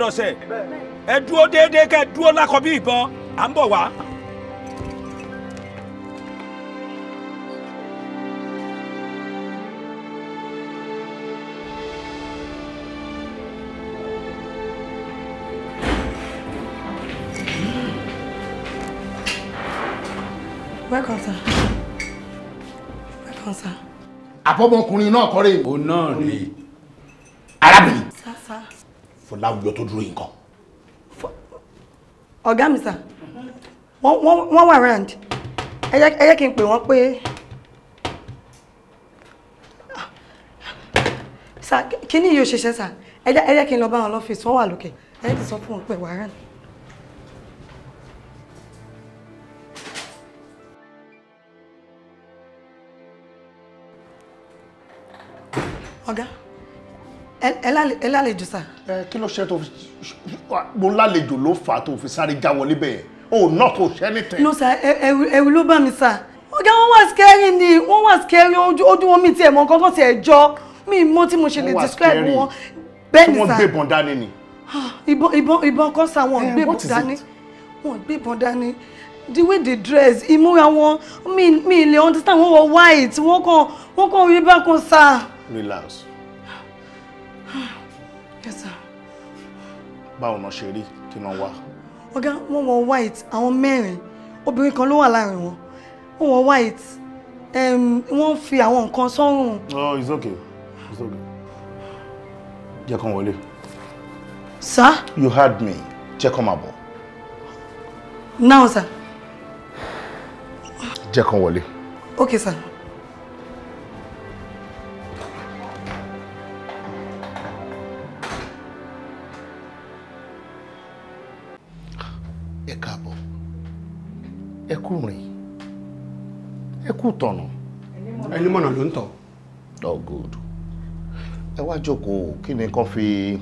dọ̀sẹ̀ ẹ dúró déédéé kẹ́ ẹ dúró lákọ bí ìbọn à ń bọ̀ wá. Welcome, sir. Welcome, sir. Àbọ̀mọkùnrin náà kọ́rẹ́. Òun Arábìnrin fún láwùjọ tó dúró nǹkan. ọ̀gá mi sà wọ́n wà round ẹ jẹ́ kí n pè wọ́n pé sà kí ni yóò ṣiṣẹ́ sà ẹ jẹ́ kí n lọ bá wọn lọ́fíìsì wọ́n wà lókè ẹ jẹ́ kí n sọ fún wọn pé wà round. ọ̀gá. Okay ẹ lálejò sá. ẹ kí ló ṣe tó fi mo lálejò ló fà á tó fi sáré já wọlé bẹ́ẹ̀ o náà kò ṣe ní no sir ẹ̀rù ló bà mí sir ọ̀gá wọn wà scary ni wọn wà scary ojú wọn mi tiẹ̀ mọ nǹkan kan tiẹ̀ jọ mi mọ tí mo ṣe lè describe wọn bẹ́ẹ̀ ni sir. tí wọ́n gbébọn dání ni. Ah, ìbọn ìbọn ìbọn kan sá wọn eh, gbébọn dání wọn gbébọn dání the way they dress ìmúra wọn mi mi lè understand wọn wọ white wọn kàn wọn kàn rí bákan sá. relax Yes sir. Báwo náà ṣe rí kí náà wá? Ọ̀gá wọ́n wọ white àwọn mẹ́rin obìnrin kan ló wà láàrin wọn. Wọ́n wọ white wọ́n fi àwọn nǹkan sọ́rùn. Oh it's okay it's okay. Jẹ́ kàn wọlé. Sir? You heard me. Jẹ́ kàn máa bọ̀. Now sir. Jẹ́ kàn wọlé. Okay sir. ẹ kú rìn ẹ kú tọ̀nà. ẹni mọ̀nà ló ń tọ̀. oh good ẹ wá jókòó kí ni kàn fi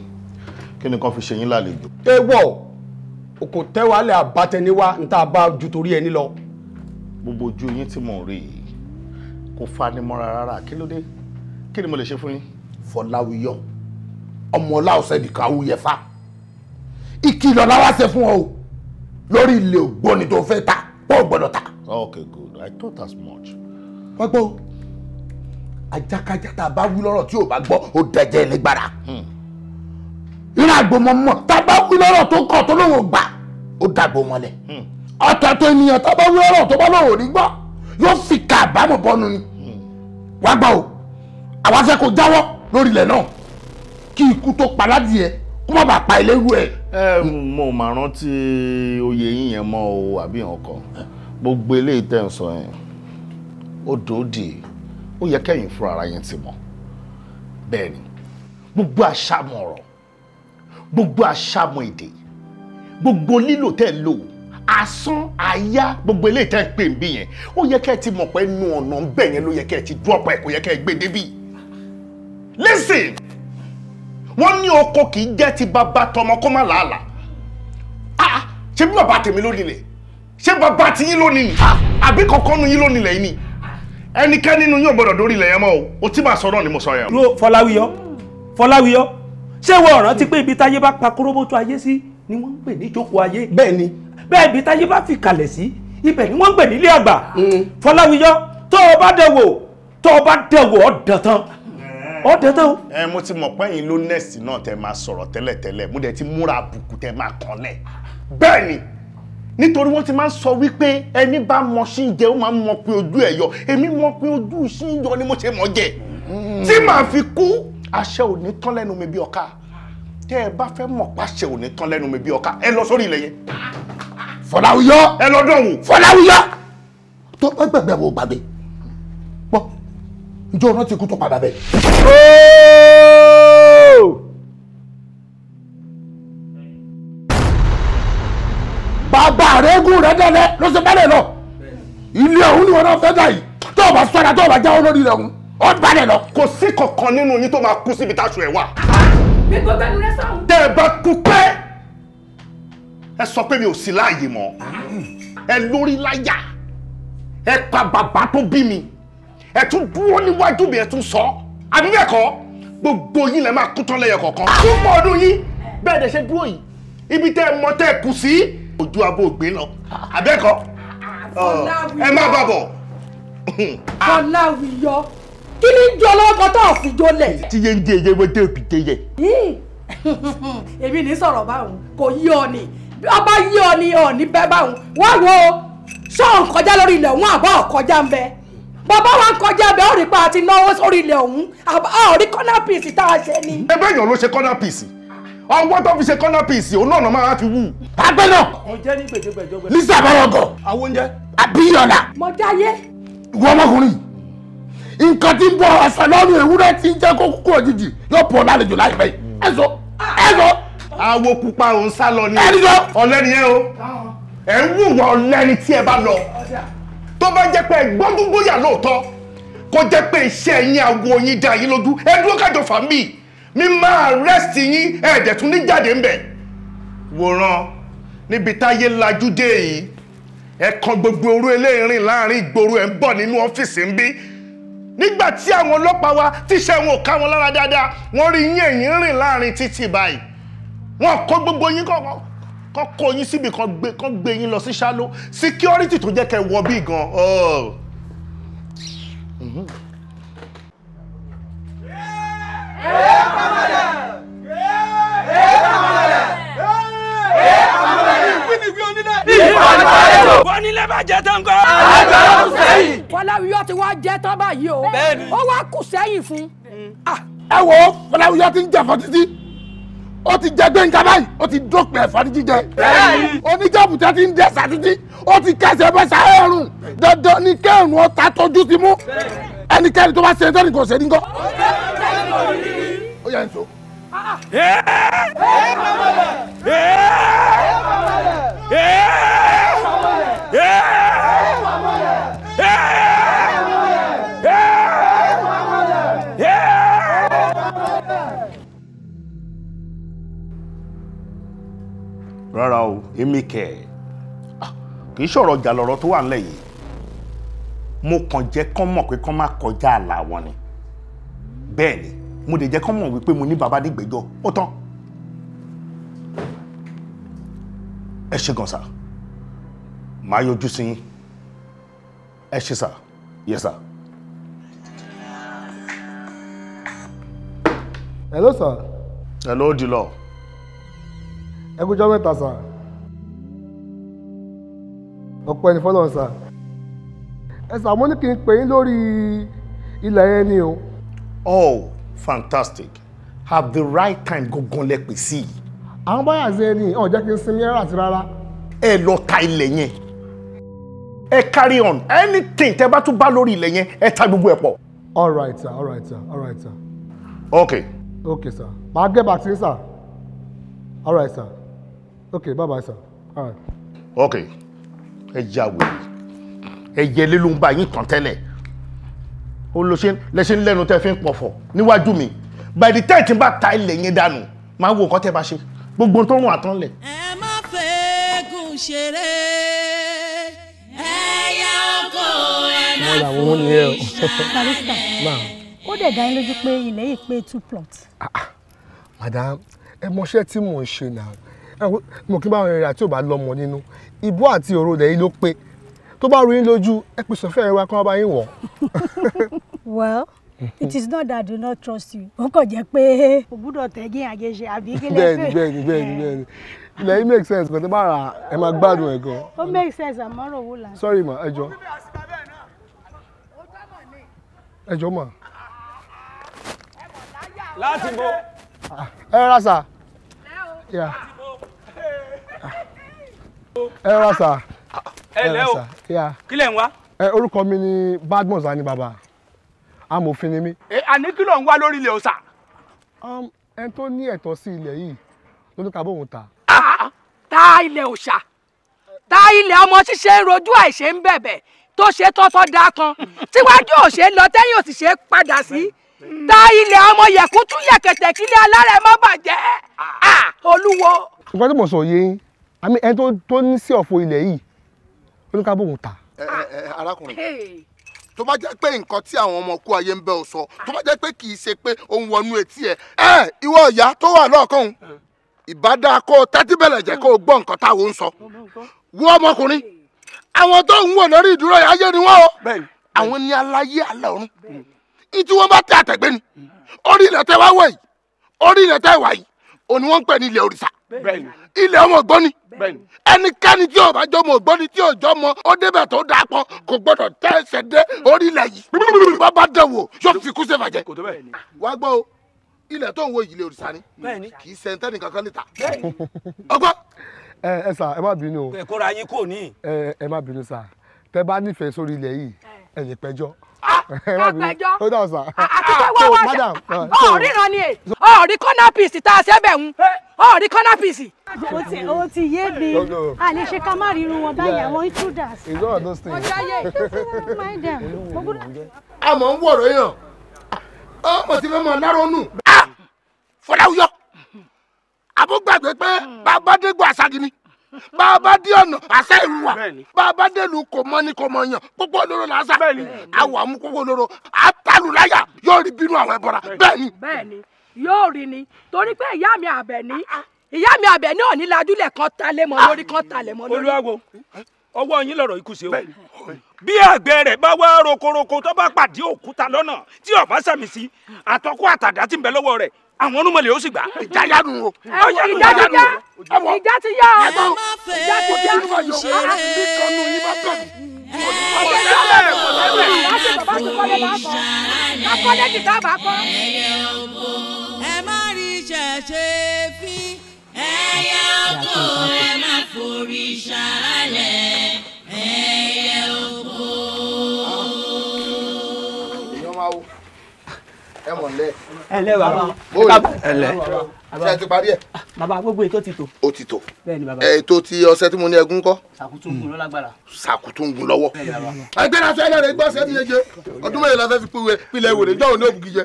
kí ni kàn fi ṣe yín lálejò. ẹ kò tẹ́wàálẹ̀ àbátẹniwá ń tá a bá ju torí ẹni lọ. gbogbo ojú yín tí mò ń rí yìí kò fanimọ́ra rárá kí ló dé kí ni mo lè ṣe fún yín. fọláwíyọ ọmọ ọláọsẹ nìkan awúyẹfà ìkìlọ̀ làwọn ṣe fún ọ o lórí ilé ògbóni tó fẹ́ ta wọn ò gbọ́dọ̀ ta. okay good i thought as much. wọ́n gbọ́ ajákajá tá a bá wí lọ́rọ̀ tí ò bá gbọ́ ó dẹjẹ́ nígbàrà. Hmm. ìrìn àgbò mọ̀ mọ̀ tá a bá wí lọ́rọ̀ tó kọ̀ tó lóun ò gbà ó dàgbò mọ́lẹ̀. Hmm. ọ̀tọ̀ọ̀tọ̀ ènìyàn tá a bá wí lọ́rọ̀ tó bá lóun ò ní gbọ́ yóò fi ka àbámọ̀ bọ́nu ni. Hmm. wá gbà o àwa fẹ́ kó jáwọ́ lórí ilẹ̀ náà kí ikú tó pa ládìyẹ kó má bàa pa ilé rú ẹ̀ ẹ mo mà rántí oyè yín yẹn mọ́ o àbí ọkọ gbogbo eléyìí tẹ̀ ń sọ yẹn ó dòódì ó yẹ kẹ́yìn fúnra ara yẹn ti mọ̀ bẹ́ẹ̀ ni gbogbo àṣàmọ̀ ọ̀rọ̀ gbogbo àṣàmọ̀ èdè gbogbo lílò tẹ̀ ń lò asán àyá gbogbo eléyìí tẹ̀ ń pè ń bí yẹn ó yẹ kẹ́ ẹ ti mọ̀ pé nu ọ̀nà ń yẹn ló yẹ kẹ́ ti dúró kò yẹ kẹ́ ẹ gbé débì listen wọ́n ní oko kì í jẹ́ ti bàbá tọmọ kó má làálàá ah ṣé bí bàbá tèmi ló nílẹ̀ ṣé bàbá ti yín ló nílẹ̀ ah, àbí kankan nu yín ló nílẹ̀ yìí ni ẹnikẹ́ni nínú yóò gbọ́dọ̀ dórí ilẹ̀ yẹn mọ́ o o ti máa sọ̀rọ̀ ni mo sọ yẹn. ro fọláwíyọ fọláwíyọ ṣé wọ ọ̀rọ̀ ti pé ibi táyé bá pa kóróbótó ayé sí ni wọ́n ń pè ní ìjókòó ayé. bẹ́ẹ̀ ni. bẹ́ẹ̀ ibi táyé bá fi kalẹ̀ sí ibẹ̀ ni wọ́n ń pè nílé àgbà. Mm. fọláwíyọ tó o bá dẹ̀wò tó o bá dẹ̀wò ọ̀ tán ọ dẹ́tẹ́ o. ẹ mo ti mọ̀ pé ẹ̀yin ló nẹ́ẹ̀sì náà tẹ máa sọ̀rọ̀ tẹ́lẹ̀tẹ́lẹ̀ mo dẹ̀ ti múra àbùkù tẹ máa kànlẹ̀ bẹ́ẹ̀ ni nítorí wọ́n ti máa ń sọ wípé ẹni bá mọ sí jẹ ó máa ń mọ pé ojú ẹ̀ yọ èmi mọ pé ojú sí yọ ni mo ṣe mọ̀ jẹ tí màá fi kú àṣẹ ò ní tán lẹ́nu mi bí ọ̀ka tẹ́ ẹ bá fẹ́ mọ̀ pàṣẹ ò ní tán lẹ́nu mi bí ọ̀ka ẹ lọ sórí ilẹ̀ yẹn. Fọláwíyọ ẹ lọ dọ̀wù Fọláwíyọ tó gbẹgbẹ wo gbàgbé ǹjẹ́ ọ̀nà ti kú tó padà bẹ̀. bàbá rẹ gùn rẹ dẹlẹ ló ṣe bẹ́lẹ̀ lọ ilé ọ̀hún ni wọn náà fẹ́ dà yìí tó o bá sọ́ra tó o bá jáwọ́ lórí rẹ̀ ọ̀hún ó balẹ̀ lọ. kò sí kankan nínú yín tó máa kú síbi táṣù ẹ̀ wà. gbogbo ẹnu rẹ sọ̀rọ̀. tẹ́ ẹ bá kú pẹ́ ẹ sọ pé mi ò sí láàyè mọ́ ẹ lórí láyà ẹ pa bàbá tó bí mi ẹ tún dúró níwájú mi ẹ tún sọ àbí bẹ́ẹ̀ kọ́ gbogbo yín lẹ máa kú tán lẹ́yọ kọ̀ọ̀kan púpọ̀ ọdún yín bẹ́ẹ̀ dẹ̀ ṣe dúró yìí ibi tẹ́ ẹ mọ tẹ́ ẹ kù sí ojú abo ògbé lọ àbẹ́kọ́ ẹ má bàbọ̀. Fọláwíyọ kí ni jọ lọ́kọ̀ tó fi jólẹ̀. tí yé ń di èyí wọ́n dé òbí dé yẹ. èmi ní sọ̀rọ̀ báwọn kò yí ọ ọba yí ọ ni bẹ́ẹ̀ báwọn wá wo ṣọ́ọ̀n kọjá lórí ilẹ̀ wọn àbọ̀ kọjá ń bẹ́ẹ̀ bàbá wa ń kọjá bẹ́ẹ̀ ó rí pa àti náwó sórí ilẹ̀ ọ̀hún a ò rí corner piece tá a ṣe ni. ẹgbẹ́ èèyàn ló ṣe corner piece ọwọ́ tó fi ṣe corner piece òun náà máa fi wú. pàgbẹ́ náà. mo jẹ́ ní gbèdégbèjọ́gbẹ́. lisa abarọgọ. àwọn oúnjẹ. abiyọla. mo jáyé. ìwọ ọmọkùnrin nǹkan tí ń bọ ọ̀sẹ̀ lọ́rùn ewúrẹ́ tí ń jẹ́ kó kúkú òjijì yóò pọ̀ lálejò láìpẹ́ ẹ sọ ẹ sọ. awo pupa òun sá lọ ni o ẹ̀ ń wùwọ̀ ọlẹ́ni tí ẹ tó bá jẹ́ pé ẹ̀gbọ́n gbogbo yà lóòótọ́ kó jẹ́ pé iṣẹ́ ẹ̀yin àwo yín dá yín lójú ẹ dúró kájọ fàmí mi máa rest yín ẹ̀ẹ́dẹ̀ tún ní jáde ńbẹ̀ wòran níbi táyé lajú dé yìí ẹ kan gbogbo orú eléyìírín láàrin ìgboro ẹ̀ ń bọ̀ nínú ọ́fíìsì ń bí nígbà tí àwọn ọlọ́pàá wa tíṣẹ́ wọn ò ká wọn lára dáadáa wọ́n rí yín ẹ̀yìn rìn láàrin títì báyìí wọ́n kó gbogbo yín kọ̀ọ̀kan kọ́ kó yín síbi kan gbé kan gbé yín lọ sí ṣáló síkírọ́rìtì tó jẹ́ kẹ́ wọ bí gan. ẹ bá jẹ tán kọ́. àgbà ó kù sẹ́yìn. fọláwíyọ ti wá jẹ tán báyìí o. bẹ́ẹ̀ni. ó wá kù sẹ́yìn fún. ẹ wo fọláwíyọ ti ń jẹ fọ títí ó ti jẹ gbẹ̀ǹkà báyìí ó ti dópin ẹ̀fọ́ ní jíjẹ. oníjàbùtà ti ń dẹ́sà títí ó ti kẹsẹ̀ bẹ́ sáré dandan ni kẹ́hìn ọ̀tá tójú sí mú ẹnikẹ́ni tó bá ṣe ẹjọ́ nìkan ṣe ní kọ́. ó yẹ n so. rárá o èmi kẹ̀ ah, kì í sọ̀rọ̀ ọjà lọ̀rọ̀ tó wà ńlẹ̀ yìí mo kàn jẹ́ kán mọ̀ pé kán má kọjá àlà wọn ni bẹ́ẹ̀ ni mo dẹ̀ jẹ́ kán mọ̀ wípé mo ní bàbá dìgbẹ́jọ́ ó tán ẹ ṣe gan sa màá yọjú sí ẹ ṣe sà yẹ sà. hello sir. hello dilọ ẹkújọ́ mẹ́ta sà ọ̀pọ̀ ẹni fọ́lọ́ sà ẹ mo ní kí n pè yín lórí ilẹ̀ yẹn ni o. oh fantastic have the right time gangan lẹ pè sí i. àwọn báyà ṣe ni ọ̀ jẹ́ kí n sinmi rárá àti rárá. ẹ lọ ta ilẹ̀ yẹn ẹ carry on anything tẹ bá tún bá lórí ilẹ̀ yẹn ẹ ta gbogbo ẹ pọ̀. all right sir all right sir all right sir. okay. okay sir màá get back to you sir all right sir okay bye bye sir all right. okay ẹ jà wèrè ẹyẹ lé ló ń bá yín tàn tẹ́lẹ̀ ó lọ ṣe lẹ́ṣẹ̀ ń lẹ́nu tẹ́ fi ń pọ̀fọ̀ mi by the time tí n bá ta ilẹ̀ yẹn dànù máa wo nǹkan tẹ́ bá ṣe gbogbo tó rùn àtàn lẹ̀. ẹ má fẹ́ gùn ṣeré ẹ̀yà ọkọ ẹ̀ náà fún ìṣẹ́ ó dẹ̀ dá yín lójú pé ilẹ̀ yìí pé two plots. Ah, ah. madam ẹ mọṣẹ́ tí mò ń ṣe náà mo kí báwọn ìrìn àti ò bá lọmọ nínú ìbú àti òru rẹ̀ ló pé tó bá rí lójú ẹ pèsè ọ̀fẹ́ rẹ wá bá yín wọ̀. well it is not that i do not trust you ó kàn jẹ́ pé o gbúdọ̀ tẹ̀gí àjẹsẹ àbí kí lè fẹ́. bẹ́ẹ̀ni bẹ́ẹ̀ni bẹ́ẹ̀ni bẹ́ẹ̀ni ilẹ̀ yìí make sense kò tó bá ra ẹ máa gbádùn ẹ̀ gan. ó make sense àmọ́ rò wó la. sorry ma ẹ jọ ẹ jọ ma. láti bo. ẹ rà sà ẹ rà sà. ẹ lẹ́ o kí lẹ̀ ń wá. orúkọ mi ni Badmus ani baba amòfin ni mí. àní kí ló ń wá lórí ilẹ̀ ọ̀sà. Um, ẹni tó ní ẹ̀tọ́ sí ilẹ̀ yìí ló ní ká bóun ta. Ah, ta ilẹ̀ òòṣà ta ilẹ̀ ọmọ ṣíṣe ń rojú àìṣe ń bẹ̀bẹ̀ tó ṣe tọ́tọ́ dá kan tíwájú ò lọ tẹ́yìn ò padà sí ta ilẹ̀ ọmọ yẹ̀kú yẹ̀kẹ̀tẹ̀ kílẹ̀ alárẹ̀ má bàjẹ́ ah, olúwo. ìgbà tí mo sọ yé yín àmì ẹni tó ní sí ọ̀fọ̀ ilẹ̀ yìí oníkàbọ̀ òun ta. ẹ ẹ arákùnrin tó bá jẹ́ pé nǹkan tí àwọn ọmọ kú ayé ń bẹ́ ọ sọ tó bá jẹ́ pé kì í ṣe pé òun wọnú etí ẹ ẹ ìwọ ìyá tó wà lọ́ọ̀kan ìbádá kó o tẹ́tí bẹ̀lẹ̀ jẹ́ kó o gbọ́ nǹkan táwọn ń sọ wú ọmọkùnrin àwọn tó ń wò lórí ìdúró ayé ni wọ́n o àwọn ní aláyé àlọ́ ọ̀run ní tí wọ́n bá tẹ àtẹ̀gbẹ́ ni orí ilẹ̀ tẹ wá wọ̀ yìí orí ilẹ̀ tẹ wà yìí òun ni wọ́n ń pè ní ilẹ̀ òrìṣà ilẹ̀ ọmọ ògbọ́ni ẹnikẹ́ni tí ó bá jọ ọmọ ògbọ́ni tí ó jọ ọmọ ó débẹ̀ tó dáa pọ̀ kò gbọ́dọ̀ tẹ́ ẹsẹ̀ dé orílẹ̀ yìí bàbá dẹ̀wò yóò fi kú sèfà jẹ. wá gbọ́ o ilẹ̀ tó ń wo ìjìnlẹ̀ òrìṣà ni kì í ṣe ẹntẹ́ni kankan lè ta ọgbọ́n. ẹ ẹ sà ẹ má bínú o ẹ kóra yín kò ní. ẹ ẹ má bínú sà tẹ bá nífẹ̀ẹ́ sórí ilẹ̀ yìí ẹ lè kápẹjọ àtúntò wá wá ṣe uh, ọ̀ríran ni ọ̀rí kọ́nà pìsì tá a ṣe bẹ̀ ń ọ̀rí kọ́nà pìsì. o ti yé mi a lè ṣe ká má rí irun wọn báyìí àwọn intruders. ọjà yẹ a mọ̀ ń wọ̀rọ̀ yàn ọmọ tí fẹ́ mọ̀ lárọ́nù. Ah! Fọláwíyọ àbúgbàgbé pé bàbá dégbò àṣàgì ni bàbá dé ọ̀nà àṣà ìlú wa bàbá délùú kò mọ ni kò mọ yàn pópó olóró làásà àwọn àmú pópó olóró àtàlùláyà yóò rí bínú àwọn ẹbọra bẹ́ẹ̀ni. bẹ́ẹ̀ni yóò rí ni torí pé ìyá mi àbẹ̀ní ìyá mi àbẹ̀ní ò ní lajúlẹ̀ kan talẹ̀ mọ́ lórí kan talẹ̀ mọ́ lórí. olùwàgò ọwọ́ yín lọ̀rọ̀ ikú sí o bí àgbẹ̀ rẹ̀ bá wá rokoroko tó bá pàdé òkúta lọ́nà tí ọ̀bá sàmì sí àtọ́kọ́ àtàdá ti ń bẹ lọ́wọ́ rẹ̀ àwọn onúmọ̀lẹ̀ yóò sì gbà. ìjà yá nu o. ìjà ti yá ìjà ti yá o. ìjà ti yá o. ìjà ti yá o. àti kanu yín bá bẹ̀ mí. ọ̀sẹ̀ yá bẹ̀rẹ̀ kọ̀ọ̀sẹ̀ bẹ̀rẹ̀. láti bàbá ti kọ́lé bá kọ́. akọ́lé ti dá bá kọ́. ẹ má rí ṣẹ̀ṣẹ̀ fi ẹ̀yà ọkọ̀ ẹ má forí ṣàlẹ̀. ẹ mọ̀ nlẹ́. ẹ lẹ́ bàbá ẹ lẹ́. ṣe ti parí ẹ. bàbá gbogbo ètò ti tò. ó ti tò. bẹ́ẹ̀ni bàbá. ètò ti ọṣẹ tí mo ní ẹgún kọ. sàkútùngún lọ́lágbára. sàkútùngún lọ́wọ́. ẹgbẹ́ náà sọ ẹ lẹ́rìí gbọ́ sẹ́ni yẹn jẹ ọdún mẹ́rin la fẹ́ fi pilẹ̀ wèrè jọ́wọ́ ní òbí gíjẹ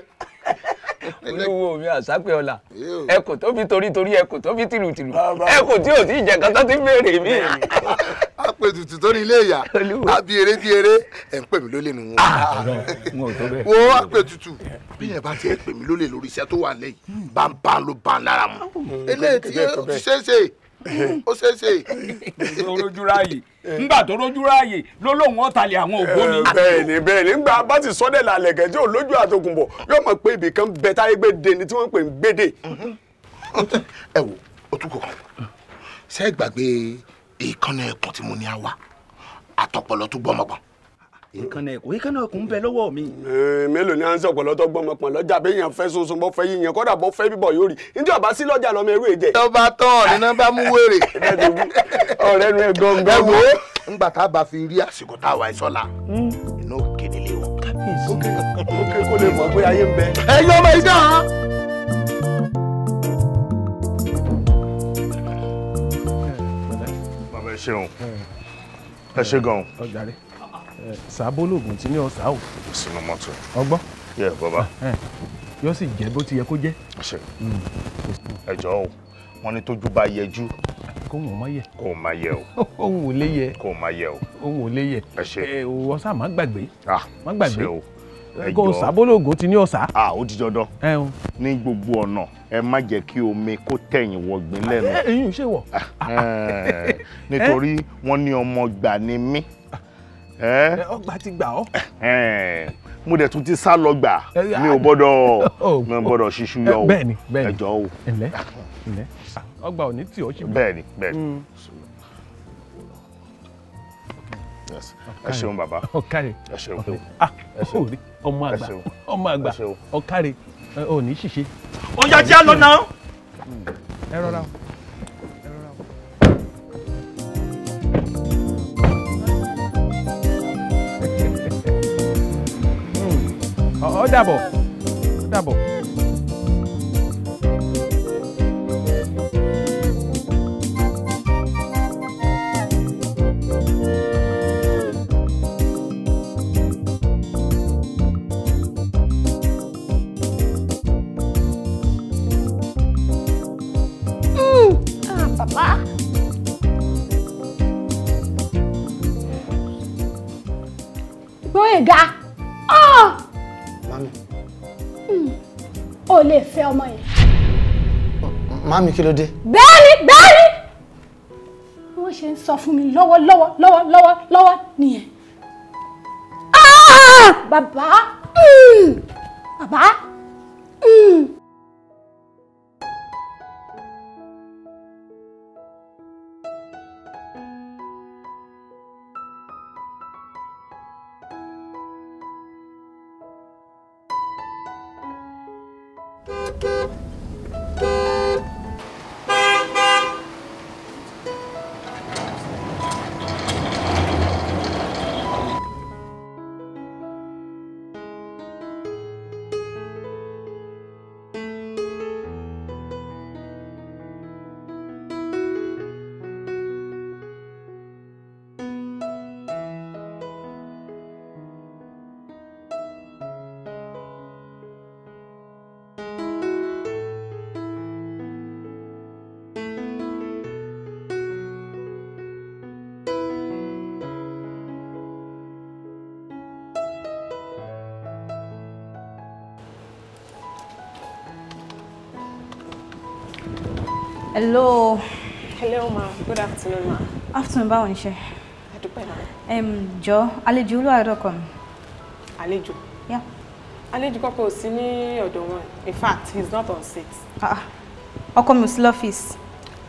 olówó mi àsápẹ́ ọ̀la ẹkùn tó fi torí torí ẹkùn tó fi tìlùtìlù ẹkùn tí ò sí ìjẹ̀kan tó ti béèrè mi. a pè tùtù tó ní ilé ìyá a bí eré bí eré ẹ̀ ń pè mí lólè nù wo a pè tùtù bí yẹn bá ti ẹ̀ pè mí lólè lórí iṣẹ́ tó wà lẹ́yìn bá ń bá ń lo bá ń lára mu ah, eléyìí tí ó ti ṣeé ṣe ó ṣeé ṣe. rojú ráàyè ńgbà tó rojú ráàyè lólóhùn ọ̀tàlẹ̀ àwọn ògbóni. Eh, bẹ́ẹ̀ni bẹ́ẹ̀ni ńgbà bá ti sọ́dẹ̀ lálẹ́ gẹ̀ tí ò lójú àtòkùnbọ̀ yóò mọ̀ pé ibìkan bẹ táyé gbé de ni tí wọ́n ń pè ń gbédè. ẹ wo otukọ ṣe é gbàgbé ìkànnì ẹ̀kọ́ tí mo ní a wá àtọ̀pọ̀lọ́ tó gbọ́mọgbọ́n nǹkan náà ìwé kan ń bẹ lọ́wọ́ mi. Eh, mélòó ni à ń sọ ọ̀pọ̀lọpọ̀ gbọ́mọ pọ̀ lọ́jà bí èèyàn fẹ́ sunsun bọ́ fẹ́ yíyan kọ́dà bọ́ fẹ́ bíbọ̀ yóò rí níjọ́ àbá sí lọ́jà lọ́mọ ewé jẹ. tó bá tọ́ ọ̀rẹ́ bá mú wèrè. ọ̀rẹ́ nu ẹ gangan wo. ńgbà tá a bá fi rí àsìkò tá a wà ìsọ́la hmm. inú kéde lé ẹ ṣe gan-an sábólógùn tí ní ọ̀sà ò. sínú mọ́tò. ọgbọ́n. yẹ bàbá. yóò sì jẹ́ bó ti yẹ kó jẹ́. ṣe hmm. ẹ jọ o wọn ní tójú bá yẹjú. kó wọn má yẹ. kó wọn má yẹ o. òun ò lè yẹ. kó wọn má yẹ o. òun ò lè yẹ. ẹ ṣe. ẹ òwò ọsà má gbàgbé. ah má gbàgbé. ṣe o kò sábólógún ti ní ọ̀sà. a ó di dandan ní gbogbo ọ̀nà ẹ má jẹ́ kí omi kó tẹ̀yìn wọ̀gbìn lẹ́nu. ẹyin ò ṣe wọ̀. nítorí wọ́n ní ọmọ gbà ni mí. Eh? Eh, ọgbà ti gbà ọ́. Eh, mo dẹ̀ tún ti sá lọ gbà mi ò gbọ́dọ̀ oh. mi ò gbọ́dọ̀ ṣíṣú yọ o bẹ́ẹ̀ni bẹ́ẹ̀ni ẹjọ́ o. ẹ̀lẹ́ ẹ̀lẹ́ ah, ọgbà ò ní tì ọ́ ṣe mọ́. bẹ́ẹ̀ni bẹ́ẹ̀ni. Mm. ẹ ṣeun bàbá ọkàrẹ ẹ ṣeun ah, oh, ẹ ṣeun ọmọ àgbà ọmọ àgbà ọkàrẹ ò ní ṣìṣe. ọjà tí a lọ náà. ẹ rọra o. oh ó o Dabo. O papá. Vou ligar. ò lè fẹ́ ọmọ yẹn. Màámi kí ló dé? Bẹ́ẹ̀ni bẹ́ẹ̀ni. Bí wọ́n ṣe ń sọ fún mi lọ́wọ́ lọ́wọ́ lọ́wọ́ lọ́wọ́ lọ́wọ́ nìyẹn. Ah! Bàbá hmm! bàbá hmm! Hello. Hello ma, good afternoon ma. Afternoon báwo ni ṣe? Ẹ dúpẹ́ náà. Jọ, àlejò olúwarẹ̀ ọkọ mi. Àlejò? Yeah. Àlejò kọ́kọ́ ò sí ní ọ̀dọ̀ wọn. In fact, he's not on set. Ah, ọkọ mi ò sí lọ́fíìsì.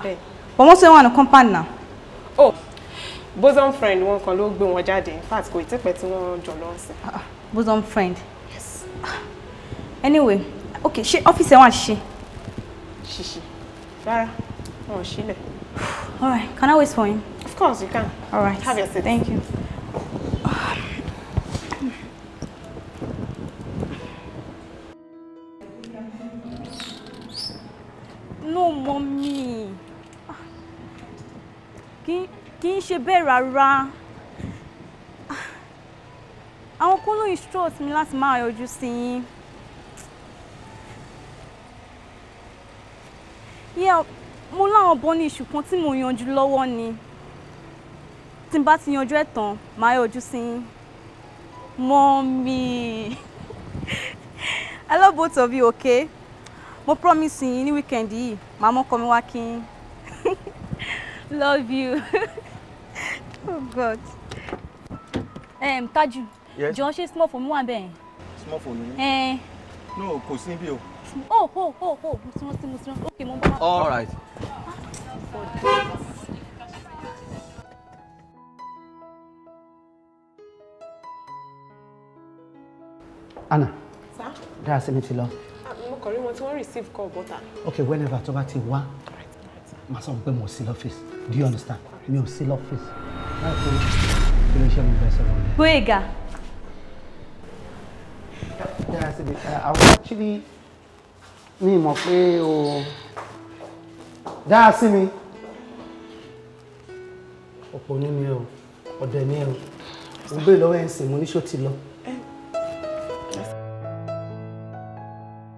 Bẹ́ẹ̀. But wọ́n sọ wọn ní compound náà. Oh, bosom friend wọn kan ló gbé wọn jáde. In fact, kò ì tí pẹ́ tí wọ́n jọ Ah. sí. Bosom friend. Yes. Ah, anyway, okay, ṣé ọ́fíìsì ẹ̀ wà ṣiṣẹ́? Ṣiṣẹ́ rárá wọn ò sílẹ̀. all right can I wait for him. of course you can. all right have your seat. thank you. no mommy kì í ṣe bẹ́ẹ̀ rárá àwọn kúlóyìn stress mi láti máa yọjú sí yeah mo láwọn bọ́ ní iṣu kan tí mo yanjú lọ́wọ́ ni tí n bá ti yanjú ẹ̀ tán màá yọjú sí yín mommy hello both of you okay mo promise yín ní weekend yìí màá mọ́kọ mi wá kí yín love you oh god um, Taju, yes? jọ ṣe small phone mi wà bẹ́ẹ̀. small phone mi. Eh. no kò sí níbí o oh oh oh oh mo ti rántí mo ti rántí okay mo bá. all right. Anna. Sir? Dára sí mi ti lọ. Ah, mo kàn rí wọn tí wọ́n receive call bọ́tà. Ah. Okay, whenever tó bá ti wá, màá sọ pé mo sí lọ́fíìsì. Do you understand? Mi ò sí lọ́fíìsì. Láìpẹ́ kí ló ṣe mo bẹ́ sọ̀rọ̀ rẹ̀. Gbóyèga. Dára sí mi, uh, I was actually mi mọ̀ pé o dá sí mi ọ̀pọ̀ ní mi o ọ̀dẹ̀ ní o mo bèrè lọ́wọ́ ẹ̀ ń sìn mo ní ṣó ti lọ.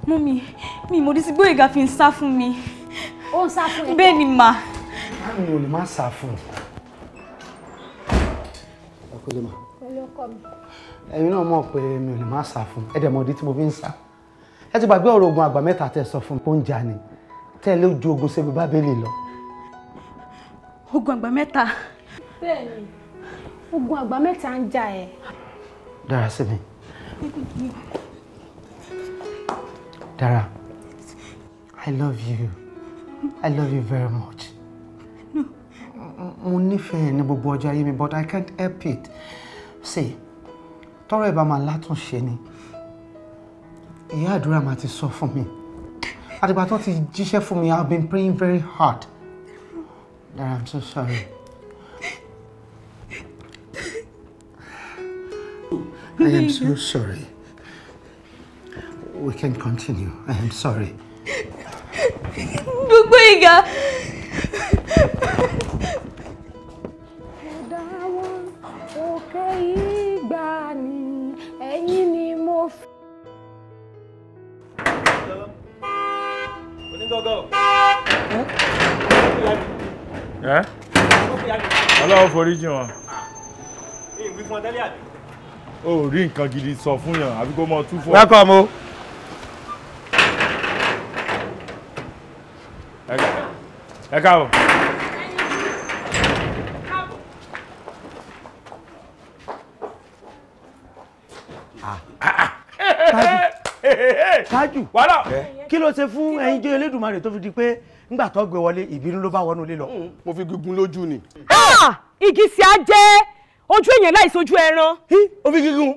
mummy mi mo disi Gbóyèga fi ń sá fún mi. ó ń sá fún ẹ. bẹ́ẹ̀ ni mà. báwo ni o lè má sá fún un. ẹ kò lè mà. ẹ̀yin náà mọ̀ pé mi ò lè má sá fún ẹ dẹ̀ mọ̀ ìdí tí mo fi ń sá ẹ ti gbàgbé ọ̀rọ̀ ogun àgbà mẹ́ta tẹ́ sọ fún mi oúnjẹ àní tẹ́lẹ̀ ojú ogun ṣebí bábélì lọ. ogun àgbà mẹ́ta. bẹ́ẹ̀ni ogun àgbà mẹ́ta ń jà ẹ. dára sí mi. dára i love you i love you very much. mo nífẹ̀ẹ́ ní gbogbo ọjọ́ ayé mi but i can't help it. see tọ́rọ̀ ẹ̀ bá máa látúnṣe ni ìyá àdúrà máa ti sọ fún mi àtìgbà tó ti jíṣẹ́ fún mi I've been praying very hard Dara I'm so sorry. I am so sorry. We can continue. I am sorry. Gbogbo ìgbà. Ẹ̀dá wọn ò kẹ́yìn. ọlọ́run foríjì wọn. Ah. o ò rí nǹkan gidi sọ fún yàn àbí kó mọ tú fún ọ. welcome o. ẹ káàbọ̀. ṣáájú kí ló ṣe fún ẹ̀yin jẹ́ tó fi di pé ńgbà tó gbé wọlé ìbínú ló bá wọnú ilé mm. mo fi gígùn lójú ni. igi sì a je ojú èèyàn láìsí ojú ẹran. ó fi gígùn.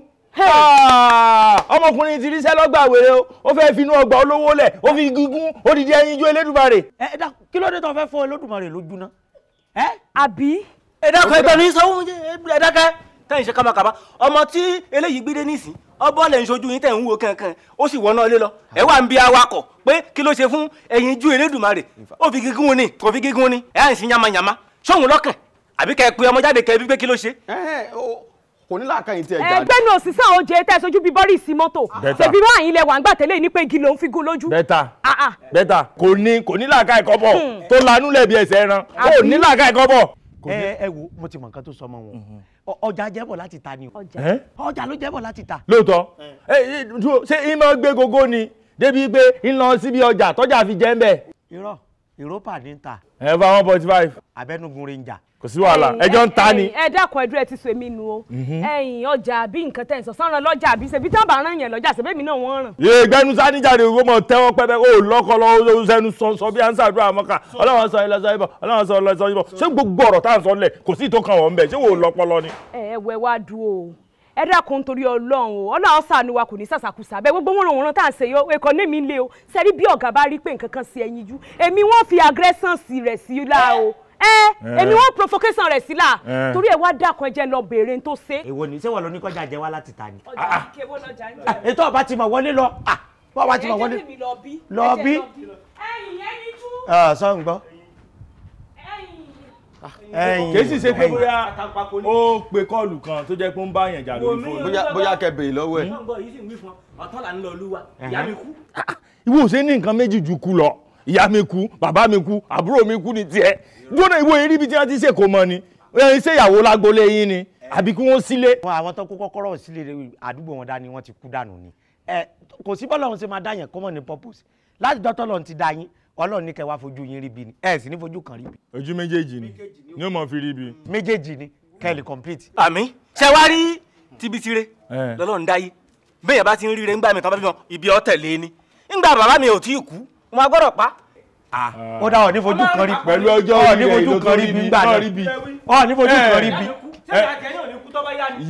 ọmọkùnrin ti ríṣẹ́ lọ́gbà wèrè o ó fẹ́ finú ọgbà olówó lẹ̀ fi gígùn odidi ẹ̀yin jẹ́ Elédùmarè. ẹ dá kí ló dé tó fẹ́ fọ Elédùmarè lójú náà. àbí. ẹ ẹ ẹ dákẹ́ tẹ́yìn ṣe kábàkàbà ọmọ tí eléyìí gbé ọbọ̀ lẹ̀ ń ṣojú yín tẹ̀ ń wo kankan ó sì wọ́n náà lé lọ ẹ wà ń bi awakọ̀ pé kí ló ṣe fún ẹ̀yin ju Elédùmarè ó fi gígùn ni kò fi gígùn ni ẹ̀ à ń sin yamayama sóhun lọ́kàn àbí kẹ́ ẹ pe ọmọ jáde kẹ́ ẹ bí pé kí ló ṣe. kò ní làákàyè tí ẹ jáde. ẹgbẹ́ nu òṣìṣẹ́ àwọn jẹ́ tẹ́ sojú bíi bọ́rìsì mọ́tò ṣèbí bá àyìn lẹ wà ń gbà tẹ́lẹ̀ ní pé igi ló ń fi gún lójú. bẹ́tà ah, ah. bẹ́tà kò ní kò ní làákàyè kọ́ bọ̀ hmm. tó lanú lẹ̀ bí ẹsẹ̀ ẹran kò ní làákàyè kọ́ bọ̀ ẹ ẹ wo mo ti mọ nǹkan tó sọ ọmọ wọn mhm. ọjà jẹbọ láti ta ni o ọjà ló jẹbọ láti ta. lóòótọ́ ṣé ìmọ̀ gbé gógó ni débi pé ń lọ síbi ọjà tọ́jà fi jẹ́ ń bẹ̀. irọ́ ìrópà ní ta. ẹ bá one point five. abẹnugun ranger kò sí wàhálà ẹjọ́ ń ta ni. ẹ dákun ẹdúró ẹ ti sọ èmi nu o mhm. ẹ̀yin ọjà àbí nǹkan tẹ̀ ń sọ sanra lọ́jà àbí ṣèbí tá a bá rán yẹn lọ́jà ṣèbí mi náà wọ́n ràn. yé gbẹnu sani jáde owó mọ tẹwọn pẹpẹ o lọkọ lọ sẹnu sọ sọ bí ansa àdúrà mọka Ọlọ́run sọ ilẹ sọ ibọ Ọlọ́run sọ ilẹ sọ ibọ ṣé gbogbo ọ̀rọ̀ tá à ń sọ lẹ kò sí ìtò kan wọn bẹ ṣé wò lọpọlọ ni. ẹ wẹ wá du o ẹ dákun nítorí Ọlọ́run o Ọlọ́run ṣàánú wa kò ní sàṣàkùsà bẹ́ẹ̀ gbogbo wọn lòun rán tá à ń ṣe yọ ẹkọ ní mi lé o ṣe rí bí ọ̀gá bá rí pé nǹkan kan ṣe ẹyin jú èmi wọn fi agrẹsàn rẹ sí i láà o ẹ èmi wọn provocation rẹ sí la torí ẹ wá dákun ẹ jẹ lọ béèrè tó ṣe. èwo ni ṣé wọn lọ ní kọjá jẹ wá láti ta ni. ọjà ah, ah. kéwọ́ lọ́jà ń jẹ. Ah, ètò ọba ti mọ̀ wọlé lọ bọ́ọ̀bá ti mọ̀ wọlé lọ bí. ẹyìn ẹni tú. sọ ń gbọ́ kì í sì ṣe pé bóyá ó pe kọ́ọ̀lù kan tó jẹ́ pé ń bá yàn jà lórí fóònù. bóyá kẹbèrè lọ́wọ́ ẹ̀. ọ̀tọ̀ là ń lọ olúwa ìyá mi kú. ìwọ ò ṣe ní nǹkan méjì ju kú lọ ìyá mi kú bàbá mi kú àbúrò mi kú ni tiẹ̀ gbọ́dọ̀ ìwé irí ibi tí wọ́n ti ṣe kò mọ ni ṣé ìyàwó lágbolé yín ni àbí kí wọ́n sílé. àwọn tó kó kọ́kọ́rọ́ sílé àdúgbò wọn dání wọ́n ti kú dànù ni kò sí bọ́lá òun ṣe máa dá yẹn kọ́mọ̀ ní purpose láti dọ́tọ́ lọ́n ti dá yín ọlọ́run ní kẹ́ wá fojú yín ríbi ni ẹ sì ní fojú kan ríbi. ojú méjèèjì ni ni ó mọ fi ríbi. méjèèjì ni kẹ́lì complete. àmì ṣe wá rí tibitire lọ́lọ́run dá yìí bẹ́ẹ̀ bá ti ń rí rẹ̀ ńgbà mi kan bá fi hàn ibi ọ̀tẹ̀ lé ni ńgbà bàbá mi ò tí ì kú mo gbọ́dọ̀ pa ah. ó dá ọ̀ ní fojú kan rí pẹ̀lú ọjọ́ orí ìlú tó rí bí náà rí bí ọ̀ ní fojú eh. kan rí bí.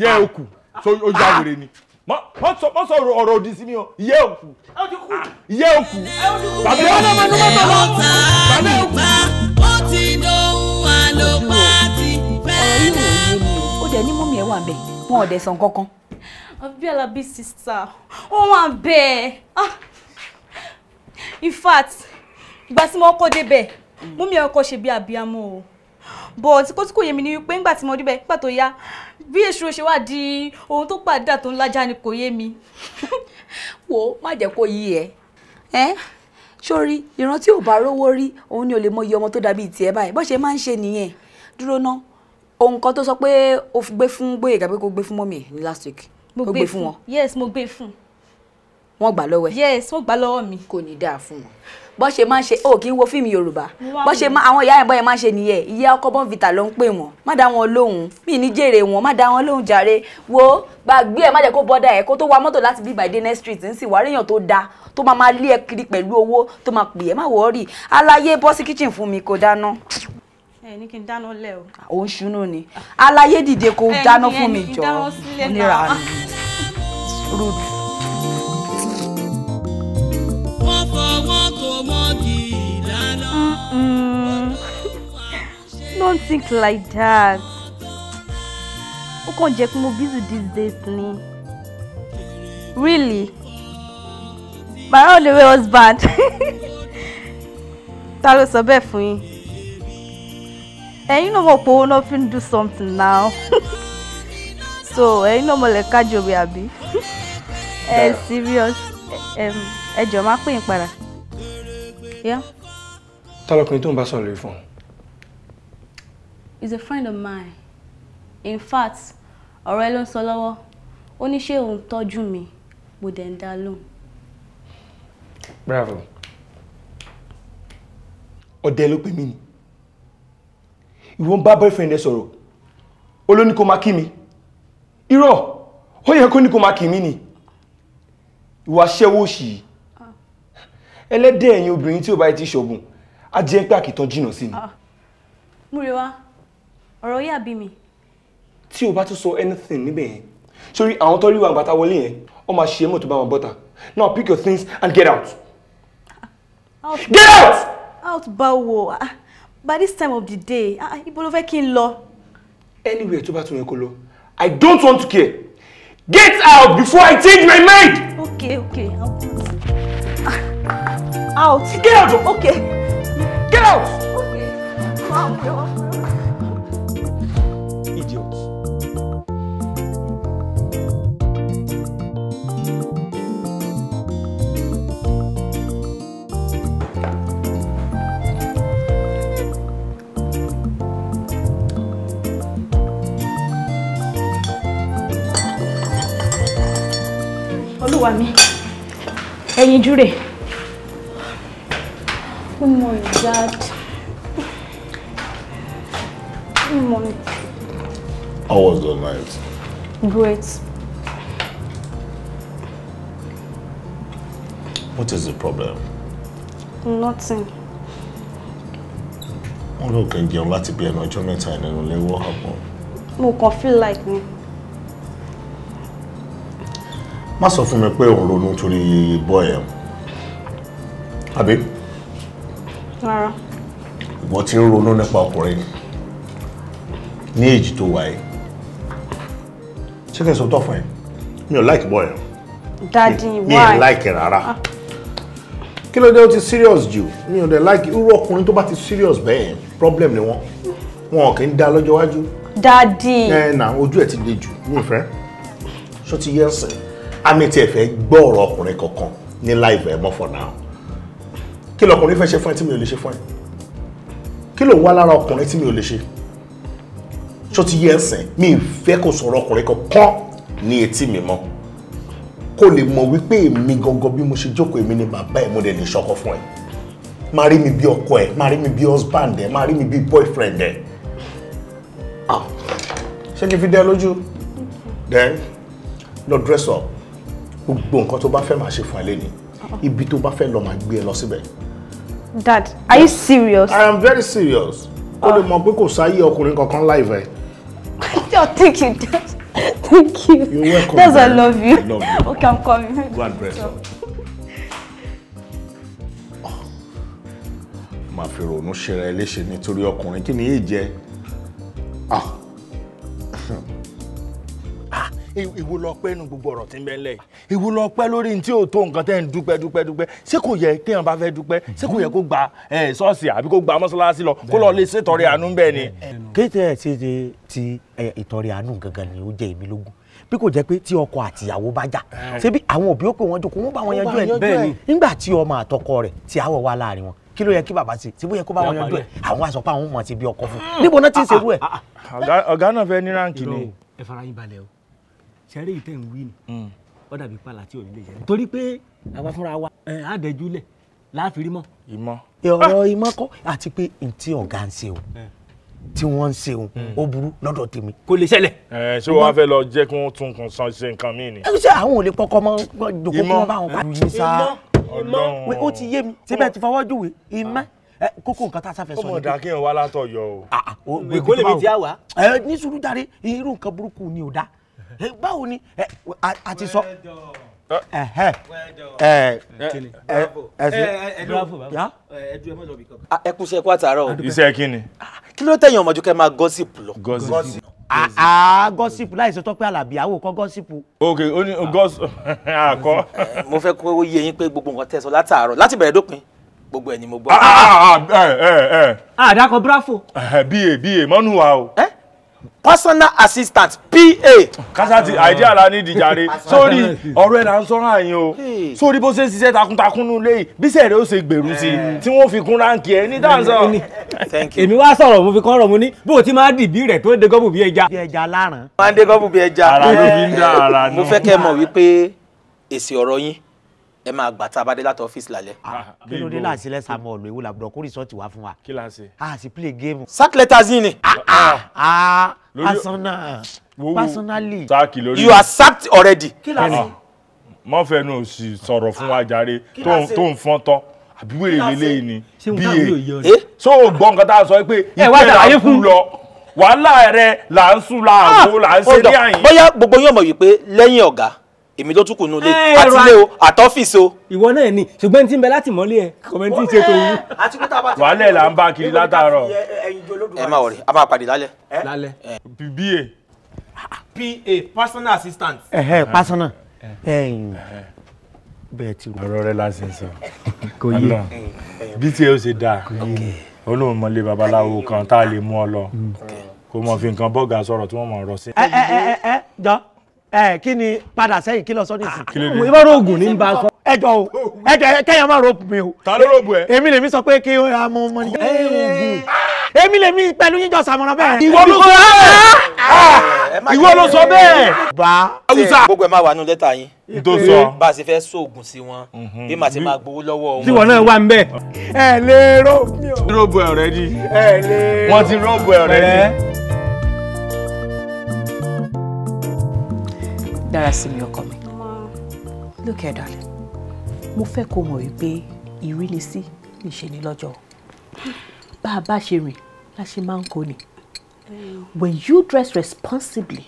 yẹ òkú ah. ó já wèrè ni wọ́n sọ ọ̀rọ̀ òdì sí mi o yẹ òkú ah. yẹ òkú bàbá yẹn ló máa ń bá lọ bàbá yẹn òkú. ó ti dohun àlòpá ti fẹ́ẹ́ náà mú. ó jẹ́ ní mọ́mí ẹ̀ wà bẹ́ẹ̀ wọn ò dẹ̀ sàn kankan. Abíọ́lá bíi sísá ó wà bẹ́ẹ̀ in fact ìgbà tí mo kó débẹ̀ mú mi ọkọ ṣe bí abiyamọ o bọ̀ tí kò tí kò yé mi ni wípé ńgbà tí mo débẹ̀ nígbà tó yá bí èṣù ṣe wà di ohun tó pàdé àtò ńlájà ni kò yé mi. wo má jẹ́ kó yí ẹ ẹ sórí ìran tí ò bá rówó rí òun ni ò lè mọyì ọmọ tó dàbí tiẹ̀ báyìí bó ṣe máa ń ṣe nìyẹn dúró ná ohun kan tó sọ pé o gbé fún gbóyè gàbé kó gbé fún mọ́mì ní last week mo gbé fún yes mo gbé fún wọ́n gbà lọ́wọ́ ẹ̀. yes wọ́n gbà lọ́wọ́ mi. kò ní dáa fún wọn bó ṣe máa ń ṣe ó kì í wo fíìmù yorùbá bó ṣe máa àwọn ìyá ẹ̀ bó yẹn máa ń ṣe nìyẹn ìyá ọkọ bọ́ǹvìtà ló ń pè wọ́n má dá wọn lóhùn mí ní jèrè wọn má dá wọn lóhùn jàre wo gbàgbé ẹ̀ má jẹ́ kó bọ́dà ẹ̀ kó tó wa mọ́tò láti bí by dana street ń sì wá ríyàn tó da tó máa máa lé ẹ kiri pẹ̀lú owó tó máa pè ẹ́ má wọ́ọ̀rì aláyé bọ́ kitchen fún mi kó dáná ẹ ní kí n dáná lẹ o. ò ń ṣunú ni aláyé dìde kó dáná fún mi jọ Nira rude. don't think like that ó kàn jẹ́ pé mo busy these days ni really my all the way husband ta ló sọ bẹ́ẹ̀ fún yín ẹ̀yin náà mọ̀ pé owó náà do something now so ẹ̀yin náà mọ̀ lẹ́ kájọ jobi abi. Eh, serious ẹ jọ̀ọ́ má pè é padà. Yeah? Talọkùnrin tó ń bá sọ̀rọ̀ lórí fún. He's a friend of mine. In fact, ọ̀rọ̀ ẹ ló ń sọ lọ́wọ́. Ó ní ṣé òun tọ́jú mi, mo dẹ̀ ń dá lóhùn. Bravo. Ọ̀dẹ ló pè mí ni. Ìwọ ń bá boyfriend ẹ sọ̀rọ̀. Ó ló ní kó máa kí mi. Irọ́, ó yẹ kó ní kó máa kí mi ni. Ìwà aṣẹ́wó òṣì yìí ẹlẹ́dẹ̀ ẹ̀yin obìnrin tí ò bá ti ṣọ̀gùn á jẹ́ pé àkìtàn jìnnà sí ni. Ah, múrewa ọ̀rọ̀ yà bí mi. tí o bá tún sọ anything níbẹ̀ yẹn sórí àwọn tó rí wa àgbàtà wọlé yẹn wọ́n máa ṣe é mọ̀ tó bá wọn bọ́ta now pick your things and get out. Ah, get out. out báwo ah, by this time of the day ibo ló fẹ́ kí n lọ. anywhere tó bá tún yẹn kó lọ i don't want to care get out before i change my mind. okay okay i'll do it out. Get out! Okay. Get out! Okay. Wow, Idiot. Olúwa mi, ẹ̀yin Good morning, Dad. Good morning. How was the night? Great. What is the problem? Nothing. Wọ́n ló kẹ́ jẹun láti be ẹnu ọjọ́ mẹ́ta ìnẹnu lé wọ́ àpọ̀. Mo kàn feel like ni. Má sọ fún mi pé òun ronú torí bọ́ ẹ̀ àbí? rárá. ìwọ ti ń ronú nípa ọkùnrin ní èjì tó wáyé ṣé kí sọ tọ́ fún ẹ mi ò láìkì bọ́ ẹ dadi why mi ò láìkì rárá ah. kí ló dé ó ti serious jù mi ò dẹ̀ láìkì irú ọkùnrin tó bá ti serious bẹ́ẹ̀ problem ni wọ́n wọn kì í da lọ́jọ́ iwájú. dadi. ẹ na ojú ẹ ti le jù ní ìfẹ́ ṣó ti yẹ ń sìn àmì tí ẹ fẹ́ gbọ́ ọ̀rọ̀ ọkùnrin kankan ní láìpẹ́ mọ́ for now kí lọkùnrin fẹ́ ṣe fún ẹ tí mi ò lè ṣe fún ẹ kí ló wá lára ọkùnrin tí mi ò lè ṣe ṣó ti yẹ ẹsẹ̀ mi ì fẹ́ kó sọ̀rọ̀ ọkùnrin kankan ní etí mi mọ́ kó lè mọ̀ wípé èmi gangan bí mo ṣe jókòó èmi ni bàbá ẹ̀ mo dẹ̀ lè ṣọkọ fún ẹ máa rí mi bí ọkọ ẹ máa rí mi bí husband ẹ máa rí mi bí boyfriend ẹ ṣé kí n fi dẹ́ lójú then lọ dress up gbogbo nǹkan tó bá fẹ́ máa ṣe fún ẹ lẹ́ni ibi tó bá fẹ́ lọ máa gbé ẹ lọ síbẹ̀. Dad, are you serious? I am very serious. Oh, lè mọ̀ pé kò sáyé ọkùnrin kankan láìfẹ́. Thank you, Dad. Thank you. You're welcome. That's I love you. love you. Okay, I'm coming. God bless you. Má fi ronú ṣe ra ẹ léṣe nítorí ọkùnrin kí ni yìí Ah. èwo lọ pẹ́ nu gbogbo ọ̀rọ̀ tí ń bẹ ńlẹ̀ yìí èwo lọ pẹ́ lórí ní tí ò tó nǹkan tẹ́ ń dúpẹ́ dúpẹ́ dúpẹ́ ṣé kò yẹ téèyàn bá fẹ́ dúpẹ́ ṣé kò yẹ kó gba ṣọ́ọ̀ṣì àbí kó gba mọ́ṣáláṣí lọ kó lọ lè ṣètọrẹ àánú bẹ́ẹ̀ ni. kéde ẹ̀ ṣe ti ìtọrẹ àánú gangan ni ó jẹ́ èmi lógún bí kò jẹ́ pé tí ọkọ àtìyàwó bá jà ṣebí àwọn òbí ó pè wọ́n jókòó wọ́n bá wọn yanjú ẹ̀ nígbà tí ọmọ àtọkọ rẹ̀ tí àwọ̀ wà láàrin wọn kí ló yẹ kí bàbá ṣe bó yẹ kó bá wọn yanjú ẹ̀ àwọn àṣọ pa àwọn ọmọ ti bí ọkọ fún níbo náà ti ṣerú ẹ̀. ọ̀gá náà fẹ́ ní ráǹkì ni. ẹ fara yín balẹ̀ o ṣẹ́rí ìtẹ̀ ń wí ni hmm. ó dàbí pàlà tí òní lè ṣẹlẹ̀ torí pé àwa fúnra wa àdẹ́júlẹ̀ láàfin rí mọ́. ìmọ̀ ọ̀rọ̀ ìmọ̀ kọ́ àti pé ntí ọ̀gá ń ṣe o tí wọ́n ń ṣe òun hmm. ó burú lọ́dọ̀ tèmi. kò lè ṣẹlẹ̀. ẹ ṣé wàá fẹ́ lọ jẹ́ kí wọ́n tún kàn san ṣe nǹkan míì ni. ẹ ṣe àwọn ò lè pọkọ mọ jòkó kí wọ́n bá wọn pa. ìmọ̀ ó ti yé mi síbẹ̀ ti fọwọ́ júwe ìmọ̀ kókó nǹkan tá a sáfẹ́ sọ ni. ó mọ̀ dá kí n wá látọ̀ yọ o. èkó ah, ah, lèmi ti á wá. ẹ ní sùúrù jàre irú nǹkan burúkú ni ò dáa báwo ni a ti sọ ẹ kú iṣẹ́ kú àtàárọ̀ o. iṣẹ́ kí ni. Ah, kí ló tẹ̀yìn ọmọ ju kẹ́ máa gossip lọ. gossip àá gossip láìsọ tọ́pẹ́ àlàbí àwò kọ́ gossip. ok ó ní gossip àkọ́. mo fẹ́ kó yé yín pé gbogbo nǹkan tẹ̀sán látàárọ̀ láti bẹ̀rẹ̀ dópin gbogbo ẹ̀ ni mo gbọ́. àdàkọ̀ ah, ah, eh, eh. bravo. bíye eh, bíye mọ́nú wa o. ẹ́ personal assistant pa. kásátì àìdí àlá ní ìdíjàre sórí ọ̀rọ̀ ẹ̀ là ń sọ́rọ̀ àyìn o sórí bó ṣe ń ṣiṣẹ́ takuntakun nù lẹ́yìn bíṣẹ̀ rẹ̀ ó ṣe gbèrú sí i tí wọ́n fi kún ráǹkì ẹ̀ ní dáńsọ̀. èmi wá sọ̀rọ̀ mo fi kán rọ̀ mo ní bó o ti máa dìbí rẹ̀ tó dégọ́bù bí ẹja. máa ń dégọ́bù bí ẹja. ara ló fi ń dá ara náà. mo fẹ́ kẹ́ mọ̀ wípé èsì ọ̀rọ̀ yín ẹ máa gbà tá a bá dé láti ọ́fíìsì lálẹ́. Ah, ah, kí ló dé láti lẹ́sà mọ́ ọ̀lọ́ ewu làbúrò kó rìsọ́ọ̀tì wá fún wa. kí la ṣe. a ah, sì play game. sack letters yìí ni. personal personally you are sacked already. kí la ṣe. mọ fẹnu òsì sọ̀rọ̀ fún wa jàre tó ń fọn tọ àbí wèrè lélẹyìn ni bíi eh, so gbọ́ nǹkan tá a sọ pé eh, ìpẹ́ẹ́rẹ́ àkú lọ wàhálà rẹ là ń sùn là ń kó là ń ṣe ní àyìn. bóyá gbogbo yóò mọ̀ wípé lẹ́yìn ọ̀gá èmi ló tún kù nulẹ̀ àtìlé o àtọ́fíìsì o. ìwọ náà ni ṣùgbọ́n tí ń bẹ láti mọ́lé ẹ kọ́mẹ́ntì ṣe tó wú. wàhálẹ̀ là ń bá kiri látàárọ̀. ẹ má wọrí a máa pàdé lálẹ́. lálẹ́. pa pa personal assistant. ẹhẹ personal ẹyìn bẹ́ẹ̀ ti rò. ọ̀rọ̀ rẹ láti sọ kò yé bí tí ẹ ó ṣe dáa olóhùn mọ́lẹ̀ babaláwo kan tá a lè mú ọ lọ mm. kó mọ̀ fi nǹkan bọ́ọ̀gà sọ̀rọ̀ tí wọ́n mọ̀ ọ̀rọ̀ sí. ẹ ẹ ẹ ẹ jọ ẹ kí ni padà sẹ́yìn kí lọ sọ nísìnyí ah, ìbára oògùn ní bá sọ ẹjọ o ẹjọ kẹyàn máa rọpù mi o ta ló rọpù ẹ èmi lèmi sọ pé kí ó ra mọ ọmọ nígbà oògùn eh! èmi lèmi pẹ̀lú yíjọ sàmọ̀ràn bẹ́ẹ̀. ìwọ ló sọ ah! bẹ́ẹ̀ ah! ìwọ ló sọ bẹ́ẹ̀. bá awusa. gbogbo ẹ máa wà nínú lẹ́tà yín tó sọ bá a ṣe fẹ́ sóògùn sí wọn mhm. bí màá ti máa gbowó lọ́wọ́ wọn. tiwọn náà wà ń bẹ. ẹ lè rọ ẹ ọ̀rẹ́dì. ẹ wọn ti rọbù ẹ ọ̀rẹ́dì. dára sí mi ọkọ mi look here darling mo fẹ́ kó mọ̀ wípé ìrínisí lè ṣe ní lọ́jọ́ bá a bá ṣe rìn la ṣe máa ń kó ni when you dress responsibly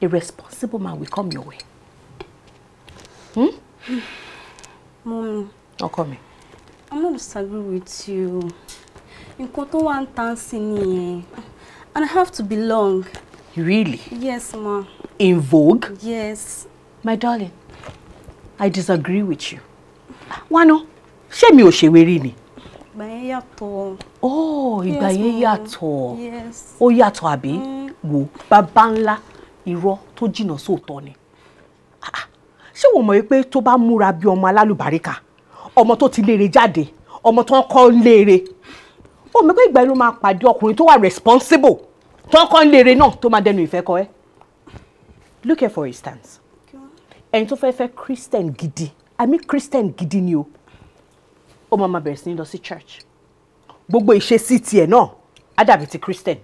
a responsible man will come your way. Hmm? Mom. Ọkọ mi. I'm not disagree with you. Nǹkan tó wà ń tán sí nìyẹn and I have to belong. Really? Yes, ma. In vogue? Yes. My darling, I disagree with you. Wano, ṣé mi she ṣèwérí ni? Ìgbà yẹn Oh, ìgbà yẹn yàtọ̀. Yes. Ó yàtọ̀ àbí? Mm. Wò bàbá ńlá irọ́ tó jìnnà sóòótọ́ ni. Ah, ah. Ṣé wọ́n mọ̀ pé tó bá múra bí ọmọ alálùbáríkà, ọmọ tó ti léèrè jáde, ọmọ tó ń kọ́ léèrè, ó mọ̀ pé ìgbà yẹn ló máa pàdé ọkùnrin responsible tọkọ ń lere náà tó máa dẹnu ìfẹ́ kọ ẹ́ look here for instance ẹni tó fẹ́ fẹ́ christian gidi i mean christian gidi ni o ó máa máa bẹ̀rẹ̀ sí ní lọ sí church gbogbo ìṣesí tiẹ̀ náà á dàbí ti christian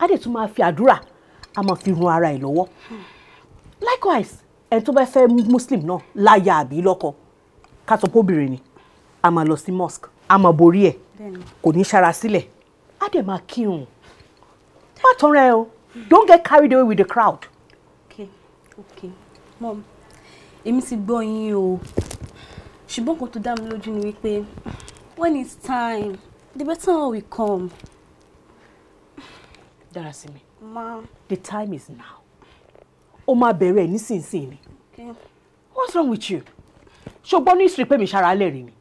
á dẹ̀ tún máa fi àdúrà á máa fi run ara ẹ̀ lọ́wọ́ likewise ẹni tó bá fẹ́ muslim náà láyà àbí lọ́kọ ká sọ pé ni a máa lọ sí mosque a máa borí ẹ̀ kò ní í ṣara sílẹ̀ á máa kírun má tán don't get carried away with the crowd. okay okay mom èmi ti gbọ́ yín o ṣùgbọ́n nǹkan tó dá mi lójú ni wípé when it's time the better one will come. Dara Darasimi ma the time is now o máa bẹ̀rẹ̀ nísinsìnyí Okay. what's wrong with you ṣùgbọ́n ní ìṣirí pé mi ṣara lẹ́rìí ni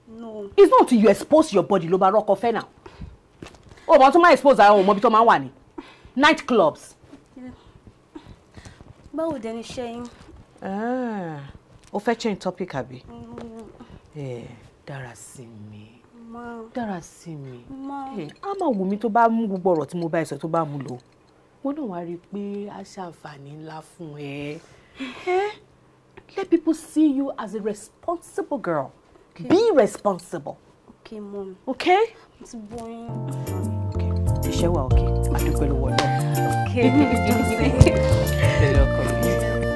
it's not till you expose your body lo ba rọ́kọ fẹ́ náà o mọ̀ tó máa expose ara wọn mọ̀ bí tó máa wà ni night clubs. báwo dẹni ṣe yín. Ah, o fẹ́ change topic àbí. Mm. Eh, dára sí mi dára sí mi eh, a máa wù mí tó bá mú gbogbo ọ̀rọ̀ tí mo bá ẹ sọ tó bá mú lò wọn náà wá rí i pé a ṣàǹfààní ńlá fún ẹ. Eh, let people see you as a responsible girl okay. be responsible. okay mom. okay. mo ti bọ́ yín. okay iṣẹ́ wa okay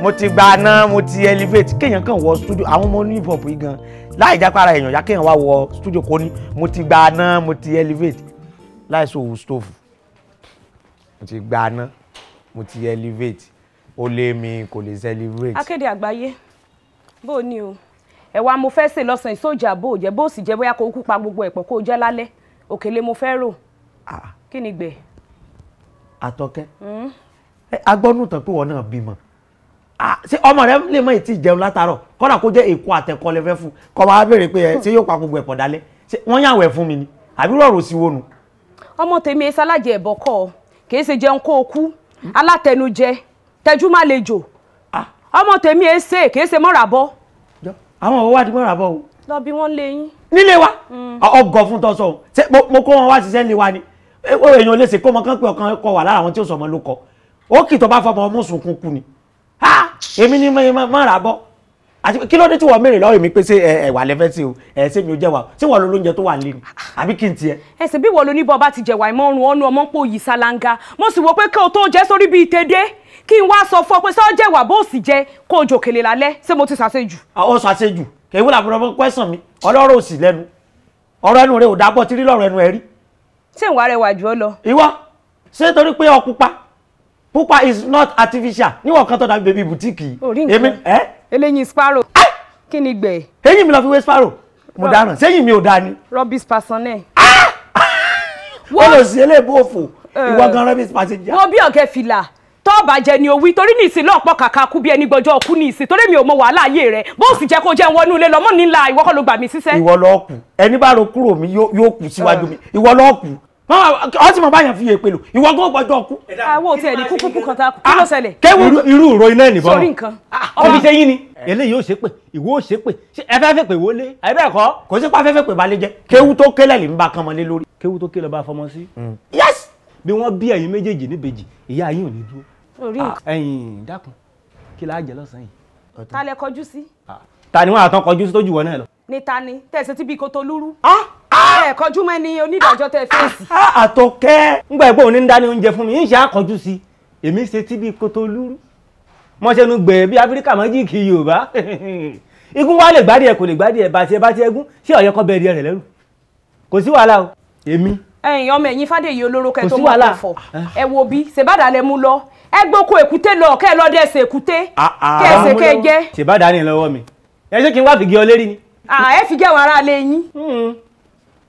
mo ti gba aná mo ti elevate kéèyàn kàn wọ studio àwọn ọmọ ní hip-hop yìí gan láì jápára èèyàn yá kéèyàn wá wọ studio kò ní mo ti gba aná mo ti elevate láì sòwò stove mo ti gba aná mo ti elevate ó lé mi kò lè celebrate. akéde àgbáyé bó ni o ẹ̀wà mo fẹ́ sè lọ́sàn-án ìsọjà bó jẹ́ bó sì jẹ́ bóyá kó kú pa gbogbo ẹ̀pọ̀ kó jẹ́ lálẹ́ òkèlè mo fẹ́ rò kí ni gbẹ̀ àtọkẹ́ hmm. agbọ́nùtàn pé wọ́n náà bímọ ṣé ọmọ rẹ lè mọ ètí ìjẹun látàárọ̀ kọ́dà kó jẹ́ èkó àtẹ̀kọ́ lè fẹ́ fún kọ́ máa béèrè pé ṣé yóò pa gbogbo ẹ̀pọ̀ dálẹ́ ṣé wọ́n yàwẹ̀ fún mi ni àbí rọ̀rọ̀ sí wo nu. ọmọ tèmi ẹ sálájẹ ẹbọ kọ ọ kì í ṣe jẹun kó o kú alátẹnujẹ tẹjú má le jò ọmọ tèmi ṣe kì ṣe mọ́ra bọ́. àwọn ọ̀wọ́ wa ti mọ́ra bọ́ o. lọ bí wọ́n lé yín. nílé wa hmm. ọgọ fún tọ́sọ̀ mo kó wọn wá ṣiṣẹ́ nílé wa ni Eh, èèyàn lè ṣe kó ọmọ kan pé ọkàn kọ wà lára àwọn tí ó sọ ọmọ ló kọ ó kì tó bá fọmọ ọmọ sunkún kú ni ha èmi ni má rà bọ àti kí ló dé tí wọ́n mèrè lọ́rọ̀ mi pé ṣé ẹ wà lẹ́fẹ́ sí o ẹ ṣé mi ò jẹ́wà ṣé wọ́n lo lóúnjẹ tó wà lé mi àbí kí n tiẹ̀. ẹsẹ̀ bí wọ́n lo ní bọ́ba ti jẹ̀wà ìmọ̀ ọ̀run ọ̀nù ọmọ pò yìí ṣàlàǹgà mo sì wò pé kí o tó jẹ́ sórí bíi tèdè kí n wá sọ fún ọ pé sọ jẹ̀wà bó sì jẹ kó o jòkèlè lálẹ́ ṣé mo ti ṣàṣejù. ó ṣàṣejù kèwé làbúrò pẹ́sàn mi ọlọ́rọ̀ òsì lẹ́nu ọ̀rọ̀ ẹnu rẹ̀ ò dábọ̀ tí rí lọ́rọ̀ ẹnu ẹ rí ṣé ìwà rẹwà jù ọ lọ. ìwọ ṣé torí pé ọ pupa is not artificial níwọ̀n kan tó dàbí baby bùtíìkì. orí nǹkan eléyìí sparrow. kí ni gbẹ̀. eyín mi lọ fi wé sparrow mo dáràn sẹ́yìn mi ò dá ni. rubbish personnel. wọ́n lọ sí eléèbó òfò eh. ìwọ gan rubbish passenger. wọ́n bí ọ̀kẹ́ fila. tó bàjẹ́ ni òwí torí ní ìsìn lọ́pọ̀ kàkà kú bí ẹni gbọ́jọ́ kú ní ìsìn torí mi ò mọ wàhálà ayé rẹ̀ bó sì jẹ́ kó jẹ́ wọnú ilé lọ́mọ́ nílà ìwọ kọ́ ló gbà mí síṣẹ́. ìwọ ló ẹni bá ro kúrò mi yóò kù síwájú eh. mi ìwọ ló ọ sì mọ báyàn fi èpè lò ìwọ gan gbọ́dọ̀ kú. àwọn òtí ẹni kúkú kú kan ta kí ló ah, ṣẹlẹ̀. kéwù irú ìró iná ẹ̀ nìbọn. sórí nǹkan. ọbí ah, ṣe yín ni. eléyìí ò ṣe pé ìwọ ò ṣe pé ẹ fẹ́ fẹ́ pé ìwọ lé. ẹ bẹ́ẹ̀ kọ́ kò sí pa fẹ́ fẹ́ pé balẹ̀ jẹ́ kéwù tó kélẹ̀ lè ń ba kan mọ́lé lórí. kéwù tó kélẹ̀ bá fọmọ sí. Mm. yes. bí wọ́n bí ẹ̀yin méjèèjì níbejì ìyá yín ò ní dúró. Ah, ẹ̀yin dákun kí la jẹ lọ́sàn-án yìí. ta lẹ kọjú sí. ta ni wọn àtàn kọjú sí tójú wọn náà lọ. ni ta ni tẹ̀sán tíbi kò tó lúrú. ah Ah! ẹ kọjú mọ́ ni onídàájọ́ tẹ fèsì. Ah! Ah! àtọkẹ́ ngbà ẹ̀gbọ́n òní ń dání oúnjẹ fún mi ń ṣe àkọjú sí èmi ṣe tí bíi kótó lúrú mọ́ṣẹ́nu gbẹ̀ẹ́ bí áfíríkà májíìkì yorùbá igun wa lè gbádìí ẹ kò lè gbádìí ẹ bàtí ẹ bá ti ẹgún ṣé ọ̀yẹ́ kọ́ bẹ̀rẹ̀ rẹ̀ lẹ́rù kò sí wàhálà o èmi. ẹ̀yin ọmọ ẹ̀yin fàdéyìí olóró kẹ tó mọ ọfọ ẹ wo bí ṣèbádà lẹ mú lọ ẹ gboko èkúté lọ kẹ lọ dẹsẹ èkúté kẹ ẹsẹ kẹ jẹ. ṣèbádà ni lọ́wọ́ mi ẹ ṣé kí n wá fìgì ọ lérí ni. ẹ fìgì àwọn aráalé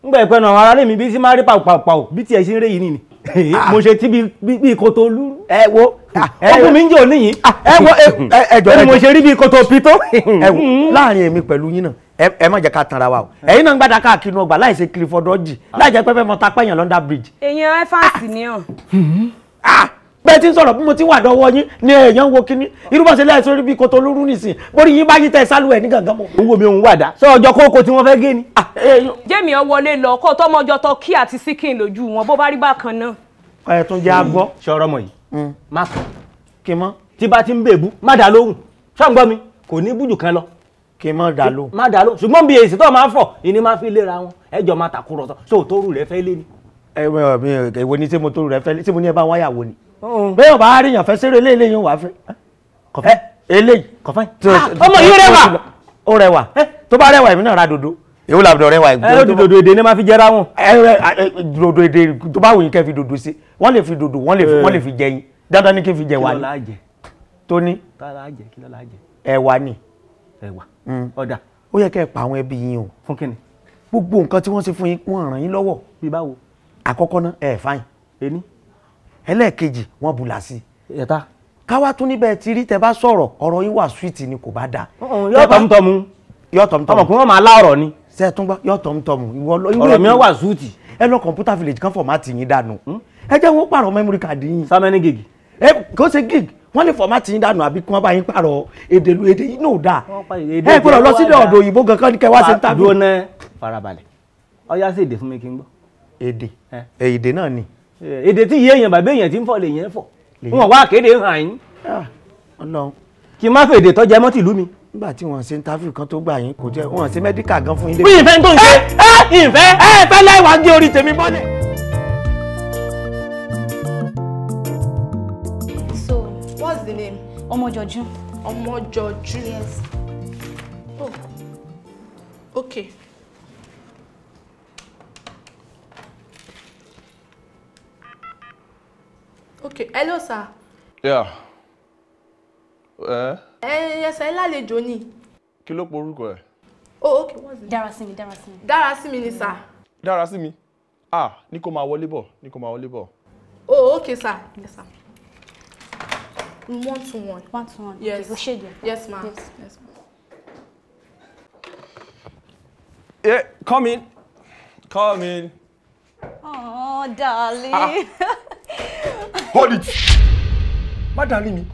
ngbà ìpẹ́ náà àwọn aráàlú mi bí sí máa rí pàpàpàò bí tiẹ̀ ṣe ń ré yìí nìyí ah. mo ṣe tí bí koto lúrú. ẹ wo ọkùnrin ah, mi ń jẹ òní yìí. Ah, ẹ wo ẹjọ ẹjọ mo ṣe rí bí koto pito. ẹ wo láàrin èmi pẹ̀lú yín náà ẹ má jẹ́ ká tanra wa o hmm. ẹ̀yin náà ń gbàdá káàkiri ọgbà láìsí Clifford Orji láì jẹ́ pẹ́pẹ́ mọ́ta pẹ́yàn London Bridge. èèyàn ẹ fáàsì bẹ́ẹ̀ tí ń sọ̀rọ̀ bí mo ti wà dọ́wọ́ yín ni èèyàn wo kínní irú bá ṣe láì sórí bí koto lóru nìsín bórí yín bá yí tẹ sálù ẹ̀ ní gàngán mọ́. n wo mi òun wàdà sọ ọjọ́ kókó tí wọ́n fẹ́ gé ni. Ah, eh, jẹ́mi ọ wọlé lọ kó tọ́mọ ọjọ́ tọ kí àti síkìn lójú wọn bó bá rí bákan náà. ẹ tún jẹ́ agbọ́. sọ̀rọ̀ mm, mm. mọ̀ yìí má kọ́ kí mọ́. tí bá ti ń bèbú má dá lóhùn ṣọ́ǹgbọ́n mi kò ní bújù kan lọ kí má dá lóhùn. má dá lóhùn ṣùgbọ́n bí èsì tó máa ń fọ̀ ìní máa fi léra wọn ẹjọ́ máa tàkúrọ̀ sọ tó rẹ fẹ́ lé ni. ẹ wọ ni ṣé mo rẹ fẹ́ lé ṣé mo ẹ bá wáyà wo ni. Oh. bẹ́ẹ̀ bá rí yàn fẹ́ sẹ́rẹ̀ eléyìí wà fẹ́ ah, kọfẹ́ eh. eléyìí kọfẹ́. Ah, ọmọ yìí rẹwà. ó rẹwà eh, tó bá rẹwà èmi náà ra dodo èwo làbùdọ̀ rẹwà ìgbó. ẹ dodo èdè ni máa fi jẹra wọn. Eh, dodo èdè tó bá wòye kẹ́ fi dodo sí wọ́n lè fi dodo wọ́n lè fi jẹ yín dandan ni kí n fi jẹ wà ní. tóní. ẹ̀wà ni. ẹ̀wà hmm. ọ̀dà. ó yẹ kẹ́ ẹ pa àwọn ẹbí yín o. fún kí ni. gbogbo nǹkan tí wọ́n ṣe fún yín wọ́n ràn yín lọ́wọ́. bí báwo. àkọ́kọ́ ná ẹ fáyìn ẹlẹ́ẹ̀kejì wọ́n bùlà sí i káwá tún níbẹ̀ ti rí tẹ bá sọ̀rọ̀ ọ̀rọ̀ yín wà sweet ni kò bá dáa. yọ tọmtọmu yọ tọmtọmu ọmọkùnrin wọn máa lá ọ̀rọ̀ ni. ṣe é tún gbọ́ yọ ìwọ lọ ìwé ọ̀rọ̀ mi wà sweet. ẹ lọ computer village kan fọ̀mátì yín dànù hmm? ẹ jẹ́ wọ́n pààrọ̀ memory card yín. samẹ́ni gig. ẹ kò ṣe gig wọ́n lè fọ̀mátì yín dànù àbí kí wọ́n bá yín pààrọ̀ èdè lu èdè yín náà dáa. ẹ gbọ́dọ̀ lọ sí ọ̀dọ̀ òyìnbó gankan ní kẹwàá ṣe ń tàbí. farabalẹ̀ ó yá sí èdè fún mi kí n gbọ́. èdè èdè náà ni Eh, èdè tí yéèyàn bàbá èèyàn ti ń fọ lèèyàn fọ wọn wá kéde hàn yín. Ah, Ọlọ́run kí n má fèdè tọ́jà mọ́tì ìlú mi. nígbà tí wọ́n ṣe interview kan tó gbà yín kò jẹ́ wọ́n ṣe medical gan fún yín. bí ìfẹ́ tó ń ṣe ẹ eh, eh, ìfẹ́ ẹ fẹ́ láìwá gé orí tèmi bọ́lẹ̀. so what's the name? Ọmọjọjú. Ọmọjọjú. yes. oh okay. Okay, hello sir. Yeah. Eh? Eh, yes, ẹ lálejò ni. Kí ló porúkọ ẹ? Oh, okay, what's it? Darasimi, Dárasími. Dárasími ni sir. Darasimi. Ah, ní kó máa wọlé bọ̀, ní kó máa Oh, okay sir. Yes sir. One to one. One to one. Yes. Okay, shade Yes, ma'am. Yes. yes ma'am. Yeah, come in. Come in. Oh, darling. Ah. ah hold it má dàrí mi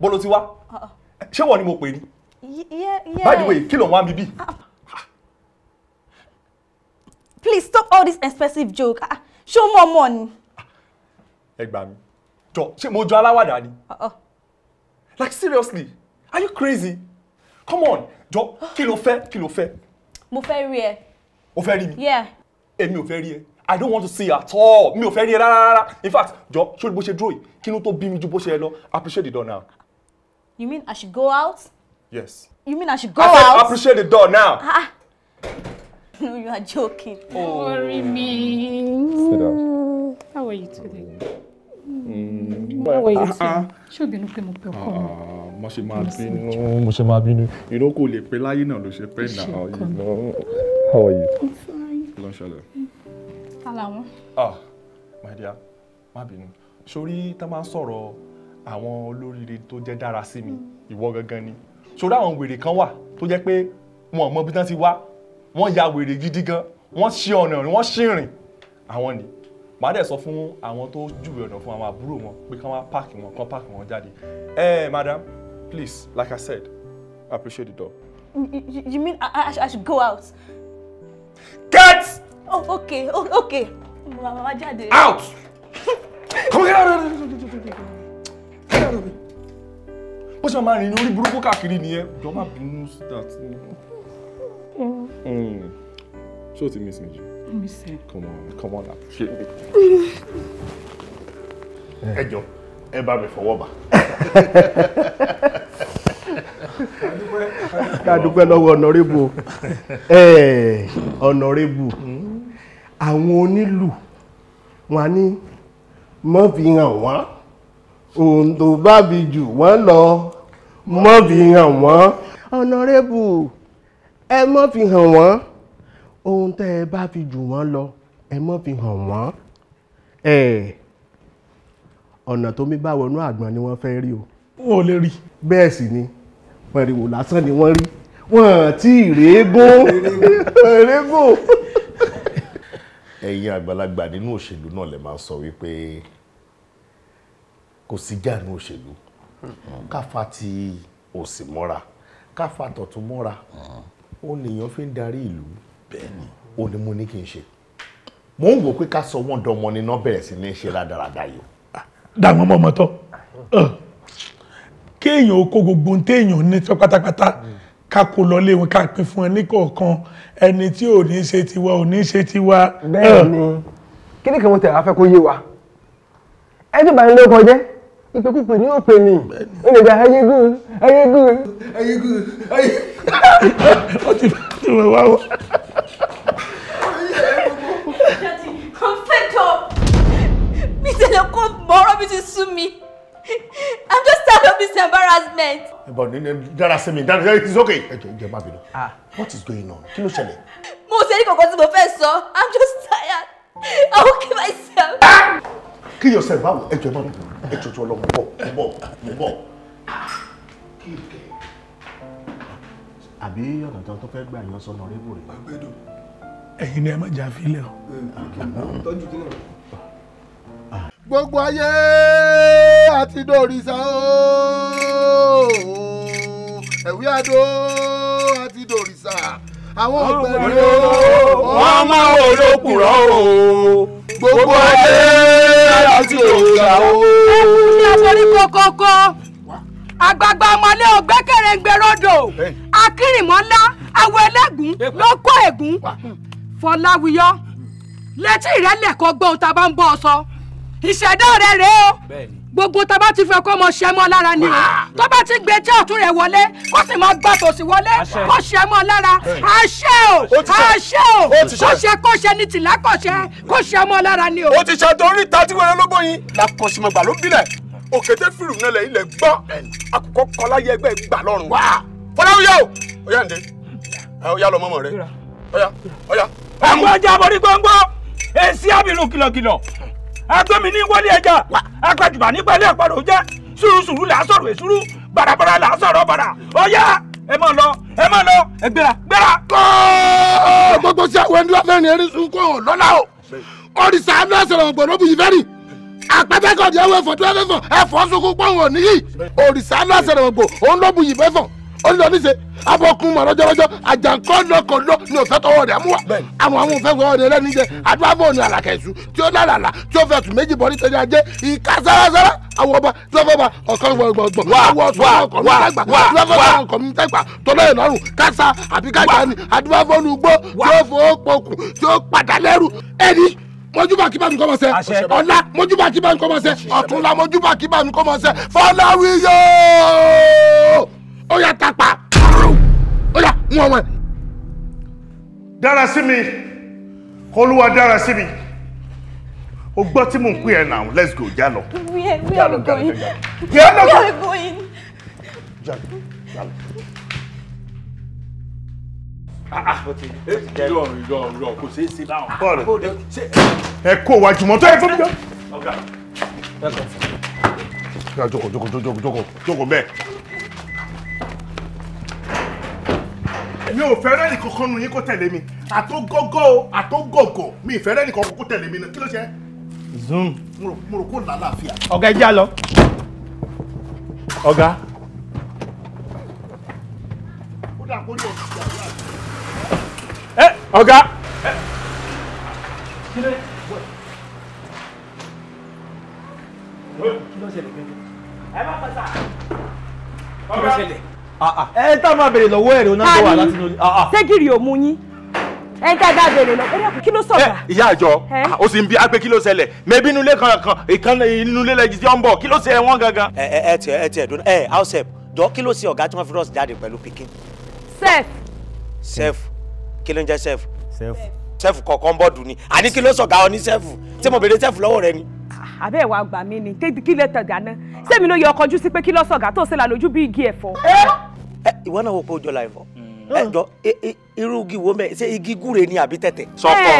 bolo ti wá uh-uh. ṣé wọ ni mo pè ní. by the way kí ló ń wá ah. please stop all this expensive joke ah, ṣé o mọ̀ mọ̀ ni. ẹ gbà mí jọ ṣé mo jọ aláwàdà ni. Uh-uh. like seriously are you crazy come on jọ kí ló kí ló fẹ́. mo fẹ́ rí ẹ. o fẹ́ rí mi. èmi ò fẹ́ rí ẹ I don't want to see at all. Mi ò fẹ́ rí ẹ rárá In fact, jọ ṣó bó ṣe dúró yìí, kí ló tó bí mi ju bó ṣe lọ, appreciate the door now. You mean I should go out? Yes. You mean I should go I said, out? appreciate the door now. Ah. ah. No, you are joking. Oh. Don't worry me. How are you today? Mm, How are you uh-uh. today? Ṣé obìnrin pé mo pẹ́ ọkọ mi? Ah, mo ṣe máa bínú, mo ṣe máa bínú. Ìrókò lè pé láyé náà ló ṣe pẹ́ náà. How are you? I'm fine. Lọ́ṣọ̀lẹ̀ tálà wọn. ah my dear má bínú sórí tá máa ń sọ̀rọ̀ àwọn olóríire tó jẹ́ dára sí mi hmm. ìwọ gangan ni sórí àwọn wèrè kan wà tó jẹ́ pé wọn ò mọ bí wọ́n ti wá wọ́n ya wèrè gidi gan wọ́n ṣe ọ̀nà rìn wọ́n ṣì rìn àwọn ni màá dẹ̀ sọ fún àwọn tó júwe ọ̀nà fún àwọn àbúrò wọn pé kí wọ́n páàkì wọn kán páàkì wọn jáde ẹ eh, madam please like i said i appreciate the door. you, you mean I, I, I should go out. get. Oh, okay, oh, okay. Mama jáde. Out! Come on, get out of there! Get out of there! Bó ṣe máa rìn ní orí burúkú káàkiri nìyẹn. Jọ má bínú síta tí hmm. miss me Miss ẹ. Come on, come on, appreciate me. Ẹ jọ, for bá mi fọwọ́ bà. eh, dúpẹ́ lọ́wọ́ hmm àwọn onílù wọn ní mọ́ fi hàn wọ́n ohun tó bá bi jù wọ́n lọ mọ́ fi hàn wọ́n. ọ̀nàrẹ́bù ẹ mọ́ fi hàn wọ́n ohun tẹ́ ẹ bá fi jù wọ́n lọ ẹ mọ́ fi hàn wọ́n. ẹ ọ̀nà tó mi bá wọnú àgbọn ni wọ́n fẹ́ rí o. wọn ò lè rí. bẹ́ẹ̀ sì ni pẹ̀rìwò lásán ni wọ́n rí wọn àti ìrẹ́gùn ìrẹ́gùn ẹ̀yin àgbàlagbà nínú òṣèlú náà lè máa sọ wípé kò sí jáàánú òṣèlú hmm. káfa ti òsì mọ́ra káfa tọ̀tún mọ́ra ó hmm. lèèyàn fi ń darí ìlú ó ní mo ní kí n ṣe mo ń wò pé ká sọ wọ́n dọmọ ni náà bẹ̀rẹ̀ sí ní ṣe rádaràda yìí. dàwọn ọmọ ọmọ tọ kéèyàn ó kó gbogbo téèyàn ní pátápátá ká lọlé wọn ká fún ẹ ní ẹni tí ò ní ṣe tiwa ò ní ṣe tiwa. bẹ́ẹ̀ ni kí ni kàwọn tẹ̀lé afẹ́ kó yé wa ẹni bá ń lé ọkọ jẹ́ ìpèkúpè ní òpè ni ó lè gba ayégún ayégún ayégún ayégún. ó ti fi wọ́n wá wọ́n. I'm fed up. Mi tẹ̀lé kó mọ́rọ́ mi ti sú mi. I'm just tired of this embarrassment. But dára sí mi, dára is okay. Ah, What is going on? Kí ló ṣẹlẹ̀? Mo ṣe ní kankan tí mo fẹ́ sọ, I'm just tired. I will kill myself. Kill yourself báwo? Ẹ jẹ́ má bínú. Ẹ jọjọ lọ, mo bọ̀, mo bọ̀, mo bọ̀. Kí ìkẹ́. Àbí ọ̀nà tán tó fẹ́ gbà yan sọ́nà rébùrè. Ẹ̀yin ni ẹ má jà fílẹ̀ o. Tọ́jú kí náà. gbogbo ayé àti dòrìṣà ooo ẹ̀wí àdó àti dòrìṣà àwọn ọ̀gbẹ́ni ooo ọmọ gbogbo ayé àti dòrìṣà ooo. ẹ fún mi àforí kókókó ọmọlé ògbẹ́kẹ̀rẹ̀ǹgbẹ̀ ròdò egun awọ ẹlẹ́gùn ló létí ìṣẹ̀dá ọ̀rẹ́ rẹ o gbogbo tá a bá ti fẹ́ kó mọ ṣẹ́ mọ́ lára ni o tó bá ti gbé jẹ́ ọ̀tún rẹ̀ wọlé kó sì máa gbà tòsí wọlé kó ṣẹ́ mọ́ lára àṣẹ o àṣẹ o kó ṣe kó ṣe ní tìlá kó ṣe kó ṣẹ́ mọ́ lára ni o. ó ti ṣe torí tàtí wẹrẹ ló bóyin làkọsìmọ̀gbà ló bílẹ̀ òkété fìrù náà lẹ́yìn lẹ́ gbọ́ àkùkọ kọlá yẹ ẹgbẹ́ gbà lọ́rùn wá fọláwíyá o ó yà ń dé ó yà lọ mọ́mọ́ rẹ ó yà ó yà. àwọn ọjà àbọ̀dí gbọ́ngbọ́ èsì àbìlú kìlọ̀kìlọ̀ agbomi ní wọlé ẹja agbájúmọ̀ nípẹ́lẹ́ ọ̀pọ̀lọ́ jẹ́ sùúrùsùúrù là á sọ̀rọ̀ èsúrú bàràbàrà là á sọ̀rọ̀ bàrà ọ̀yá ẹ máa lọ ẹ máa lọ ẹ gbéra gbéra. gbogbo sí àwọn ẹni lọ́fẹ̀ẹ́ ni erin sunkún ọ̀ lọ́la o òrìṣà àná ẹsẹ̀rọ̀ ọ̀gbọ̀n ló bu yìí fẹ́rì àpẹtẹkọ̀ọ́dì ẹwọ́ ẹ̀fọ́ tó ẹ̀fọ́ ẹ̀fọ́ sunkún pọ̀ wọ̀ níyì òrìṣà àná ẹsẹ̀rọ̀ ọ̀gbọ̀n òun ló bu yìí fẹ́fọ̀ olùdó ní ṣe abọ́kún mọ̀ lọ́jọ́lọ́jọ́ àjàǹkọ́ lọ́kọ̀ọ́lọ́ ni òfẹ́ tọwọ́ rẹ̀ mú wa àwọn àwọn òfẹ́ fọwọ́ rẹ̀ lẹ́nu jẹ adúlábọ̀ ni àlàkẹ́sù tí ó lálàlà tí ó fẹ̀sùn méjì bọ̀ nítorí ajé ìka sárasára àwọn ọba tí wọ́n fẹ́ ba ọ̀kan gbọ̀ngbọ̀ngbọ̀n àwọn ọ̀sán ọkọ̀ mi tẹ́gbà tí wọ́n fẹ́ ba ọkọ̀ mi tẹ́gbà tọ́lá ẹ̀ lọ́rùn kásá àbí kájà ni adúlábọ̀nù gbó tí ó fowó pokùn tí ó padà lẹ́rù ẹni mojúbà kí bá mi kọ́ mọ́ sẹ́ ọ̀la mojúbà kí bá mi kọ́ mọ́ sẹ́ ọ̀túnla mojúbà kí bá mi kọ́ mọ́ sẹ́ fọláwíyọ́. Oya yà tàpá ó yà mú ọmọ ẹ. dára sí mi olúwa dára sí mi o gbọ́ tí mò ń pè ẹ́ now let's go Jalo, jalo. are we Jalo, jalo, are we going. jálọ jálọ. ẹ kó wa jùmọ̀ tó yẹ fún mi. jókòó jókòó jókòó jókòó jókòó bẹ́ẹ̀. mi ò fẹ́rẹ́ nìkan kan nù yín kó tẹ̀lé mi àtógógó o àtógògò mi ìfẹ́rẹ́ nìkan kó tẹ̀lé mi náà kí ló ṣe. zoom. mo rò kó làlàáfíà. ọ̀gá ẹ já lọ. ọ̀gá. ó dà ẹ ọ̀gá. ẹ má pàṣẹ. kí Ah, ah. ẹ tá a máa béèrè lọ́wọ́ ẹ̀rọ náà tó wà láti lórí. Ah, ṣégiri ò mú yín ẹ tá a dá béèrè lọ pẹ̀lú kí ló sọ̀rọ̀. ìyá àjọ ó sì ń bi agbe kí ló ṣẹlẹ̀ mẹbi inú ilé kankan ìkan inú ilé lẹ́jì tí ó ń bọ̀ kí ló ṣẹlẹ̀ wọ́n gangan. ẹ ẹ ẹ tiẹ ẹ tiẹ dun ẹ house help jọ kí ló ṣe ọ̀gá tí wọ́n fi rọ́ọ̀sì jáde pẹ̀lú pikin. sef. sef kí ló ń jẹ sef. sef sẹ́fù kọ̀ọ̀kan bọ́ọ̀dù ni àní kí ló sọ̀gá ọ ní sẹ́fù tí mo béèrè sẹ́fù lọ́wọ́ rẹ ni. àbẹ́ ẹ̀ wá gbà mí ni kí lè tàn gánà sẹ́mi ló yẹ ọkọ̀ ojú sí pé kí ló tó ṣe là lójú bí igi ẹ̀fọ́ ìwọ náà wò pé ó jọ la ẹ̀fọ́ hmm. ẹjọ irú igi wo mẹ ṣe igi gúre ni àbí tẹ̀tẹ̀. sọkọ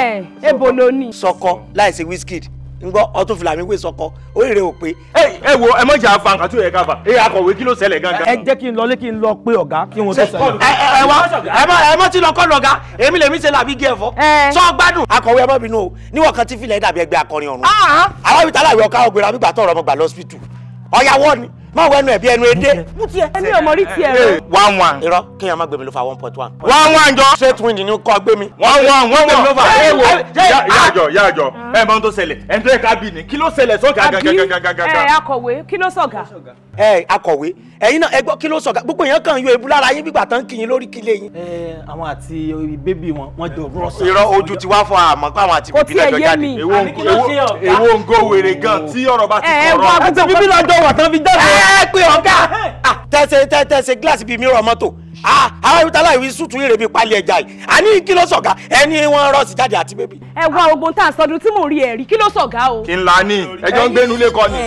ebo ló ní. sọkọ láìsí wizkid ngbọ ọtún fìlàmì wé sọkọ oríire ò pé. ẹ ẹ wo ẹ mọ jà fa nǹkan tó yẹ ká fa ẹ akọ̀wé kí ló ṣẹlẹ̀ gangan. ẹ jẹ́ kí n lọlé kí n lọ pé ọ̀gá kí wọ́n tó ṣẹlẹ̀. ẹ ẹ wá ẹ mọ ẹ mọ tí lọ kọ́ lọ́gá èmi lèmi ṣe làbí gé ẹ̀fọ́. sọ gbádùn. akọ̀wé ẹ mọ bínú o níwọ̀n kan tí filẹ̀ dàbí ẹgbẹ́ akọrin ọ̀run. Ah. àwọn ibi tá láwùjọ ká ọgbẹ̀rún àbígbà tó ọ̀rọ̀ ọmọ gbà lọ́sibítù ọ̀yàwó ni má wẹ́nu ẹ̀bí ẹnu èdè. ẹni ọmọ rí tiẹ̀ rẹ. one one. irọ́ kéèyàn má gbé mi ló fa one point one. one one jọ. straight wind ni kò gbé mi. one one one one. ẹ wo yájọ yájọ ah. ẹ mọ ohun tó ṣẹlẹ̀ ẹ ń tó yẹ ká bí ni kí ló ṣẹlẹ̀ sọ́gà gàgàgàgàgà. ẹ eh, akọ̀wé kí ló sọ̀gà. ẹ akọ̀wé ẹ̀yin náà ẹ gbọ́ kí ló sọ̀gà gbogbo èèyàn kàn yọ ebu lára yín gbígbà tán kì í lórí kílé yín. ẹ eh, àwọn àti bébì wọn wọn jọ rọṣà. irọ́ ojú ti wá fọ àmọ́ pé àwọn àti bíbí lọ́jọ́ jáde. èwo ń gó wèrè gan tí ọ̀rọ̀ bá ti eh, kọ̀ ọ̀rọ̀. ẹ ẹ wọ agbègbè bíbí lọ́jọ́ wà tán fi jáde ẹ pé ọ̀gá ah, tẹ̀sẹ̀ tẹ̀sẹ̀ gíláàsì bíi mìíràn mọ́tò ah, àwọn ìwúta láì wí sùtù ìrè bíi pálí ẹja yìí àní kí ló sọ̀gá ẹni wọ́n rọ́ọ̀sì jáde àti bébì. ẹ wá ogun tá a sọdún tí mò ń rí ẹ̀rí kí ló sọ̀gá o. kí n la ní ẹjọ́ ń gbénu lé kọ́ ni.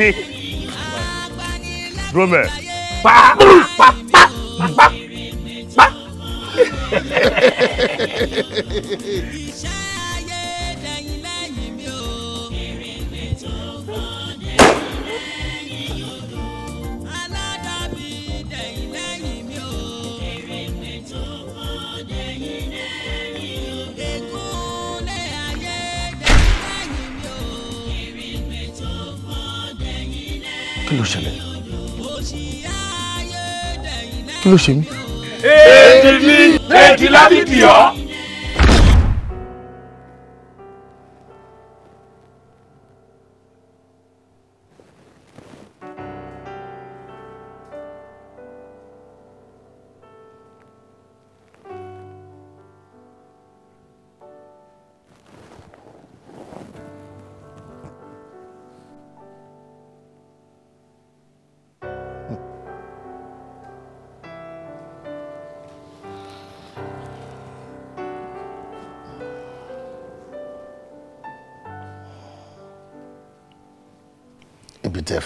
gbé dromẹ pa pa pa pa pa. kí ló ṣẹlẹ̀ kí ló ṣe mí. èdè mi èdè láti dì ọ́.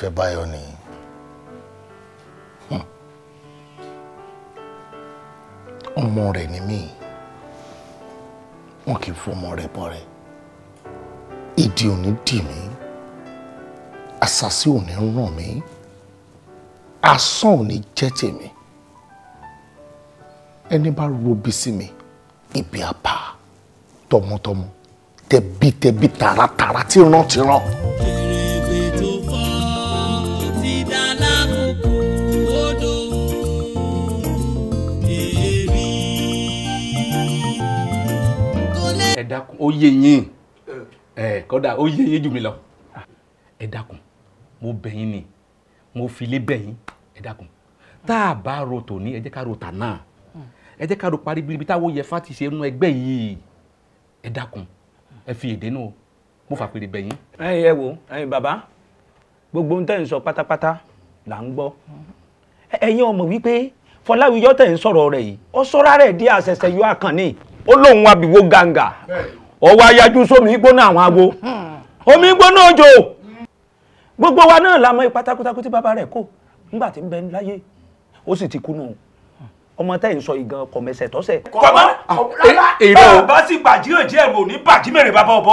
fẹ́ báyọ̀ ni hmm. ọmọ rẹ̀ ni mí wọn kì í fọmọ rẹ̀ bọ́ rẹ̀ ìdí òní dì mí àṣàṣì òní ràn mí asán òní jẹ́ tèmi ẹni bá robi sí mi ibi àpá tọmọtọmọ tẹbítẹbí tààràtààrà tí ràn tí ràn. yé yín ẹ kódà ó yé yín jù mí lọ ẹ dákun mo bẹ̀ yín ni mo fi lé bẹ̀ yín ẹ dákun tá a bá ro tòní ẹ jẹ́ ká ro tàná hmm. ẹ jẹ́ ká ro parí bíi táwọn yẹ fati ṣe nú ẹgbẹ́ yìí ẹ dákun ẹ fi èdè nù mo fà pèrè bẹ̀ yín. ẹ̀yin ẹ wo ẹ̀yin bàbá gbogbo ohun tẹ́ ń sọ pátápátá là ń gbọ́ ẹ̀yin ọmọ wípé Fọláwíyọ tẹ́ ń sọ̀rọ̀ rẹ̀ yìí ó sọ́ra rẹ̀ di àṣẹ̀ṣẹ̀ yọ àkànní ó lóun wá bìwó gàǹgà ọwọ́ ayájú sómi gbóná àwọn awo hmm. omi gbóná òjò gbogbo wa náà la mọ ipa takuntakun tí bàbá rẹ̀ kó nígbà tí ń bẹ láyé ó sì ti kùnà ọmọ tẹ́ ń sọ ìgan kọ̀mẹsẹ̀ tọ́sẹ̀. kọ́mọ ah, rárá eh, eh, bàbá sì bàjíràn jẹ́ èmò ní bàjímẹ̀rẹ̀ bàbá ọbọ.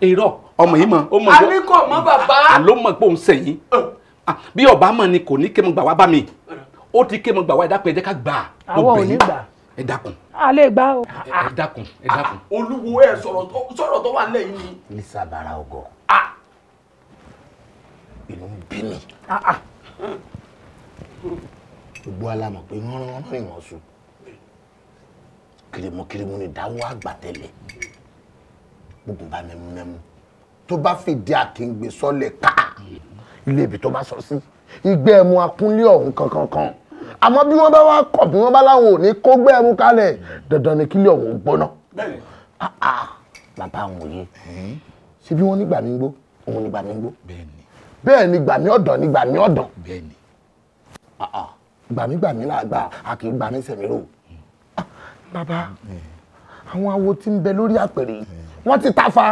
èrò ah, ọmọ yìí mọ ó mọ tó alikọ mọ bàbá ah, ló mọ pé òun sẹyìn eh. bí ọba mọ ni kò ní kémọ gbà wá mi ó ti kémọ gbà wá ìdápẹ́ ẹ̀jẹ̀ ká gbà. àwọn ò ní gbà ẹ dákun. a lè gbá o. ẹ dákun ẹ dákun. Ah, olúwo ẹ sọ̀rọ̀ tó wà lẹ́yìn ni. ní sábàrà ọgọ inú ń bí mi ah, ah. gbogbo alamọ pé rán rán ìwọ̀n sùn kìrìmùkìrìmù ni dáwọ́ àgbàtẹ́lẹ̀ gbogbo bá mẹ́mú mẹ́mú tó bá fìdí àkíngbé sọ́lẹ̀ ká ilé ibi tó bá sọ sí ìgbẹ́ ẹ̀mú akúnlé ọ̀hún kankan kan. kan, kan àmọ́ bí wọ́n bá wá kọ̀ bí wọ́n bá láwọn ò ní kó gbẹ́ ẹmu kalẹ̀ dandan ni kílẹ̀ ọ̀hún gbóná. Ah, ah, bàbá àwọn òye ṣé bí wọ́n nígbà mi gbó òun nígbà mi gbó bẹ́ẹ̀ ni gbàmí ọ̀dàn ni gbàmí ọ̀dàn ah, gbàmí gbàmí làgbà a kì í gbàmí sẹ̀mírò. bàbá àwọn awo tí ń bẹ lórí àpèrè yìí wọ́n ti tafa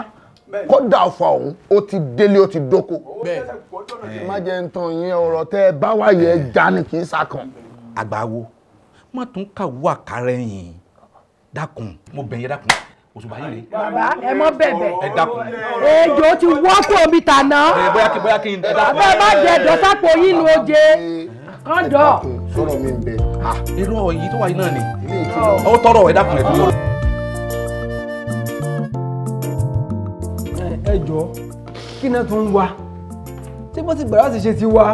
kódà ọ̀fà ọ̀hún ó ti délé ó ti dóko. má jẹ́ ń tan ìyẹn ọ̀rọ̀ tẹ́ ẹ bá wáyé ẹ já ni kì í sá kan àgbáwo má tún kàwú àkàrà ẹ̀yìn dákun mo bẹ̀ yẹn dákun òṣùpá yìí rè. bàbá ẹ mọ bẹ̀bẹ̀ ẹ dákun. ejò ti wọ́pọ̀ omi tàná. ẹ bóyá kí bóyá kí n dákun. àbẹ́ má jẹ dọ́sàpò yìí nu oje kán dọ̀. sọ̀rọ̀ mi ń bẹ. Ah, irú ọ̀ yìí tó wà yìí náà ni. ó tọrọ ẹ dákun ẹ tó ẹ jọ kí náà tún wá tí bó ti gbàrà ti ṣe ti wá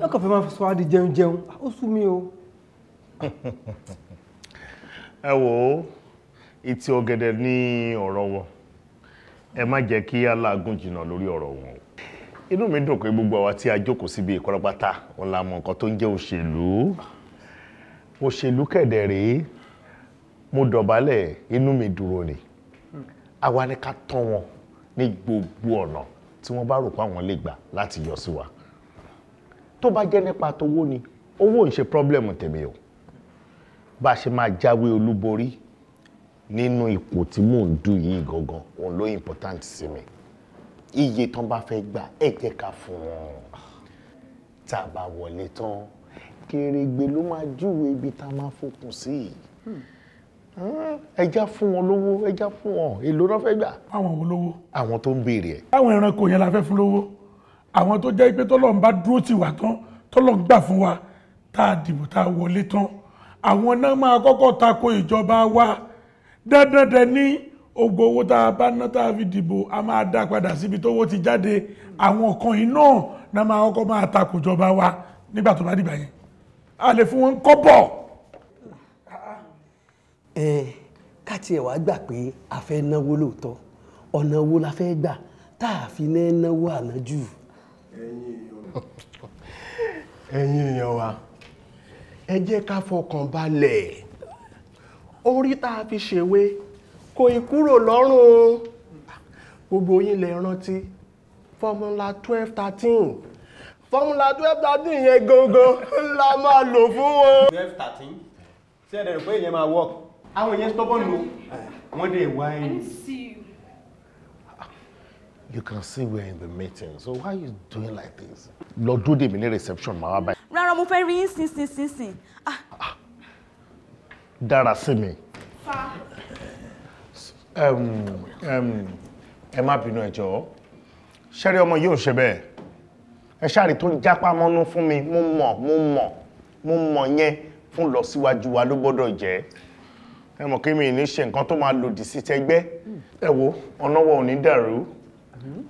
yóò kàn fẹ́ máa sọ adi jẹun jẹun ó sú mi o. ẹ wo ìtì ọ̀gẹ̀dẹ̀ ní ọ̀rọ̀ wọn ẹ má jẹ́ kí aláàgùn jìnnà lórí ọ̀rọ̀ wọn o inú mi dùn pé gbogbo àwa tí a jókòó síbi ìkọ́lọ́pátá òun la mọ nǹkan tó ń jẹ́ òṣèlú òṣèlú kẹ̀dẹ̀ rèé mo dọ̀bálẹ̀ inú mi dúró ni àwa ni ká tán wọn ní gbogbo ọ̀nà tí wọ́n bá rò pé àwọn lè gbà láti yọ sí wa tó bá jẹ́ nípa tówó ni owó ń ṣe pọ́blẹ́mù tèmi o bá a ṣe máa jáwé olúborí nínú ipò tí mò ń dù yìí gangan òun ló important sí mi iye tán bá fẹ́ gbà ẹ jẹ́ ká fún wọn tá a bá wọlé tán kèrègbè ló máa júwe ibi tá a máa fokùn sí i ẹja fún wọn lówó ẹja fún wọn èlò náà fẹ́ gbà. àwọn wo àwọn tó ń béèrè ẹ. àwọn ẹranko yẹn la fẹ́ fún lówó àwọn tó jẹ́ pé tọ́lọ́run bá dúró tì wá tán tọ́lọ́run gbà fún wa tá a dìbò tá a wọlé tán àwọn náà máa kọ́kọ́ tako ìjọba wa dandan dẹ ní ogbó owó tá a bá ná tá a fi dìbò a máa dá padà síbi tówó ti jáde àwọn kan yìí náà náà máa kọ́kọ́ máa tako ìjọba wa nígbà tó bá dìgbà yẹn a lè fún wọn kọ́bọ̀. ẹ ká tiẹ̀ wá gbà pé a fẹ́ náwó lóòótọ́ ọ̀nà wo la fẹ́ gbà tá a fi náà náwó ànájù ẹ̀yin èèyàn wa ẹ jẹ́ ká fọkàn balẹ̀ orí tá a fi ṣèwé kò ì kúrò lọ́rùn gbogbo yín lè rántí fọ́múlà twelve thirteen fọ́múlà twelve thirteen yẹn gangan la máa lò fún wọn. twelve thirteen ṣé ẹ̀rẹ̀ rẹ̀ pé ìyẹn máa work àwọn ìyẹn stubborn lò wọ́n dẹ̀ wá ẹ̀yìn. You can see we're in the meeting. So why are you doing like this? Lord, do dè mí ní reception my wife. báyìí. Rárá mo fẹ́ rí yín sin sin sin sin. Ah. Dára sí mi. Ẹ má bínú ẹ jọ̀ọ́. Ṣẹ́rí ọmọ yóò ṣe bẹ́ẹ̀. Ẹ ṣáàrí tó ń jápá mọ́nú fún mi, mo mọ̀, mo mọ̀, mo mọ̀ yẹn fún lọ síwájú wa ló gbọ́dọ̀ jẹ́ ẹ mọ̀ kí mi ní ṣe nǹkan tó máa lòdì sí tẹgbẹ́ no, wo ọ̀nà wa ò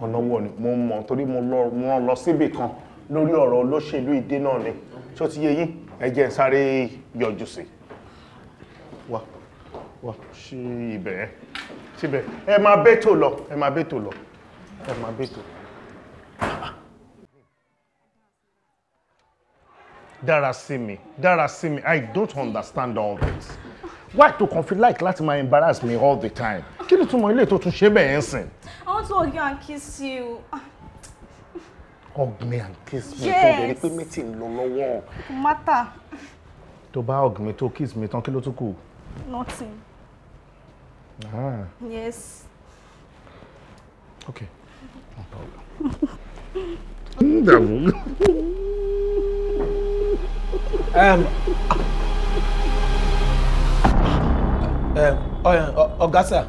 ọ̀nà wo ni mo mọ̀ torí mo rán lọ síbì kan lórí ọ̀rọ̀ olóṣèlú ìdè náà ni tó ti yé yín ẹ jẹ́ n sáré yọjú sí wa wa ṣí ibẹ̀ yẹn síbẹ̀ ẹ máa bẹ́tò lọ ẹ máa bẹ́tò lọ ẹ máa bẹ́tò. Darasimi, Darasimi, I don't understand all this why to kàn like láti máa embarrass me all the time kí ni túmọ̀ ilé tó tún ṣe bẹ́ẹ̀ ń sìn. I want to hug you and kiss you. hug me and kiss me yes. tó bẹ̀rẹ̀ pé meeting lọ lọ́wọ́. mata. tó bá hug me, to kiss me, tán kí ló tún kù. nothing. Ah. yes. okay no problem. um, ọ̀gá um, oh, oh, oh, sir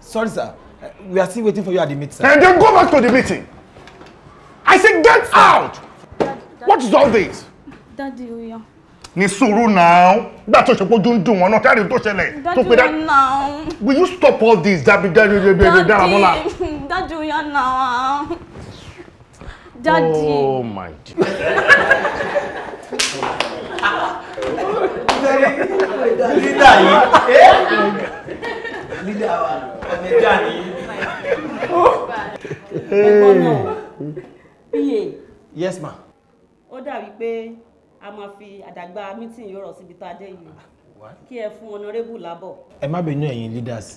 sorry sir uh, we are still waiting for you at the meeting. and then go back to the meeting i said get sir. Ah. out Dad, Dad, what is all this. Daddy oya. ní sùúrù náà gbà tó ṣepọ̀ ojú ń dùn wọn náà káàdì tó ṣẹlẹ̀ tó Daddy dáa will you stop all this Daddy Daddy Daddy Daddy Daddy Daddy Daddy Daddy Daddy Daddy Daddy Daddy lídà yìí eh? lídà wa ọ̀nẹ́jà nìyí. ẹ̀gbọ́n náà píye. yes ma. ó dàbí pé a máa fi àdàgbà mítìn yọ̀rọ̀ síbi tá a dé yìí kí ẹ fún ọ̀nàrẹ́bù lábọ̀. ẹ má bínú ẹ̀yin leaders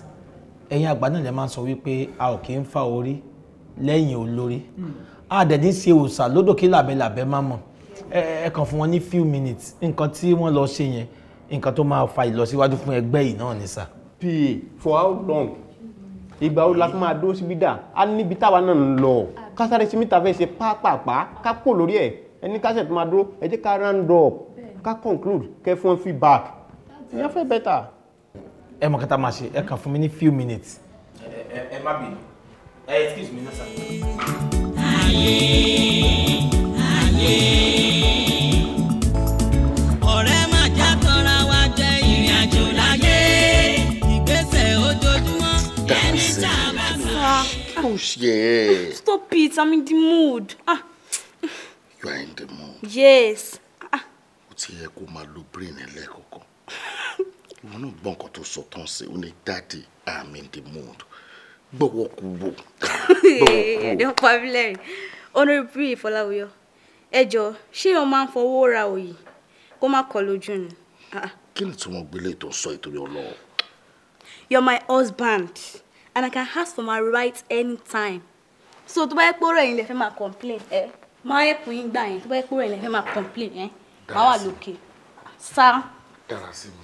ẹ̀yin àgbà náà lè máa sọ wípé a ò kì í fa orí lẹ́yìn olórí hmm. a dẹ̀ ní ṣe òòṣà lódò kí làbẹ́làbẹ́ má mọ̀ ẹ kàn fún wọn ní few minutes nǹkan tí wọ́n lọ ṣe yẹn nǹkan tó máa fa ìlọsíwájú fún ẹgbẹ́ yìí náà ni sà. pa for how long ìgbà wo la fún máa dúró síbí dà á níbi táwa náà ń lọ kásáré sí mítà fẹ́ ṣe pápápá ká pò lórí ẹ̀ ẹni kásẹ̀ tó máa dúró ẹ jẹ́ ká round up ká conclude kẹ́ fún feedback ìyẹn fẹ́ better. ẹ mọ̀ kẹta máa ṣe ẹ kàn fún mi ní few minutes. ẹ ẹ má bì ẹ excuse me náà sà. ayé ayé. Stop. Yeah. Stop it. I'm in the mood. Ah. You are in the mood. Yes. O ah. ti yẹ kó máa lo brain ẹ lẹ́kọ̀ọ̀kan. Ìwọ náà I'm in the mood. Gbọ́wọ́ kú wò. Ẹ̀dọ́ pa mí lẹ́rìn. Honorable Ìfọláwíyọ, ẹ jọ, ṣé o máa ń fọwọ́ ra òyì kó má kọ lójú ni? Ah. Kí ni tí wọ́n gbélé You're my husband and I can ask for my rights anytime. So to buy yẹ kóró ẹ̀yin lè fẹ́ complain eh? My yẹ kùn yín gbà yẹn tó bá yẹ kóró ẹ̀yin complain eh? máa wà lókè sá. Darasimi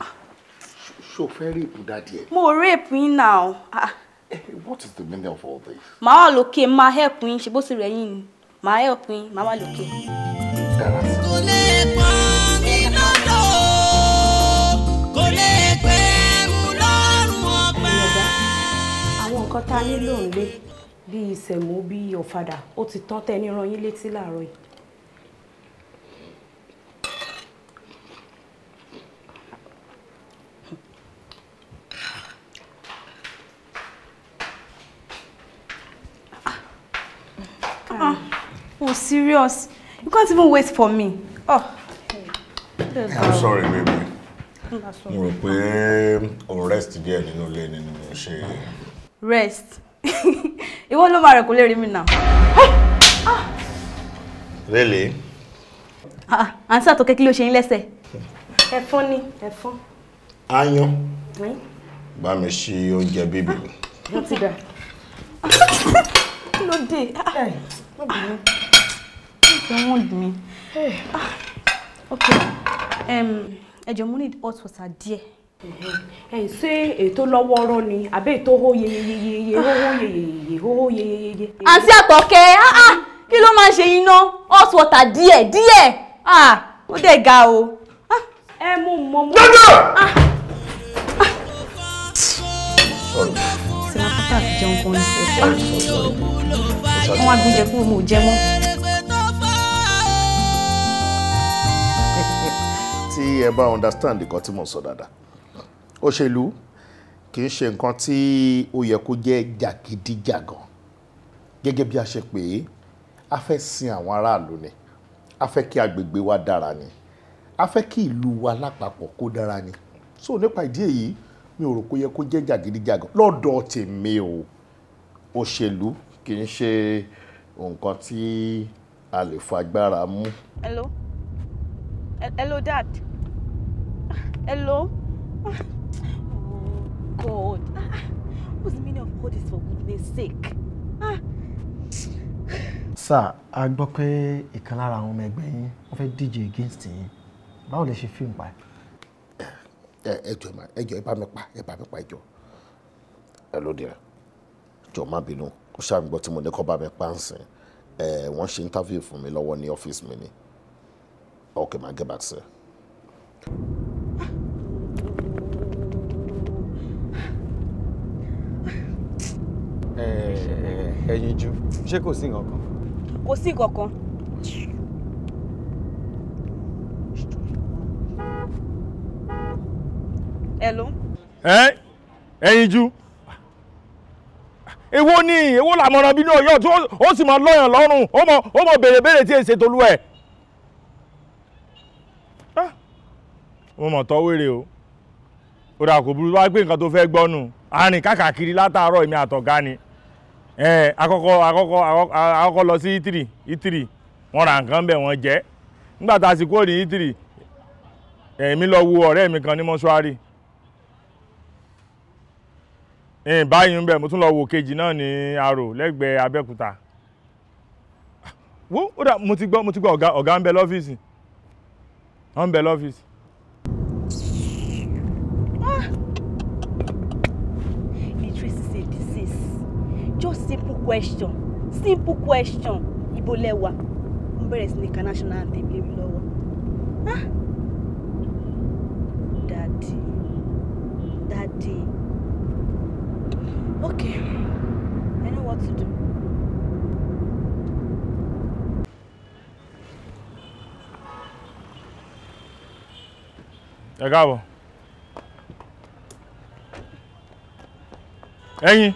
ṣó fẹ́ rèébù More rape me now. yín ah. eh, What is the meaning of all this? Mama wà my help yín she bó sì rẹ̀ yín help yín mama wà lókè. ta nílò ńlé bíi ìsẹ̀mú bíi ọ̀fadà ó ti tán tẹ́ni ran yín létí láàárọ̀ yìí. Ah, ah, oh, serious. You can't even wait for me. Oh. Hey. I'm sorry, baby. Mo rò pé um, o rest díẹ̀ nínú ilé ni mo ṣe rest ìwọ ló máa rẹ̀ kó lè rí mi nà. Ah! really. Ah, àǹtí àtọkẹ́ kí ló ṣe yín lẹ́sẹ̀. ẹ̀fọn ni ẹ̀fọn. aáyán bá mi ṣe oúnjẹ bíbí. wọ́n ah, ti dà. kí ló dé? wọ́n dùn mí. ok ẹjọ́ mo need hot water díẹ̀ ẹ̀yin ṣé ètò lọ́wọ́ ọ̀rọ̀ ni àbẹ́ ètò hó yeyeyeye hó yeyeyeye hó yeyeyeye. àǹtí àtọ̀kẹ́ ah, ah, kí ló máa ń ṣe iná hot water díẹ̀ díẹ̀ ah, ó dẹ̀ ga o. ẹ mú mọ mọ. lọ́dọ̀. tí wọ́n fún àti jẹun kan ní ẹ̀fọ́ wọn agbóúnjẹ fún mi ò jẹ mọ́. tí ẹ bá understand nǹkan tí mo sọ dáadáa òṣèlú kì í ṣe nǹkan tí ó yẹ kó jẹ́ jàgídíjàgàn gẹ́gẹ́ bí a ṣe pè é a fẹ́ sin àwọn aráàlú ni a fẹ́ kí agbègbè wa dára ni a fẹ́ kí ìlú wa lápapọ̀ kó dára ni so nípa ìdí èyí mi ò rò kó yẹ kó jẹ́ jàgídíjàgàn lọ́dọ̀ tèmi o òṣèlú kì í ṣe nǹkan tí a lè fagbára mú. hello hello dad hello. God. Ah, what's the meaning of all this for goodness sake? Ah. Sir, a gbọ́ pé ìkan lára àwọn ọmọ ẹgbẹ́ yín wọ́n fẹ́ díje against yín. Báwo lẹ ṣe fíìmù pa? Ẹjọ́ ẹjọ́ ẹ bá mi pa ẹ bá mi pa ẹjọ́. Ẹ ló dìrẹ̀. Jọ má bínú. Ó ṣàǹgbọ́ tí mo ní kọ́ bá mi pa ń sìn. Wọ́n ṣe interview fún mi lọ́wọ́ ní ọ́fíìsì mi ni. Okay, ma get back sir. ẹyinjú eh, eh, ṣé kò sí nǹkan kan. kò sí nǹkan kan. ẹ ẹyinjú eh, ni èwo làmọ̀ràn bí ní ọ̀yọ́ tí ó sì máa lọ́yàn lọ́rùn ó mọ ó mọ béèrè béèrè ah, mo mọ̀ tọ́ o ó dà kò burú wá nǹkan tó fẹ́ gbọ́ nù arìn látàárọ̀ ẹ akọkọ akọkọ àkọ́kọ́ lọ sí itiri e itiri e wọn ra nǹkan bẹ̀ wọn jẹ nígbà tá a sì kúrò ní itiri e èmi lọ wu ọ̀rẹ́ mi kan ní mọ́ṣúárì báyìí ń bẹ̀ mo tún lọ wo kejì náà ní arò lẹ́gbẹ̀ẹ́ abẹ́òkúta wo ó dà mo ti gbọ́ mo ti gbọ́ ọ̀gá ọ̀gá ń bẹ lọ́fíìsì wọ́n ń bẹ lọ́fíìsì question simple question ibo lẹ́wà ń bẹ̀rẹ̀ sí ní ka national anthem léwu lọ́wọ́ dadi ah! dadi okay I know what to do. ẹ káàbọ̀ ẹ̀yin.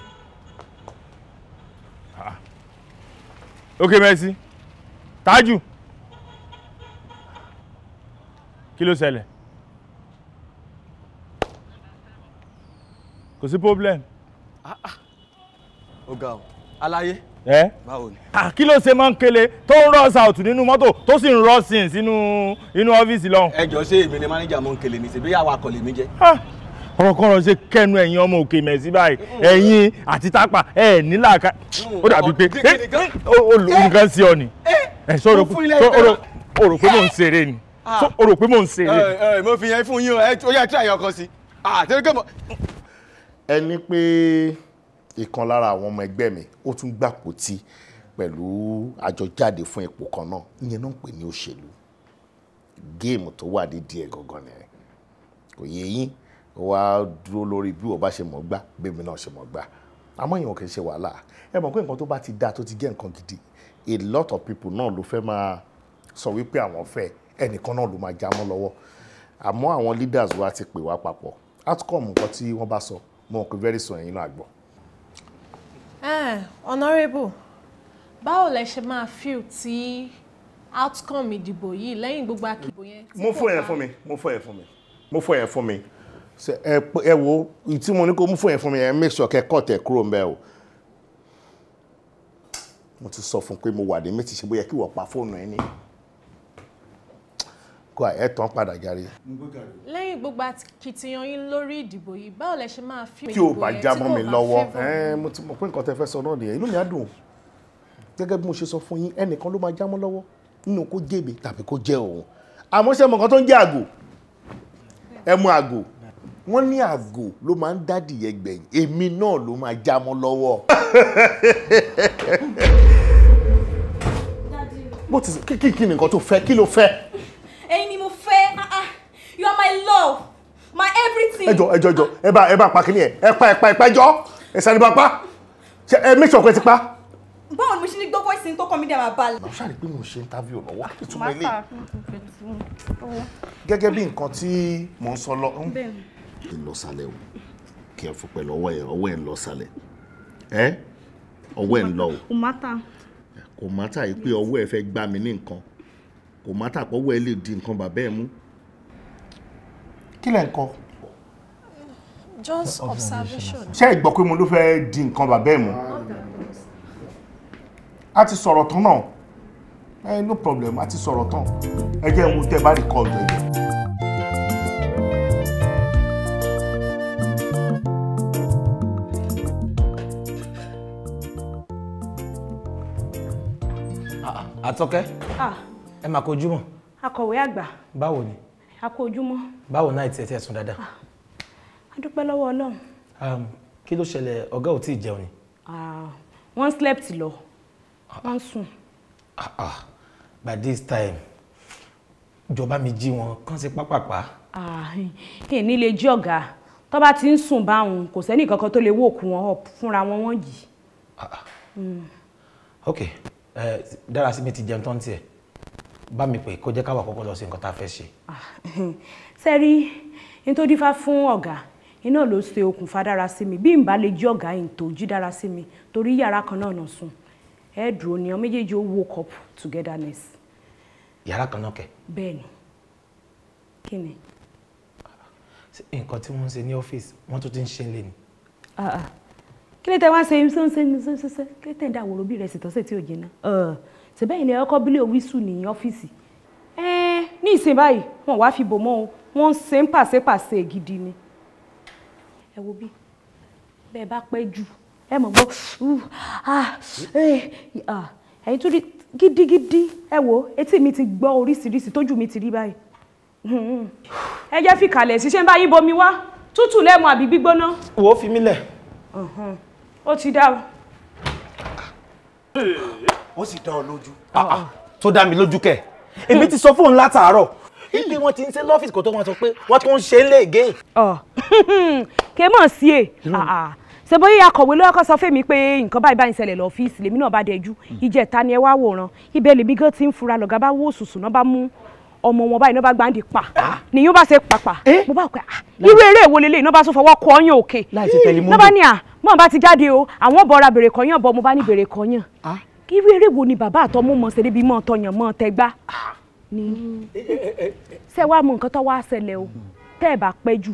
ok merci Taju. kí ló ṣẹlẹ̀ kò sí problem. ó Ah, ah. ọ aláyé. ẹ báwo ni. Ah, kí ló ṣe máa ń kele tó ń rọ south nínú mọ́tò tó sì ń rọ sin sínú inú ọ́fíìsì lọ́hùn. ẹ jọ ṣé èmi ni máníjà mò ń kele ní ṣèbí àwa kọ̀ ọ̀rọ̀kọ̀rọ̀ ṣe kẹnu ẹ̀yin ọmọ òkè mẹ̀sí báyìí ẹ̀yin àti tápà ẹ̀ nílàáká ó dàbí pé nǹkan sí ọ ni eh, ẹ̀ sọ̀rọ̀ eh, ah. pé mò ń ṣeré ni sọ̀rọ̀ pé mò ń ṣeré. mo fi yẹn fún yín ó yà tí àyàn kan sí ah, ẹni pé ìkan lára àwọn ọmọ ẹgbẹ́ mi ó tún gbàpótí pẹ̀lú àjọjáde fún ipò kan náà ìyẹn náà ń pè ní òṣèlú géèmù tó wà nídìí ẹ̀ gangan nìyẹn kò yé yín Wa dúró lórí bí wọ́n bá ṣe mọ̀ gbá bẹ́ẹ̀mi náà ṣe mọ̀ gbá àmọ́ ìwọ̀n kì í ṣe wàhálà ẹ mọ̀ pé nǹkan tó bá ti dáa tó ti jẹ́ nǹkan gidi a lot of people náà ló fẹ́ máa sọ wípé àwọn fẹ́ ẹnìkan náà ló máa já mọ́ lọ́wọ́ àmọ́ àwọn leaders wa ti pè wá papọ̀ outcome nǹkan tí wọ́n bá sọ mo mọ̀ pé very soon ẹ̀yin náà gbọ́. Eh, honourable báwo lẹ ṣe máa feel tí outcome ìdìbò yìí lẹ́yìn gbogbo akíbo yẹn. mo fọ yẹn fún mi mo fọ yẹn fún mi mo fọ yẹn fún mi ẹ wo tí mo ní kó mú fún yẹn fún mi yẹn make sure kẹ́ kọ́ tẹ̀ kúrò mbẹ́ o mo ti sọ fún pé mo wà ní méjì ṣe bóyá kí wọ́n pa fóònù ẹ ní kó ẹ tán padà járe. lẹ́yìn gbogbo akitiyan yín lórí ìdìbò yìí báwo lẹ ṣe máa fi ìdìbò yẹn tí kò bá fẹ́ bọ̀. tí mo ti mọ̀ pé nǹkan tẹ fẹ́ sọ náà nìyẹn inú mi á dùn gẹ́gẹ́ bí mo ṣe sọ fún yín ẹnìkan ló máa já mọ́ lọ́wọ́ nínú kó jèbè tàbí kó jẹ́ òun àmọ́ ṣe mọ̀ nǹkan tó ń jẹ́ àgò ẹ mú àgò wọ́n ní àgò ló máa ń dádìyẹ gbẹ̀yìn èmi náà ló máa já mọ́ lọ́wọ́. what is kí kí nìkan tó fẹ́ kí ló fẹ́. ẹyin ni mo fẹ́ ah, ah. you are my love my everything. ẹ jọ ẹ jọ ẹ jọ ẹ bá ẹ bá pa kí ni ẹ ẹ pa ẹ pa ẹ pa ẹ ẹ sáré bá pa ẹ make sure pé ẹ ti pa báwo ni mo ṣe ní gbọ́ voice tó kọ́ mi dẹ̀ máa balẹ̀. mo ṣàrí pé mo ṣe interview lọ́wọ́ kí tún mọ ilé. gẹ́gẹ́ bí nǹkan tí mò ń sọ lọ kí n lọ sálẹ̀ o kí n fọpẹ́ lọ́wọ́ ẹ̀ ọwọ́ ẹ̀ ń lọ sálẹ̀ ẹ́ ọwọ́ ẹ̀ ń lọ o. kò má ta. kò má ta yìí pé ọwọ́ ẹ̀ fẹ́ gbá mi ní nǹkan kò má ta pọ́wọ́ ẹ̀ lè di nǹkan bàbá ẹ̀ mú. kí lẹ̀ ń kọ. just observation. ṣé ẹ gbọ́ pé mo ló fẹ́ di nǹkan bàbá ẹ̀ mú. a ti sọ̀rọ̀ tán náà no problem a ti sọ̀rọ̀ tán ẹ jẹ́ mo tẹ́ bá rí kọ́ọ̀dù ẹ̀ jẹ́. àtọ́kẹ́ ẹ máa kó ojúmọ́. akọ̀wé àgbà. báwo ni. a kó ojúmọ́. báwo náà tiẹ̀ tiẹ̀ sùn dáadáa. a dúpẹ́ lọ́wọ́ ọlọ́run. kí ló ṣẹlẹ̀ ọ̀gá ò tí ì jẹun ni. wọ́n slept lọ wọ́n sùn. by this time jọba mi jí wọn kàn sí pápápá. ẹ ní lè jí ọ̀gá tó bá ti ń sùn báwọn kò sẹ́nì kankan tó lè wò kú wọn fúnra wọn yìí. Hmm. ok ẹ Dárasími ti jẹun tán tiẹ̀ bá mi pè kó jẹ́ káwà kọ́kọ́ lọ sí nǹkan tá a fẹ́ ṣe. Ah, sẹ́rí ní tó dífá fún ọ̀gá iná ló ṣe okùnfà Dárasími bí n bá lè jí ọ̀gá yìí tó jí Dárasími torí yàrá kan náà nà sùn ẹ dúró ni ọ méjèèjì ó woke up togetherness. yàrá kan náà kẹ. bẹ́ẹ̀ni kí ni. nǹkan tí wọ́n ń ṣe ní ọ́fíìsì wọ́n tún ti ń ṣe lé ni. Ah, ah kí ló tẹ wá ṣe ṣe ṣe ṣe ń da àwòrán bí rẹ̀ sì tí ò jìnnà ṣèbẹ́ yìí ni ọkọ bílẹ̀ wíṣù ní ọ́fíìsì ní ìsìn báyìí wọn wá fi bò mọ́ o wọ́n ń ṣe ń pàṣẹpàṣẹ gidi ni. ẹ wo bí bẹ́ẹ̀ bá pẹ́ jù ẹ mọ̀ gbọ́ ẹ̀yin tó rí gidigidi ẹ wo etí mi ti gbọ́ oríṣiríṣi tójú mi ti rí báyìí hmm. ẹ jẹ́ fi kalẹ̀ ṣiṣẹ́ ń bomi wá tútù lẹ́mu àbí gbígbóná. wo fi mí lẹ̀ ó ti dá o. ó sì dá ọ lójú. Ah, ah, tó dá mi lójú kẹ èmi ti sọ fóun látàárọ̀ ilé wọn ti ń ṣe lọ́fíìsì kó tó wọn sọ pé wọ́n tún ń ṣe é léègé. kè mọ̀ sí è e. ah, ṣe bóyá akọ̀wé ló kọ́ sọ fún mi pé nǹkan báyìí báyìí ṣẹlẹ̀ lọ́fíìsì lèmi náà bá dẹjú hmm. ìjẹta ni ẹ wá wòran ibẹ̀ lèmi gan ti ń fura lọ̀gá bá wò sùsù náà bá mú ọmọ wọn báyìí náà bá gbáǹdì pa nìyẹn bá ṣe pàpà eh? mo bá pẹ́ irú eré ìwọlélẹ́yìn náà bá tún fọwọ́ kọ́ ọyàn òkè náà bá ní à mọ̀ bá ti jáde o àwọn bọ̀ra bèrè kọ́yàn bọ̀ mo bá ní bèrè kọ́yàn ah. irú eré wo ni bàbá àtọmọ mọ̀ ṣe débi mọ̀ tọyàn mọ̀ tẹgbá ni ṣé wàá mọ nǹkan tó wá ṣẹlẹ̀ o tẹ́ ẹ̀ bá pẹ́ jù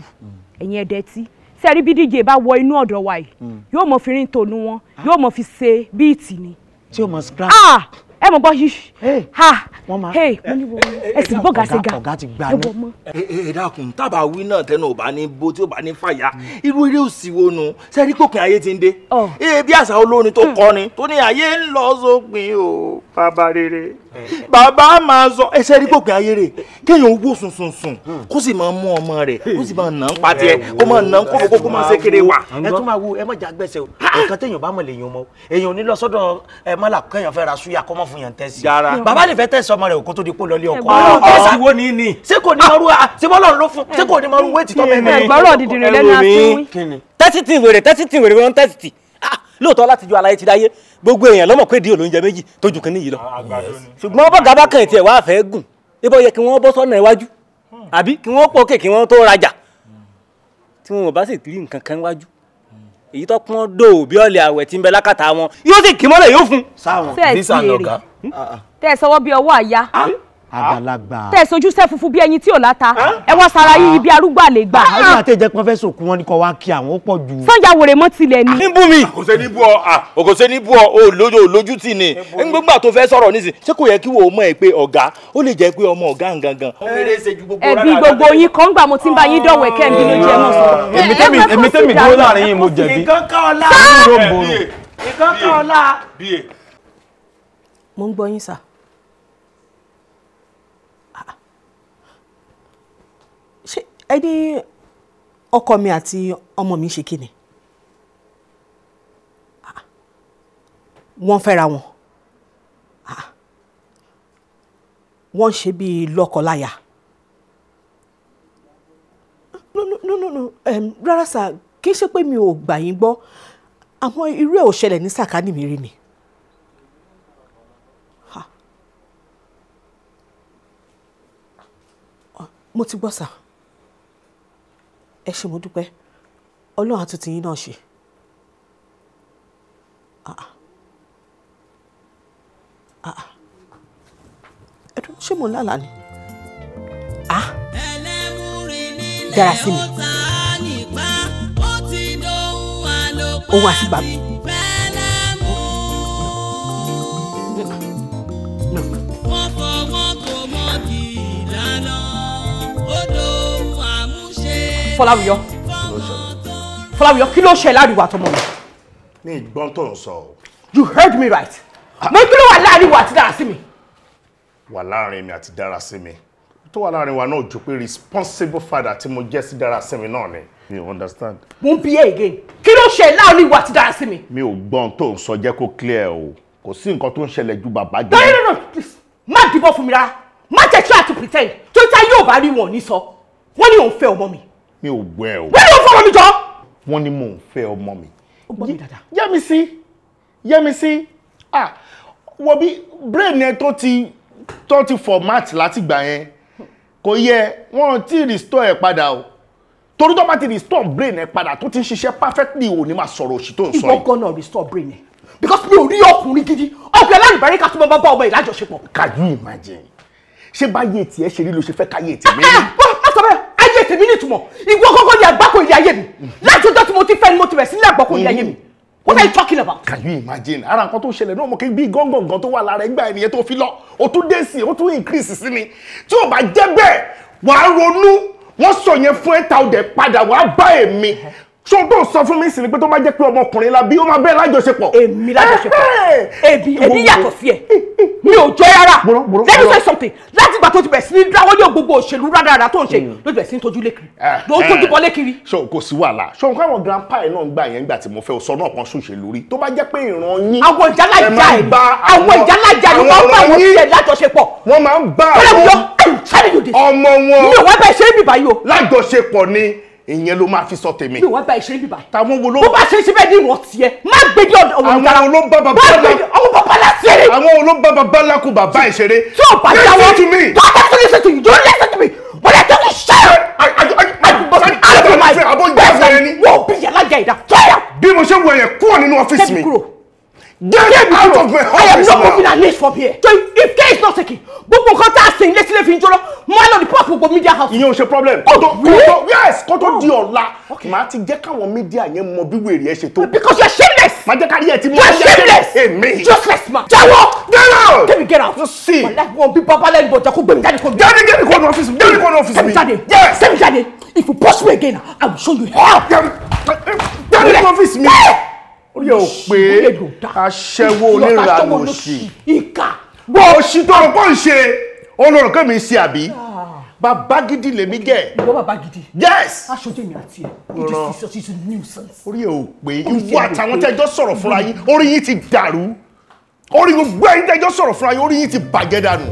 ẹ̀yin ẹ̀dẹ̀ tí ṣé rí bí díje bá wọ inú ọ̀dọ̀ wa yìí hmm. yóò mọ̀ fi rin tònú wọn ah. yóò mọ̀ fi ṣe bíìtì ni. tí o mọ̀ scratch. Ah! ẹ mọ̀ gbọ́ yìí ha ẹ sì bọ́ gàṣẹ́gà ọ̀gá ti gbà ní. ẹ dákun tábà wí náà tẹnu ò bá ní bo tí ò bá ní fàyà irú eré òsì wo nu sẹ́rí kòkìn ayé ti ń dé ee bí àṣà olórin tó hmm. kọrin tó ní ayé ń lọ sópin o bàbá rere bàbá máa sọ ẹ sẹ́rí kòkìn ayé rè kéèyàn wó sùnsùn sùn hmm. kó sì máa mú ọmọ rẹ̀ kó sì máa nà ń patiẹ kó máa nà ń kókó kó máa ṣe kéré wa. ẹ tún máa wo ẹ má jà gbẹsẹ o nǹkan téèyàn bá mọ̀ lè yan ọmọ èèyàn ò ní lọ sọ́dọ̀ ẹ má là kéèyàn fẹ́ ra súyà kọ́mọ́ fún fún yàn tẹ́sí. yàrá bàbá lè fẹ́ tẹ́sí ọmọ rẹ̀ kó tó di pò lọ́lé ọkọ. ọ̀rọ̀ ìwọ ni ni. ṣé kò ní mọ ru ah. ṣé bọ́lọ̀ ló fún ṣé kò ní mọ ru wéètì tọ́mọ ẹ̀mí. ẹgbọ́rọ̀ dìdì rẹ̀ lẹ́nu àtúnwí. tẹ́sí tì wèrè tẹ́sí tì wèrè wọn tẹ́sí tì ah, lóòótọ́ láti ju aláyé ti dáyé gbogbo èèyàn lọ́mọ̀ pé di olóúnjẹ méjì tó ju kínní yìí lọ. ṣùgbọ́n bọ́gà èyí tó pọ́n dò bí ọ̀lẹ̀ àwẹ̀ tí ń bẹ lákàtà wọn yóò sì kí mọ́lẹ̀ yóò fún. sáwọn dísà lọ̀gá. tẹ́ ẹ sọwọ́ bí ọwọ́ àyà. Ah, ah. Ah. àgbàlagbà. tẹ sojú sẹ funfun bí ẹyin tí ò láta ah. ẹ wá sara yíyí bí arúgbó àlè gbà. Ah. àwọn àti ìjẹpọn fẹ́ sòkú wọn ni kò wá kí àwọn ó pọ̀ jù. sanja wèrè mọ́ tilẹ̀ ni. níbù mi kò ṣe ní bú ọ kò ṣe ní bú ọ olójú olójú tì ní nígbà tó fẹ́ sọ̀rọ̀ nísìn ṣé kò yẹ kí wo mọ̀ ẹ́ pé ọ̀gá ó lè jẹ́ pé ọmọ ọ̀gá gangan. ẹbí gbogbo yín kan gbà mo ti ń bá yín dọ̀wẹ̀ kẹ́ńbí ló jẹ́ mọ̀ sọ̀rọ̀. èmi tẹ́mi ẹ ní ọkọ mi àti ọmọ mi ṣe kíni ah, wọ́n fẹ́ra wọn ah, wọ́n ṣe bíi lọ́kọláya no no no no um, rárá sà kì í ṣe pé mi ò gbà yín gbọ́ àmọ́ irú ẹ̀ ò ṣẹlẹ̀ ní sàkání mi rí ni. Ah, mo ti gbọ́ sà ẹ ṣé mo dúpẹ́ ọlọ́run àtúntì yín náà ṣe ah, ah. ah, ẹ̀dùn ṣé mo lálàá ni dára sí mi òun àti bàbá. Fọláwíyọ Fọláwíyọ kí ló ṣe láàrin ìwà àtọmọ mi. ní ìgbọ́n tó ń sọ o. you heard me right. Ah. mo kí ló wà láàrin ìwà àti dára sí mi. wà láàrin mi àti dára sí mi tó wà láàrin wa náà jù pé responsible father tí mo jẹ́ sí dára sí mi náà ni. mi understand. mo ń bí ẹ again kí ló ṣe láàrin ìwà àti dára sí mi. mi ò gbọ́n tó ń sọ jẹ́ kó clear o kò sí nǹkan tó ń ṣẹlẹ̀ ju bàbá jẹ́. no no no please má dìbò fún mi rárá má jẹ́ try to pretend tó ń ta yóò bá rí wọn ò ní sọ wọ́n ní òun fẹ́ ọmọ mi mi ò gbọ́ ẹ o. wọ́n yóò fọwọ́ mi jọ. wọ́n ní mò ń fẹ́ ọmọ mi. ó gbọ́ mi dáadáa. yẹ́mi sí yẹ́mi sí ah wo bí brain yẹn tó ti tó ti format látìgbà yẹn kò yẹ wọ́n ti restore ẹ̀ padà o torí tó bá ti restore brain ẹ̀ padà tó ti ń ṣiṣẹ́ perfectly ò ní máa sọ̀rọ̀ òṣì tó ń sọ yìí. ìwọ gánà restore brain ẹ̀ because mi ò rí ọkùnrin gidi ọkùnrin alárìbáríkà tó máa bá ọmọ ìlàjọṣepọ̀. can you imagine ṣé báyé tiẹ̀ ṣe rí ló ṣe fẹ́ káyé tiẹ̀ ah, ah, mẹ́rin tèmi ní ìtumọ̀ ìwọ gọ́gọ́ ni àgbákò ilé ayé mi láti ọjọ́ tí mo ti fẹ́ ni mo ti rẹ̀ sílẹ̀ àgbákò ilé ayé mi what are you talking about. can you imagine ara nǹkan tó ṣẹlẹ̀ náà mo kí bí gángan gan tó wà lára ẹgbà ẹnìyẹn tó fi lọ o tún dé sí i o tún increase sí mi tí o bá jẹ́ bẹ́ẹ̀ wàá ronú wọ́n sọ yẹn fún ẹ̀ ta ọ̀dẹ̀ padà wàá bá èmi ṣé o tó sọ fún mi sì ni pé tó bá jẹ́ pé ọmọkùnrin la bí ó máa bẹ́ẹ̀ lájọṣepọ̀. èmi lájọṣepọ̀ eh, eh, eh. èmi èmi yàtọ̀ sí ẹ mi ò jọ rárá let me say something láti ìgbà tó ti bẹ̀rẹ̀ sí ní dáwọ́ yóò gbogbo òṣèlú rádaràdà tó ń ṣe hmm. ló ti bẹ̀rẹ̀ sí ní tójú lékiri ló ń tójú bọ́ lékiri. so kò sí wàhálà so nǹkan àwọn grandpa ẹ̀ náà ń gbà yẹn gbà tí mo fẹ́ sọ náà kan ṣùṣe lórí tó bá jẹ́ pé ìran yín. àwọn ìjàlájà ẹ àwọn ìjàlájà ni wọ́n bá wọn ṣe lájọṣepọ̀. wọ́n máa ń bá àwọn ọmọ wọn. mi ò wá bẹ́ẹ̀ ṣe é bì báyìí o. lájọṣepọ̀ ni ìyẹn ló máa fi sọ tèmi. mi ò wá bá ìṣeré bíbá. tàwọn wo ló. bó bá ṣe ṣe bẹ́ẹ̀ ni ìwọ̀n tiẹ̀ má gbèdé ọ̀wọ̀ ìdára. àwọn olóńgbà bàbá la ọmọ bàbá la ṣeré. àwọn olóńgbà bàbá la kò bàbá ìṣeré. tí o bá jáwọ́ listen to me. bàbá tó lè ṣe tèmi yóò lè ṣe tèmi wọ́n lè tó lè ṣe. àbọ̀ ìyá alájà ìdá fẹ́ràn. bí mo ṣe wọ Get out of my office I am not moving an inch from here. So if K is not taking, gbogbo nǹkan tá a Let's leave in Jolo. ń jọrọ, the á lọ report media house. Ìyẹn ò a problem. Oh, kótó kótó yes kótó oh. di Okay. Màá ti jẹ́ káwọn media yẹn mọ bí wèrè ẹ ṣe tó. Because you are shameless. Màá jẹ́ ká rí ẹ ti mọ bí ẹ ṣe èmi. Useless man. Jáwọ́. Get out. me get out. Sí. Wàlá wọn bí bàbá lẹ́nu bọ̀jà kó gbẹ̀mí jáde kó. Get gẹ́mi kó ní ọ́fíìsì mi. Gẹ́mi kó ní ọ́fíìsì mi. Sẹ́mi jáde. Yes. Me. jáde. If you push me again, I will show you hell. Jáde gẹ́mi kó ní ọ́fíìsì mi orí ò pé aṣẹ́wó onírànà òṣì ìkà bó o ṣì tó ọ̀rọ̀ pọ̀ ń ṣe olórùn kẹ́mi ṣe àbí ah. bàbá gidi lèmi gẹ̀. ìwọ bàbá gidi. yes. aṣojú èmi àti ẹ ìdí sísọ sí nuisance. orí ẹ ò pé ìwọ àtàwọn tẹjọ sọ̀rọ̀ fúnra yín mm. orí yín ti dàrú orí gbogbo ẹ̀yin tẹjọ sọ̀rọ̀ fúnra yín orí yín ti bàjẹ́ dànù.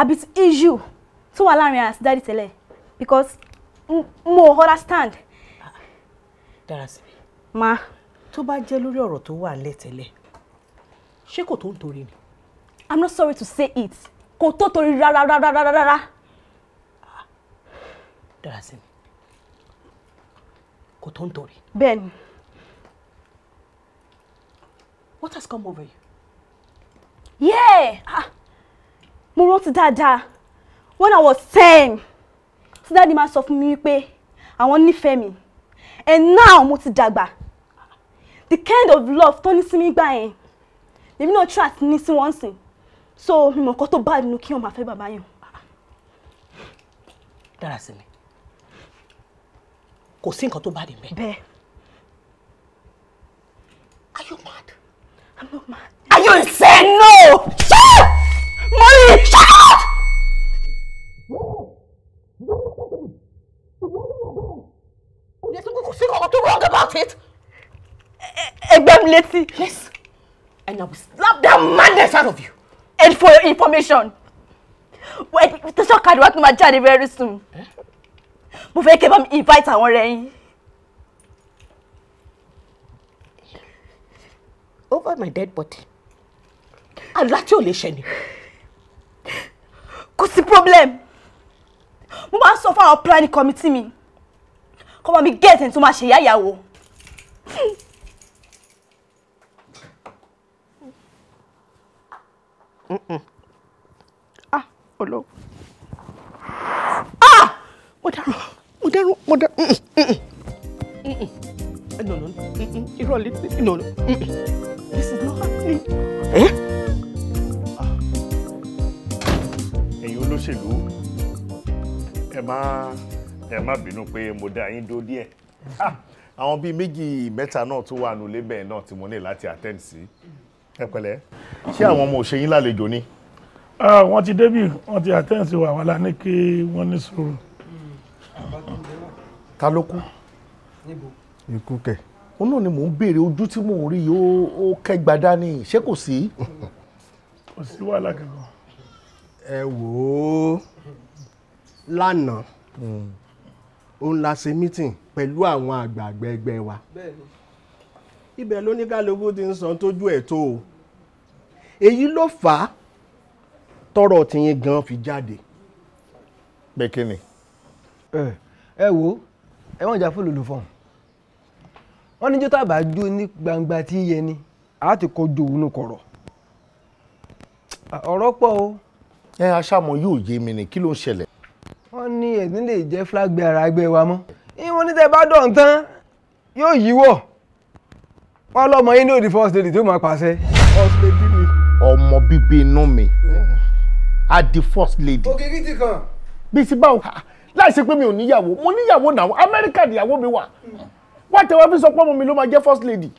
Abit issue tó wà láàrin àti dáàdì tẹ́lẹ̀ because mo understand. Darasimi. ma. tó bá jẹ́ lórí ọ̀rọ̀ tó wà lẹ́ tẹ́lẹ̀ ṣé kò tó ń torí ni. I'm not sorry to say it kò tó torí rárá rárá rárá rárá. Darasimi kò tó ń torí. bẹ́ẹ̀ni. What has come over you? Yeah! Ah mo rántí dáadáa when i was ten tí dáàdi máa sọ fún mi wípé àwọn nífẹ̀ẹ́ mi and now mo ti dàgbà the kind of love tó ní sí mi gbà yẹn lèmi náà try àti ní sí wọn sìn so mi mọ̀ nǹkan tó bá nínú kí wọn máa fẹ́ bàbá yẹn. dára sí mi kò sí nǹkan tó bá dé mbẹ. bẹ́ẹ̀. are you mad. i'm not mad. are you insane? no. Money! Shut up! There's nothing wrong about it. Ẹgbẹ́ mi létí. Yes. And I will slap that madness out of you. And for your information, tẹ̀sán kàdé wá kí n máa jáde very soon. Mo fẹ́ kí ẹ bá mi invite àwọn ọ̀rẹ́ yín. Over my dead body. Àlá tí ò lè ṣẹ ni. What's the problem mo máa ń sọ fún àwọn planning committee mi kọ́ bá mi get ẹni tó máa ṣe ìyá ah olo ah mo dárò mo dárò mo dárò eh, no no irọ́ létí no no this is not happening. Eh? olóṣèlú ẹ má ẹ má bínú pé mo dá yín dó díẹ̀ àwọn bíi méjì mẹ́ta náà tó wà nulẹ̀ bẹ́ẹ̀ náà tí mo ní láti attend sí ẹ pẹ̀lẹ́ ṣé àwọn ọmọ òṣèyìn lálejò ni. wọ́n ti débì wọ́n ti attend sí wàhálà la ní kí wọ́n ní sùúrù. ta ló kú ikú kẹ̀ òun náà ni mò ń béèrè ojú tí mò ń rí yìí ó kẹ́gbadá ni ṣé kò sí. kò sí wàhálà kankan ẹ wò ó lánàá hmm. òun la ṣe meeting pẹ̀lú àwọn àgbààgbà ẹgbẹ́ wa ibẹ̀ ló ní kálukú ti ń san tójú ẹ̀ tó o èyí ló fà á tọ̀rọ̀ tìyín gan fi jáde. pé kí ni. ẹ wo ẹ wọ́n jà fún lulu fún un wọ́n ní jọ́tà bá jó ní gbangba tí yẹ ni a ti kọjú òun kọ̀rọ̀ ọ̀rọ̀ pọ̀ o ẹ aṣáàmọ yóò yé mi ni kí ló ń ṣẹlẹ̀. wọ́n ní ẹ̀sìn lè jẹ́ flag bearer àgbẹ̀ wa mọ́ ìwọ́n ní tẹ́ bá dọ̀ tán yóò yíwọ́ wọ́n lọ́mọ yín ní òdì first lady tó máa pàṣẹ. ọmọ bíbí inú mi a di first lady. òkìkí ti kàn. bí ti báwo láìsí pé mi ò níyàwó mo níyàwó náà amẹ́ríkà níyàwó mi wà wá tẹ́wọ́ fi sọ pé ọmọ mi ló máa jẹ́ first lady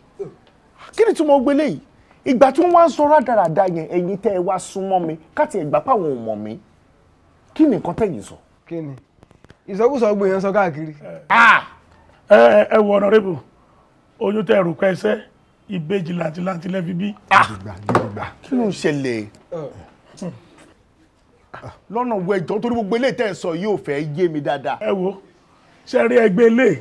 kí ni tí mo gbélé yìí ìgbà tí wọ́n wá ń sọ rádaràda yẹn ẹ̀yin tẹ́ ẹ wá súnmọ́ mi káti ẹ̀gbá pàwọn ò mọ̀ mí kí ni nǹkan tẹ̀yìn sọ. kí ni ìsọkúsọ gbìyànjú sọ káàkiri. ẹ ẹ wọ ọ̀nàrẹ́bù oyún tẹ rò pẹ́sẹ́ ìbejì làǹtìlàǹtì lẹ́fi bí. kí ló ń ṣẹlẹ̀ lọ́nà wo ẹ̀jọ́ torí gbogbo eléyìí tẹ̀ ń sọ yóò fẹ́ yé mi dáadáa. ẹ wo ṣe rí ẹgbẹ́ eléyìí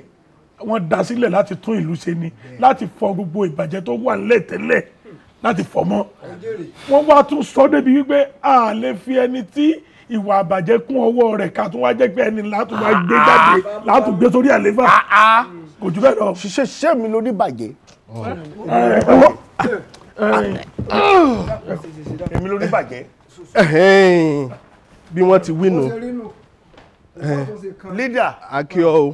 wọ́n dá sílẹ̀ láti tún ìlú ṣe ni láti fọ gbogbo ìbàjẹ́ tó wà nílẹ̀ láti fọ̀ mọ́ wọ́n wá tún sọ débi wípé a lè fi ẹni tí ìwà àbàjẹ́ kún ọwọ́ rẹ̀ ká tún wá jẹ́ pé ẹni látún wá gbé ah, jáde látún gbé sórí àlééfà ah, ah. kò jù bẹ́ẹ̀ lọ. ṣiṣẹ́ ṣẹ́ mi ló ní bàjẹ́. èmi ló ní bàjẹ́. bí wọ́n ti wí nù lídà akíọ́ o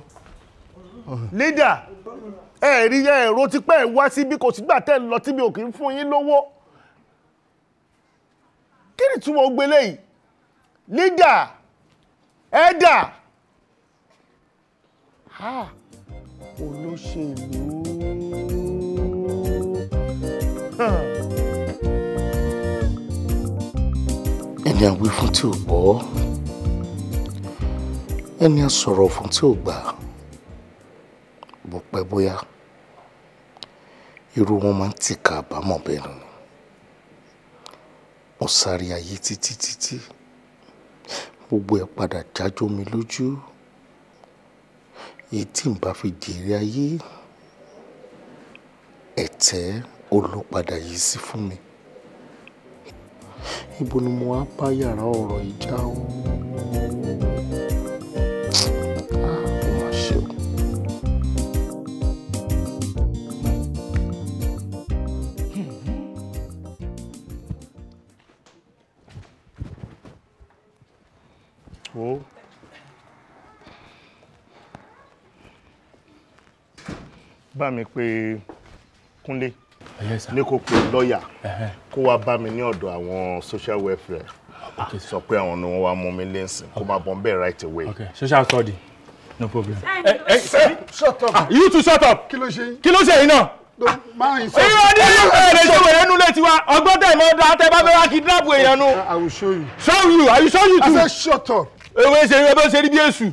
lídà ẹ rí yẹ ẹ̀rọ tí pẹ́ wá síbi kò sígbà tẹ́ lọ tíbi ò kì fún yín lówó kí ni túmọ̀ gbélé yìí lídà ẹ̀dà olóṣèlú ẹni àwí fún tí ò gbọ́ ẹni àsọ̀rọ̀ fún tí ò gbà bó pẹ́ bóyá irú wọn máa ń tìka àbámọ̀ bẹ́ẹ̀ nù ni. mo sáré ayé títí títí gbogbo ẹ̀ padà jájó mi lójú èyí tí n bá fi jèrè ayé ẹ̀tẹ́ olópadà yìí sí fún mi ibo ni mo wá bá yàrá ọ̀rọ̀ ìjà o. bá mi pé Kúnlé ní kó pe lọ́ọ̀yà kó wá bá mi ní ọ̀dọ̀ àwọn social welfare sọ pé àwọn ni wọ́n wá mú mi lẹ́sìn kó má bọ́n bẹ́ẹ̀ right away. Okay. social study no problem. ẹ ẹ ṣe shut up. Ah, you too shut up. kí ló ṣe kí ló ṣe yìí náà máa ń sọ. irọ́ ní ilé ìfẹ̀rẹ̀ ṣe wẹ̀rẹ̀ nu létí wa ọgbọ́n tẹ̀ mọ́ da tẹ bá fẹ́ wá kidnap èèyàn nu. I will show you. show you I will show you too. I say shut up. ewé ṣe ewé ṣe rí bí èṣù.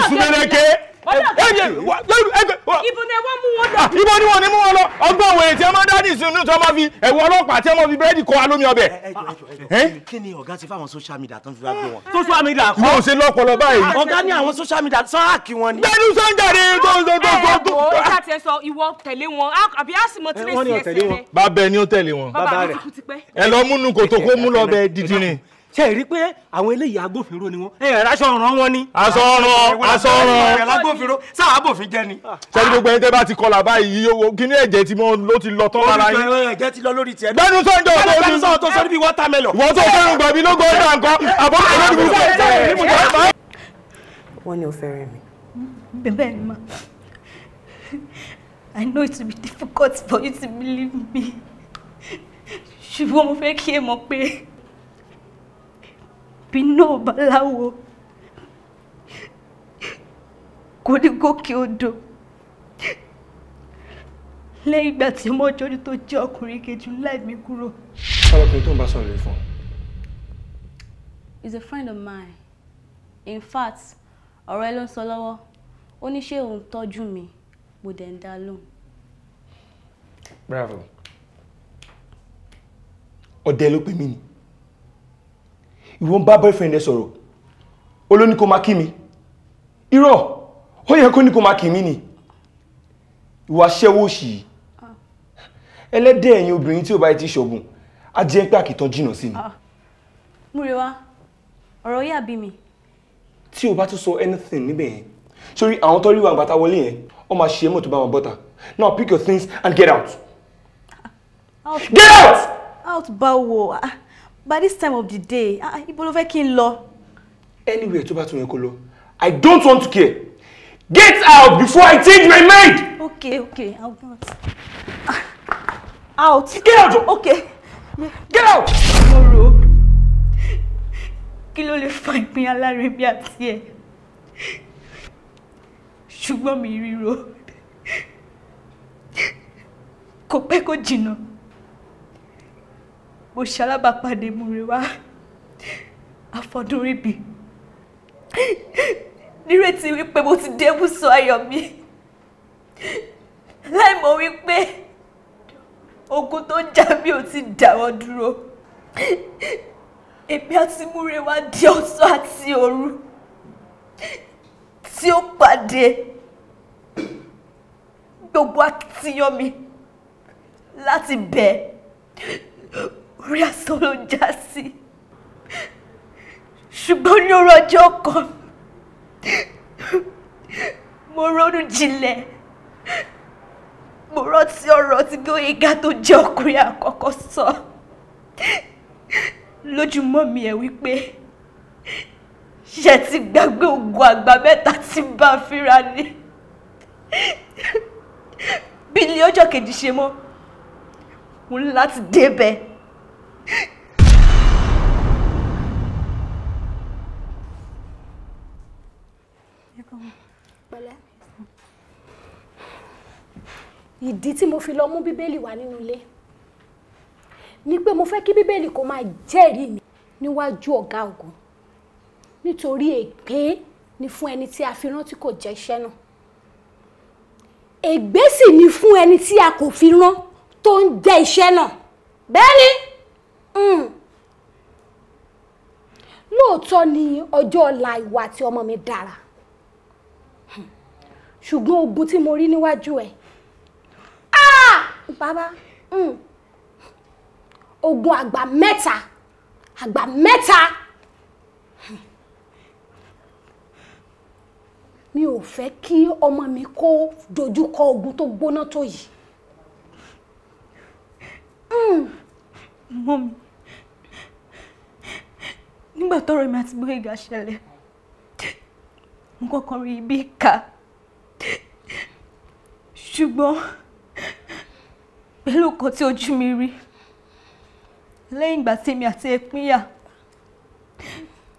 èṣù mẹ́rẹ̀kẹ́ ibo ni wọ́n mú wọn lọ. Ah, ibo ni wọ́n ní mú wọn lọ ọgbọ́n wèrè tí a máa dá nìsín ní tí wọ́n máa fi ẹ̀wọ̀ ọlọ́pàá tí a máa fi búrẹ́dì kọ́ alómi ọbẹ̀. Eh? kí ni ọ̀gá ti fáwọn social media tó ń fi wá gbé wọn. social media kọ́. mo ṣe lọ́pọ̀lọ́ báyìí. ọ̀gá ní àwọn social media sọ àkì wọn ni. bẹ́ẹ̀ni sọ́njàre tó ń tó tó tó. ó ṣàtẹ sọ ìwọ tẹ̀lé wọn àbí àsìmọ́ tí lè ṣe ẹsẹ̀ rẹ. bàbá ẹ ni ó tẹ̀lé wọn. bàbá rẹ ẹ lọ múnú kòtò kó mú lọ bẹ dídì ni ṣe rí pé àwọn eléyìí agbófinró ni wọn ẹ aṣọ ọ̀ràn wọn ni. aṣọ ọ̀ràn aṣọ ọ̀ràn agbófinró sáà abófin jẹ ni. sẹ́ni gbogbo ẹni tẹ́ bá ti kọlà báyìí owó kíní ẹ̀jẹ̀ tí mo ló ti lọ tán lára yín. ẹ̀jẹ̀ ti lọ lórí tiẹ̀. gbẹ́nu sọ́njọ́ tó ní gbẹ́nu sọ́njọ́ tó sọ́ni bíi wọ́tàmẹ́lọ̀. wọ́n tó fẹ́ràn gbàgbé ló gbọ́ ọ̀dà nǹkan àbọ̀ ah, wọ́n I know it will be difficult for you to believe me ṣùgbọ́n mo fẹ́ kí ẹ mọ̀ pé iná baláwo kò ní gòkè odò lẹ́yìn ìgbà tí mọ́jọ́rí tó jẹ́ ọkùnrin kejì láì kúrò. ọlọkùnrin tó ń bá sọ̀rọ̀ yìí fún. is a friend of mine in fact ọ̀rọ̀ ẹ ló ń sọ lọ́wọ́ ó ní ṣé òun tọ́jú mi mo dẹ̀ ń dá lóhùn. bravo ọdẹ ló pè mí ni ìwọ ń bá boyfriend ẹ sọ̀rọ̀ olóní kó máa kí mi irọ́ ó yẹ kó ní kó máa kí mi ni ìwà aṣẹ́wó òṣì yìí ẹlẹ́dẹ̀ ẹ̀yin obìnrin tí ó bá ti ṣọ̀gùn á jẹ́ pé àkìtàn jìnnà sí ni. Ah, múrewa ọ̀rọ̀ yà bí mi. anything níbẹ̀ yẹn sórí àwọn tó rí wa àgbàtà wọlé yẹn ọ máa ṣe é mọ̀ now pick your things and get out. Ah, out get out. out báwo. Ah by this time of the day ah, ibo ló fẹ́ kí n lọ. anywhere tó bá tún yẹn kó lọ i don't want to care get out before i change my mind. okay okay I'll will go out. Ah, out. get out. okay. get out. mo kí ló lè fa ìpín alárin bí àti ẹ ṣùgbọ́n mi ríro kò pẹ́ kó jìnnà mo ṣalábàpàdé Múríwá Àfọ̀dúnríbì nírètí wípé mo ti dé bùsọ mi láì mọ̀ wípé ogun tó ń jà mí ò ti dáwọ́ dúró èmi àti Múríwá di ọ̀sán àti òru tí ó pàdé gbogbo akitiyan mi láti bẹ̀ orí asán ló já sí ṣùgbọ́n ní òru ọjọ́ kan mo ronú jinlẹ̀ mo rántí ọ̀rọ̀ tí Gbóyèga tó jẹ́ ọkùnrin àkọ́kọ́ sọ lójúmọ́ mi ẹ̀ wípé ṣe ti gbàgbé oògùn àgbà mẹ́ta tí bá a fínra ni bí ilé ọjọ́ kejì ṣe mọ́ mo ní láti débẹ̀ ìdí tí mo fi lọ mú bíbélì wá nínú ilé ni pé mo fẹ́ kí bíbélì kó máa jẹ́rìí mi níwájú ọ̀gá ògùn nítorí ègbé ni fún ẹni tí a fi rán tí kò jẹ́ iṣẹ́ náà ègbé sì ni fún ẹni tí a kò fi rán tó ń jẹ́ iṣẹ́ náà bẹ́ẹ̀ ni. Hmm. lóòótọ́ ni ọjọ́ ọ̀la ìwà àti ọmọ mi dára hmm. ṣùgbọ́n ogun tí mo rí níwájú ẹ̀ ah! bàbá hmm. ogun àgbà mẹ́ta àgbà mẹ́ta mi ò fẹ́ kí ọmọ mi kó dojúkọ ogun tó gbóná tó yìí. mọ́mi nígbà tọ́rọ̀ mi àti Gbóyèga ṣẹlẹ̀ mo kọ́kọ́ rí ibi ìka ṣùgbọ́n pẹ̀lú nǹkan tí ojú mi rí lẹ́yìn ìgbà tí èmi àti ẹ̀pínyà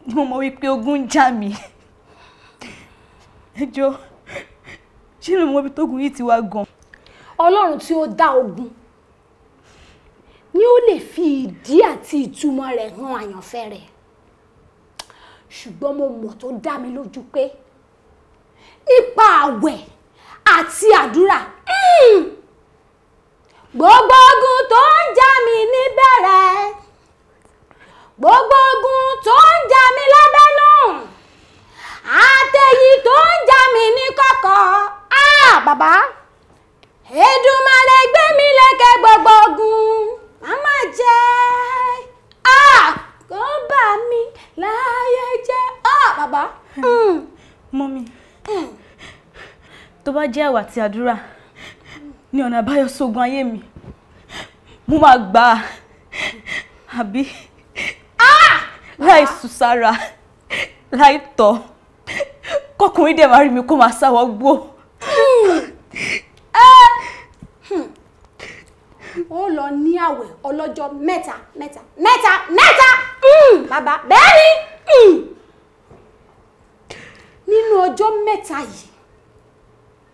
ni mo mọ̀ wípé ogun ń jà mí ẹjọ́ ṣé ló mọ̀ ibi tógun yìí ti wá gan. ọlọ́run tí ó dá ogun ni ó lè fi ìdí àti ìtumọ̀ rẹ̀ hàn àyànfẹ́ rẹ̀ ṣùgbọ́n mo mọ̀ tó dá mi lójú pé ipa àwẹ̀ àti àdúrà hmm, gbogbo ogun tó ń jà mí níbẹ̀rẹ̀ gbogbo ogun tó ń jà mí lábẹ́nú àtẹ̀yí tó ń jà mí ní kọ̀kọ̀ ah bàbá Èdùmàrè gbé mi lékè gbogbo ogun màmá jẹ́ ah kó bà mí láyé jẹ́ ah bàbá. Hmm. mọ́mí hmm. tó bá jẹ́ àwà àti àdúrà ní ọ̀nà àbáyọ sógun ayé mi mo máa gbà á àbí ah! láì sùn láì tọ̀ kọkùnrin dẹ̀ máa rí mi kó máa sáwọ́ gbó. Hmm. Eh, ó lọ ní àwẹ̀ ọlọ́jọ́ mẹ́ta mẹ́ta mẹ́ta mẹ́ta mm. bàbá bẹ́ẹ̀ ni mm. nínú ọjọ́ mẹ́ta yìí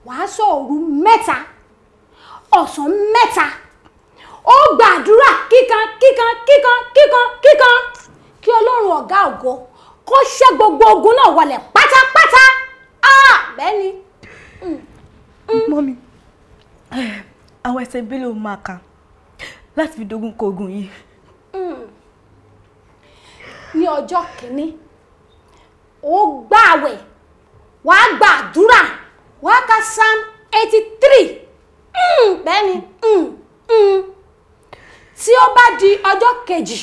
wàá sọ òru mẹ́ta ọ̀sán mẹ́ta ó gbàdúrà kíkan kíkan kíkan kíkan kíkan kí ọlọ́run ọ̀gá ògo kó ṣẹ́ gbogbo ogun náà wọlẹ̀ pátápátá ah, bẹ́ẹ̀ ni. Mm. mọ́mi eh, àwọn ẹsẹ̀ bílẹ̀ ò máa kà á láti fi dogun kogun yìí. Hmm. ní ọjọ́ kìíní ó gbààwẹ̀ wàá gbàdúrà wàá ka psalm eighty three hmm, bẹ́ẹ̀ ni hmm, tí ó bá di ọjọ́ kejì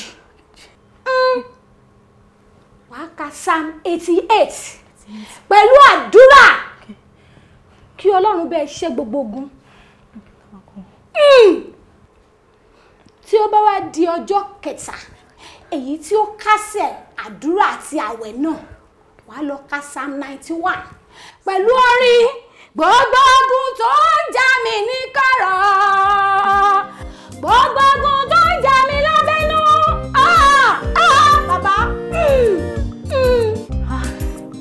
wàá ka psalm eighty eight pẹ̀lú àdúrà kí ọlọ́run bẹ́ẹ̀ ṣe gbogbo ogun tí ó bá wá di ọjọ́ kẹta èyí tí ó kásẹ̀ àdúrà àti àwẹ̀ náà wà lọ ka psalm ninety one pẹ̀lú orin gbogbo ogun tó ń jà mí ní kọ̀rọ̀ gbogbo ogun tó ń jà mí lábẹ́nú ah, ah, bàbá ah,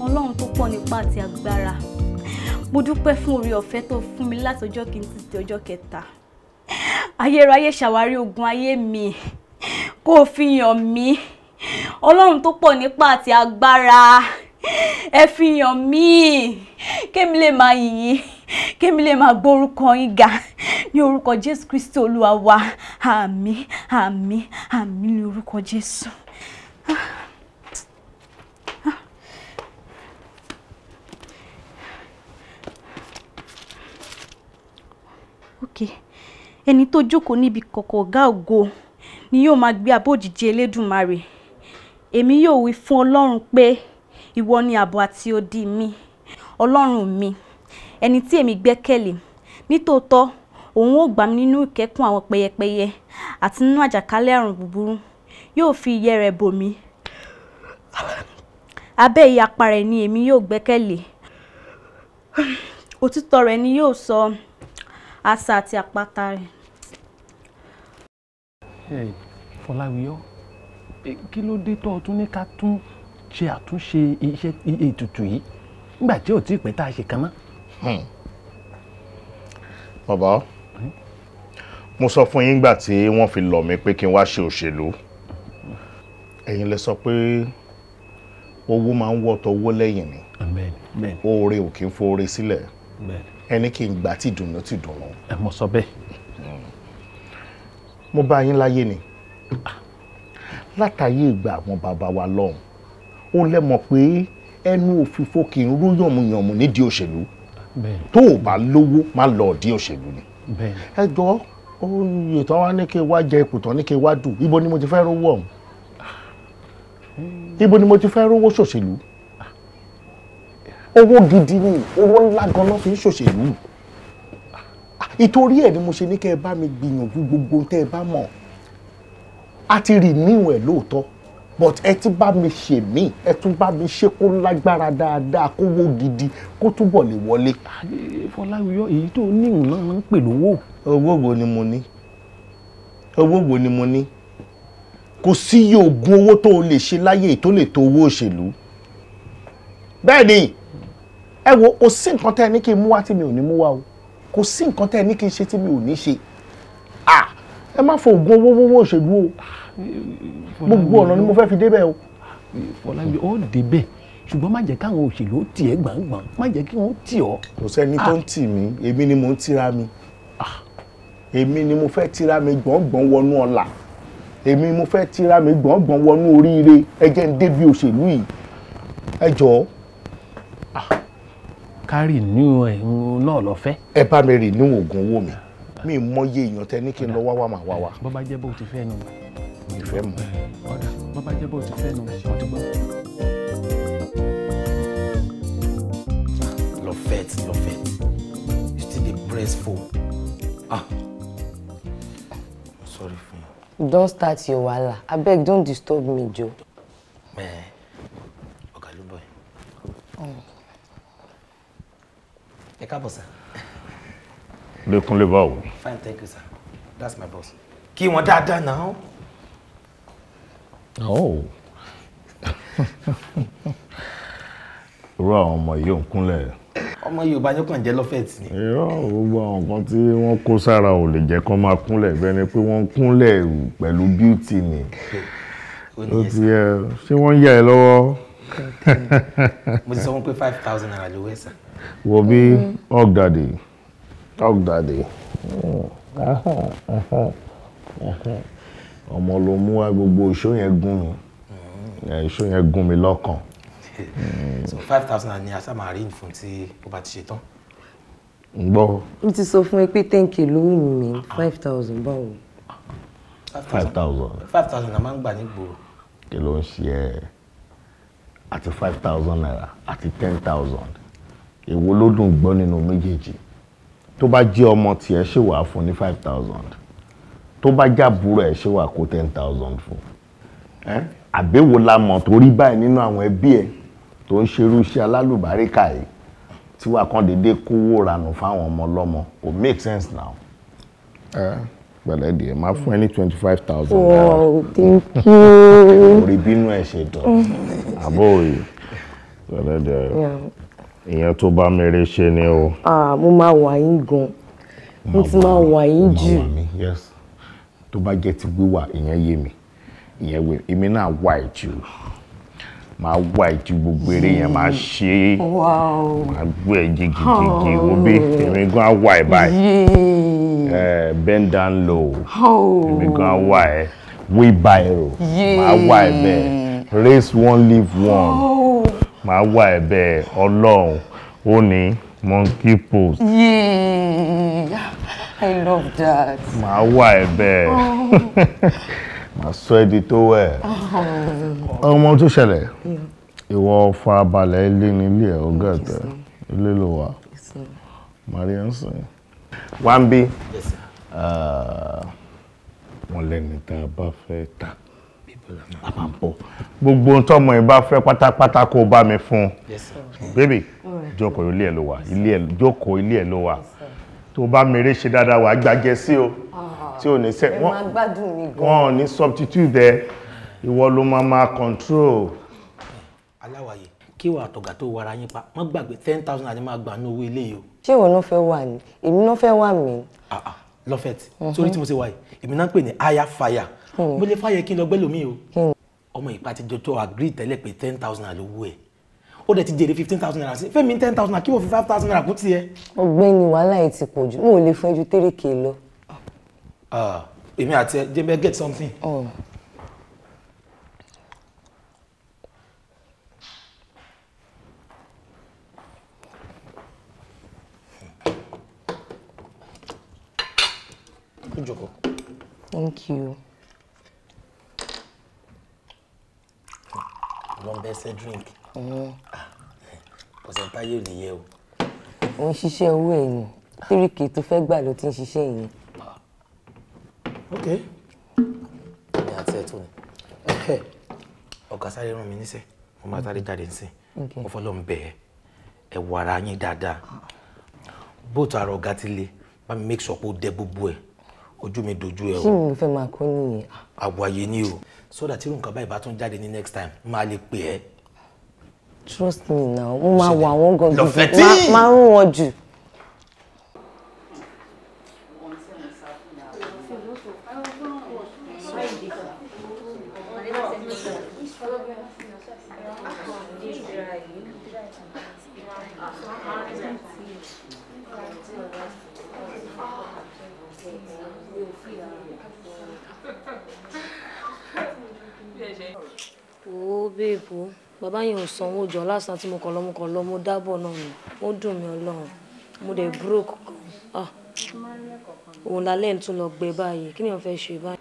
ọlọ́run tó pọ̀ nípa àti agbára mo dúpẹ́ fún oore ọ̀fẹ́ tó fún mi látọjọ́ kìíní títí ọjọ́ kẹta ayérayé ṣàwárí ogun ayé mi kó o fi yàn mí ọlọ́run tó pọ̀ nípa àti agbára ẹ fi yàn mí kémi lè máa yìnyín kémi lè máa gbórúkọ yín ga ní orúkọ jésù kristi olúwa wa àmín àmín àmín ní orúkọ jésù. Ah. ẹni tó jókòó níbi kọ̀kọ̀ ọ̀gá ògo ni yóò máa gbé abọ́ òjìji elédùnmarè èmi yóò wí fún ọlọ́run pé ìwọ ni ààbò àti odi mi ọlọ́run mi ẹni tí èmi gbẹ́kẹ̀lé nítòótọ́ òun ó gbà mí nínú ìkẹ́kùn àwọn pẹyẹpẹyẹ àti nínú àjàkálẹ̀ àrùn búburú yóò fi ìyẹ́ rẹ̀ bò mí abẹ́ ìyapa rẹ̀ ni èmi yóò gbẹ́kẹ̀lé òtítọ́ rẹ̀ ni yóò sọ asà àti àpáta rẹ̀. Fọláwíyọ́ kí ló dé tó ọtún ní ká tún ṣe àtúnṣe iṣẹ́ ètùtù yìí nígbà tí ò tí ì pẹ́ tá a ṣe kan náà. Hmm. bàbá mo sọ fún yín gbà tí wọ́n fi lọ̀ mí pé kí n wá ṣe òṣèlú ẹ̀yin lẹ sọ pé owó máa ń wọ́tọ̀ owó lẹ́yìn ni oore ò kí ń fọ oore sílẹ̀ ẹni kí n gbà tí dùnú tí dùnú. ẹ mọ sọ bẹ́ẹ̀ mo bá yín láyé ni látàyè ìgbà àwọn bàbá wa lọ́hùn ó lẹ́mọ̀ pé ẹnu òfìfo kì í rú yànmùyànmù nídìí òṣèlú tó o bá lówó má lọ ọ̀dí òṣèlú ni ẹ jọ oyè tán wá ní kí wá jẹ ipò tán ní kí wá dù ibo ni mo ti fẹ́ rówó ọ̀hún ibo ni mo ti fẹ́ rówó ṣòṣèlú owó gidi ni owó ńlá ganan fi ń ṣòṣèlú ìtorí ẹ̀ ni mo ṣe ní kẹ́ ẹ bá mi gbìyànjú gbogbo tẹ́ ẹ bá mọ̀ a ti rì níwọ̀n ẹ̀ lóòótọ́ but ẹ ti bá mi ṣe mí ẹ tún bá mi ṣe kó lágbára dáadáa kó wó gidi kó túbọ̀ lè wọlé. Fọláwiyọ èyí tó níwọ̀n náà ń pè lówó. owó wo ni mo ní owó wo ni mo ní kò sí yòògùn owó tó o lè ṣe láyé tó lè tó owó òṣèlú bẹ́ẹ̀ ni ẹ wo kò sí nǹkan tẹ́ ẹ ní kí n mú wá tí mi ò ní mú wá o kò sí nǹkan tẹ́ ẹ ní kí n ṣe tí mi ò ní ṣe ẹ má fọ oògùn owó owó òṣèlú o gbogbo ọ̀nà ni mo fẹ́ fi débẹ̀ o. Fọlábí ó débẹ̀ ṣùgbọ́n má jẹ́ káwọn òṣèlú ó tì ẹ́ gbàngbàn má jẹ́ kí wọ́n tì ọ́. kò sẹ́ni tó ń tì mí èmi ni mò ń tira mi èmi ni mo fẹ́ tira mi gbọ̀ngbọ̀n wọnú ọ̀la èmi mo fẹ́ tira mi gbọ̀ngbọ̀n wọnú oríire ẹ jẹ́ ń débi òṣèlú yìí ẹ jọ̀ọ́ ká renew ẹ̀ náà lọ fẹ́. ẹ bá mi renew oògùn owó mi mi mọye èèyàn tẹ ní kí n lọ wá wá màá wá wá. bó bá jẹ́ bó ti fẹ́ nu. mi fẹ́ mọ̀. ọ̀dà bó jẹ́ bó ti fẹ́ nu ọtí gbọ́. Loveth Loveth you still dey breastful. ah sorry for you. don start your wahala abeg don disturb me joe. Eh. ẹ káàbọ̀ sir. lẹkùnlé báwo. fine thank you sir that's my boss. kí wọn dáadáa now? oh irú my young yìí ò ń kúnlẹ̀. ọmọ yorùbá yóò kàn jẹ́ lọ́fẹ̀ẹ́tì ni. irọ́ gbogbo àwọn nǹkan tí wọ́n kó sára ò lè jẹ́ kó máa kúnlẹ̀ bẹ́ẹ̀ ni pé wọ́n kúnlẹ̀ pẹ̀lú bíútì ni. ó ti mo ti sọ wọn pé five thousand naira ló wẹ̀ sàn wo bí ọ̀gdàdì ọ̀gdàdì ọmọ ló mú wá gbogbo ìṣó yẹn gún mi ìṣó yẹn gún mi lọ́kàn. so five thousand ni asa máa rí ìfún tí ó bá ti ṣe tán. ń gbọ́. mo ti sọ fún ẹ pé ten k ló wù mí five thousand báwo. five thousand. five thousand la máa ń gbà nígboro. kí ló ń ṣe ẹ àti five thousand naira àti ten thousand èwo ló dùn gbọ́ nínú méjèèjì tó bá jẹ́ ọmọ tiẹ̀ ṣe wà fún ní five thousand tó bá jábúrò ẹ̀ ṣe wà kó ten thousand fún ẹ́ àbẹ̀wò la mọ̀ tó rí báyìí nínú àwọn ẹbí ẹ̀ tó ń ṣerú iṣẹ́ alálùbáríkà yìí tí wàá kàn déédéé kówó ranù fáwọn ọmọ ọlọ́mọ kò make sense now. Uh pẹ̀lẹ́ díẹ̀ máa fún ẹ ní twenty five thousand naira. thank you. orí bínú ẹ ṣe dán mm-hmm. àbó òye pẹ̀lẹ́ díẹ̀ ìyẹn tó bá mèrè ṣe ni o. mo máa wà yín gan mo ti máa wà yín jù. tó bá jẹ́ ti wíwà ìyẹn yé mi ìyẹn wé èmi náà wà ẹ̀ jù máa wà ẹ̀ jù gbogbo eré yẹn máa ṣe é máa gbé ẹ̀ jìgìjìgì oh. wo bí èmi gan wà ẹ̀ báyìí bend down low oh. èmi gan wà ẹ̀ wheelbarrow máa wà ẹ̀ bẹ́ẹ̀ raise one leave one. Oh màá wà ẹ̀bẹ̀ ọlọ́run ó ní monkey post. yeah i love that. màá wà ẹ̀bẹ̀ oh. màá sọ ẹ́ di tó wẹ̀. Oh. ọmọ tó ṣẹlẹ̀ ìwọ farabalẹ̀ ilé nílé ẹ̀ ọgá ẹ̀tẹ̀ ilé ló wà maria ń sìn. wá ń bí wọ́n lẹ́ni tá a bá fẹ́ ta a máa ń bọ̀ gbogbo ohun tọ́mọ ẹ bá fẹ́ pátápátá kó o bá mi fún un bébì jókòó ilé ẹ ló wà ilé ẹ jókòó ilé ẹ ló wà tó bá mèrè ṣe dáadáa wà á gbàgẹ sí o ah. tí ò ní sẹ wọn ò ní substitute ẹ ìwọ ló máa máa control. aláwàyè kí wàá tọ̀gà tó wara yín pa wọ́n gbàgbé ten thousand àti máa gbà ní owó ilé yìí o. ṣé ìwọ náà fẹ́ wà ní èmi náà fẹ́ wà mí. Ah, ah, lọ́fẹ̀ẹ́ tí mm-hmm. torí tí mo ṣe wà yìí èmi náà pè ní aya fire Hmm. mo lè fàyè kí n lọ gbẹ́ lómi o hmm. ọmọ ìpa ti jọjọ agree tẹ́lẹ̀ pé ten thousand naira lówó ẹ̀ ó dẹ̀ ti jèrè fifteen thousand naira sí fẹ́mi ten thousand naira kí wọ́n fi five thousand naira kún tiẹ̀. ọ̀gbẹ́ni wàhálà yìí ti pọ̀ jù n ò lè fún ẹjú tẹ́rẹ̀ kè lọ. Ah, èmi àti ẹ jẹ́ bẹ́ẹ̀ get something. Oh. Thank you. wọn bẹ ṣe drink. ọ̀sẹ̀ báyé ò nìyẹn o. ò ń ṣiṣẹ́ owó ẹ̀yìn tíríkì tó fẹ́ gbà ló ti ń ṣiṣẹ́ yẹn. Ah. ok. ní àti ẹ̀ tó ni ọ̀gá sáré rán mi níṣẹ́ mo máa sáré jáde nísìn mo fọ́ lọ́n bẹ̀ ẹ́ ẹ̀ wọ ara yín dáadáa bóòtù ara ọ̀gá ti le bá mi make sure pé ó dẹ gbogbo ẹ̀ ojú mi dojú ẹ o. ṣé mi fẹ́ máa kọ́ nìyẹn. àwọ̀ àyè ni o so that irú nǹkan báyìí bá tún jáde ní next time máa lè pè ẹ́. trust me now mo máa wọ àwọn gangan máa rún wọn jù. èbó bàbá yẹn ò sanwó jọ lásán tí mo kàn lọ kàn lọ dábọ̀ náà ni ó dùn mí ọlọ́run mo dẹ̀ broke gan ah. òun lálẹ́ ń tún lọ gbẹ báyìí kí ni wọ́n fẹ́ ṣe báyìí.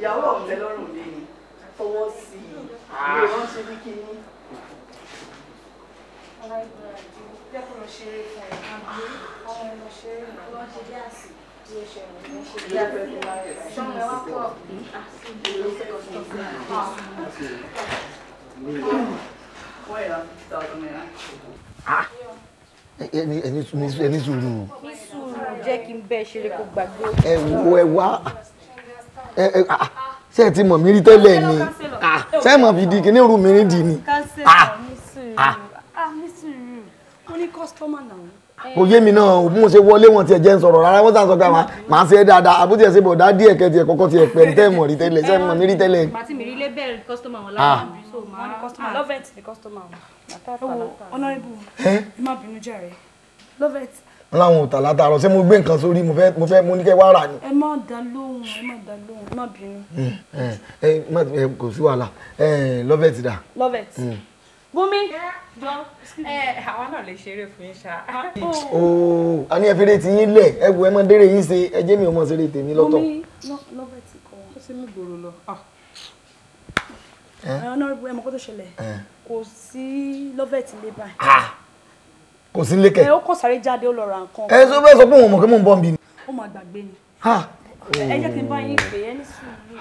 ìyàwó ọ̀tẹ̀ lọ́rùn lé fọwọ́ sí i mi ò rántí é fún ẹ̀ àbí ọmọ ẹ̀ lọ ṣe é lọ ṣe ah. Ẹni sùúrù. Ẹni sùúrù jẹ́ kí n bẹ́ẹ̀ ṣeré kó gbàgbé. ẹ wá. Ah, ṣé ẹ ti mọ̀ mí rí tẹ́lẹ̀ ni ah, ṣé mọ̀ fi di kíní rú mi rí di ni. Ah, ah, kò yé mi náà bí mo ṣe wọlé wọn tiẹ̀ jẹ́ ń sọ̀rọ̀ rárá wọ́n sàṣọ pé àwọn màá ṣe é dáadáa àbútí ẹ̀ ṣe bọ̀ dá díẹ̀ kẹ́ tiẹ̀ kọ́kọ́ tiẹ̀ pẹ̀ ní tẹ́ẹ̀mọ̀ rí tẹ́lẹ̀ ṣé mọ̀ mí rí tẹ́lẹ̀. bàtí mi rí lébẹ̀rẹ̀ kọ́sítọ́mà wọn lára mi so máa lọ́fẹ̀ẹ́ ti kọ́sítọ́mà wọn. ọ̀nà oh, ibù ẹ má bínú jàre Love it wọn láwọn òtà látàárọ̀ ṣé mo gbé nǹkan sórí mo fẹ́ mo fẹ́ mo ní kẹ́ wá rà ni. ẹ má dá lóhùn ẹ má dá lóhùn má bínú. ẹ ẹ kò sí wàhálà ẹ lọ́vẹ̀ ti dà. lọ́vẹ̀ ti bumi jọ. ẹ àwa náà lè ṣeré fún yín ṣá. ooo oh. oh, a ní ẹfẹ́rẹ́ ti yín lẹ̀ ẹ wo ẹ mọ dérè yín ṣe ẹ jẹ́ mi ò mọ̀ ṣeré tèmi lọ́tọ̀. bumi lọ́vẹ̀ ti kọ́ ó ṣe mí gbòòrò lọ. ọ̀nà ìbúra ẹ̀ mọ̀ kó tó ṣẹlẹ̀ kò sí lọ́vẹ̀ ti kò sí lékẹ̀. ẹ ó kọ sáré jáde ó lọ ra nǹkan. ẹ sọ fẹ́ sọ pé òun mọ̀ kí mò ń bọ̀ nbí ni. ó máa gbàgbé ni. ẹ jẹ́ kí n bá yín pè é ní sùúrù.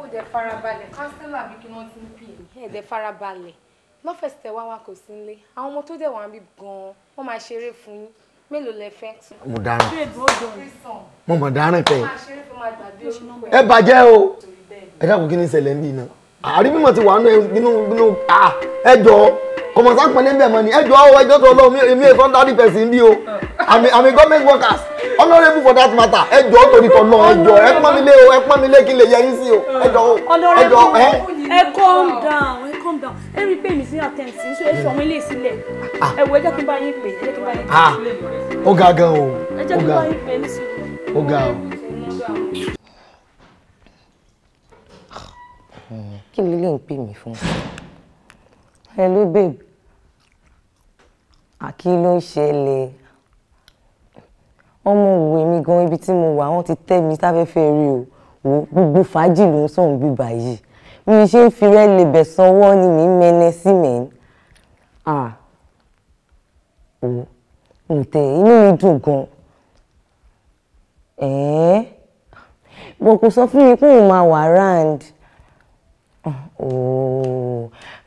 ó dẹ̀ farabalẹ̀ kánsílà bí kí wọ́n ti ń pè é. ẹ dẹ̀ farabalẹ̀ lọ́fẹ̀sì tẹ wá wa kò sí nílé àwọn ọmọ tó dẹ̀ wá ń bí gan-an wọ́n máa ṣeré fún yín mélòó lẹ fẹ́. mo dáràn mo mọ̀ dáràn pẹ́ ẹ bàjẹ́ o ẹ dákun kí ni ìṣẹ̀lẹ̀ ń bì náà àrí mímọ̀ ti wà nínú ah, ẹjọ́ kò mọ̀ sápẹ́lẹ́ bẹ̀ ni ẹjọ́ ọwọ́ ẹjọ́ tó lọ́wọ́ èmi èso ń pẹ̀sìn bí o àmì àmì government workers for that matter ẹjọ́ torí tọ̀ náà ẹjọ́ ẹ o ẹ kí lè yẹ sí o ẹjọ́ o ẹjọ́ ẹ. ẹ calm down ẹ calm down ẹ rí i pé mi sí àtẹ̀ǹtì ṣé ẹ sọ̀rọ̀ ilé ìsílẹ̀ ah, ah. ẹ wò ẹ jẹ́ kí n bá yín pè é jẹ́ kí n bá yín pè ah, kí ló lè ń pè mí fún? hello babe àkí ló ń ṣẹlẹ̀ ọmọ òwò èmi gan ibi tí mo wà wọ́n ti tẹ́ mi sáfẹ́fẹ́ rí o wò gbogbo fàájì ló ń sọ̀hún bíbà yìí mi ṣe ń fi rẹ́ lè bẹ̀ sanwó ni mi ń mẹ́nẹ sí mẹ́ni ah òun ǹtẹ̀ inú mi dùn gan ẹ̀ẹ́n bọ̀ kò sọ fún mi pé òun máa wà round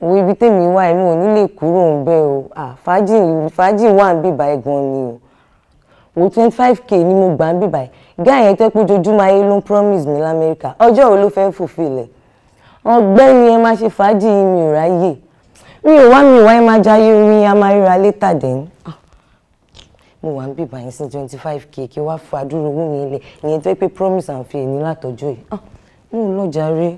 wo ibi tèmi wà èmi ò ní lè kúrò ń bẹ̀ o fàájì fàájì wà ń bíbá ẹ̀ gan ni o wo twenty five k ni mo gbà ń bíbá ẹ̀ gáà yẹn tẹ́ pé ojoojúmọ́ ayé ló ń promise mi lamẹ́ríkà ọjọ́ wo ló fẹ́ fulfill ẹ̀ ọgbẹ́ni ẹ máa ṣe fàájì yìí mi ò ráyè mi ò wá mi ò wá ẹ máa jayé orin a máa ríra létà dẹ́yìn mo wà ń bíbá yẹn sí twenty five k kí wàá fa dúró owó mi lẹ̀ ìyẹn tẹ́ pé promise and fail ní látọjọ́ yìí mo lọ jàre.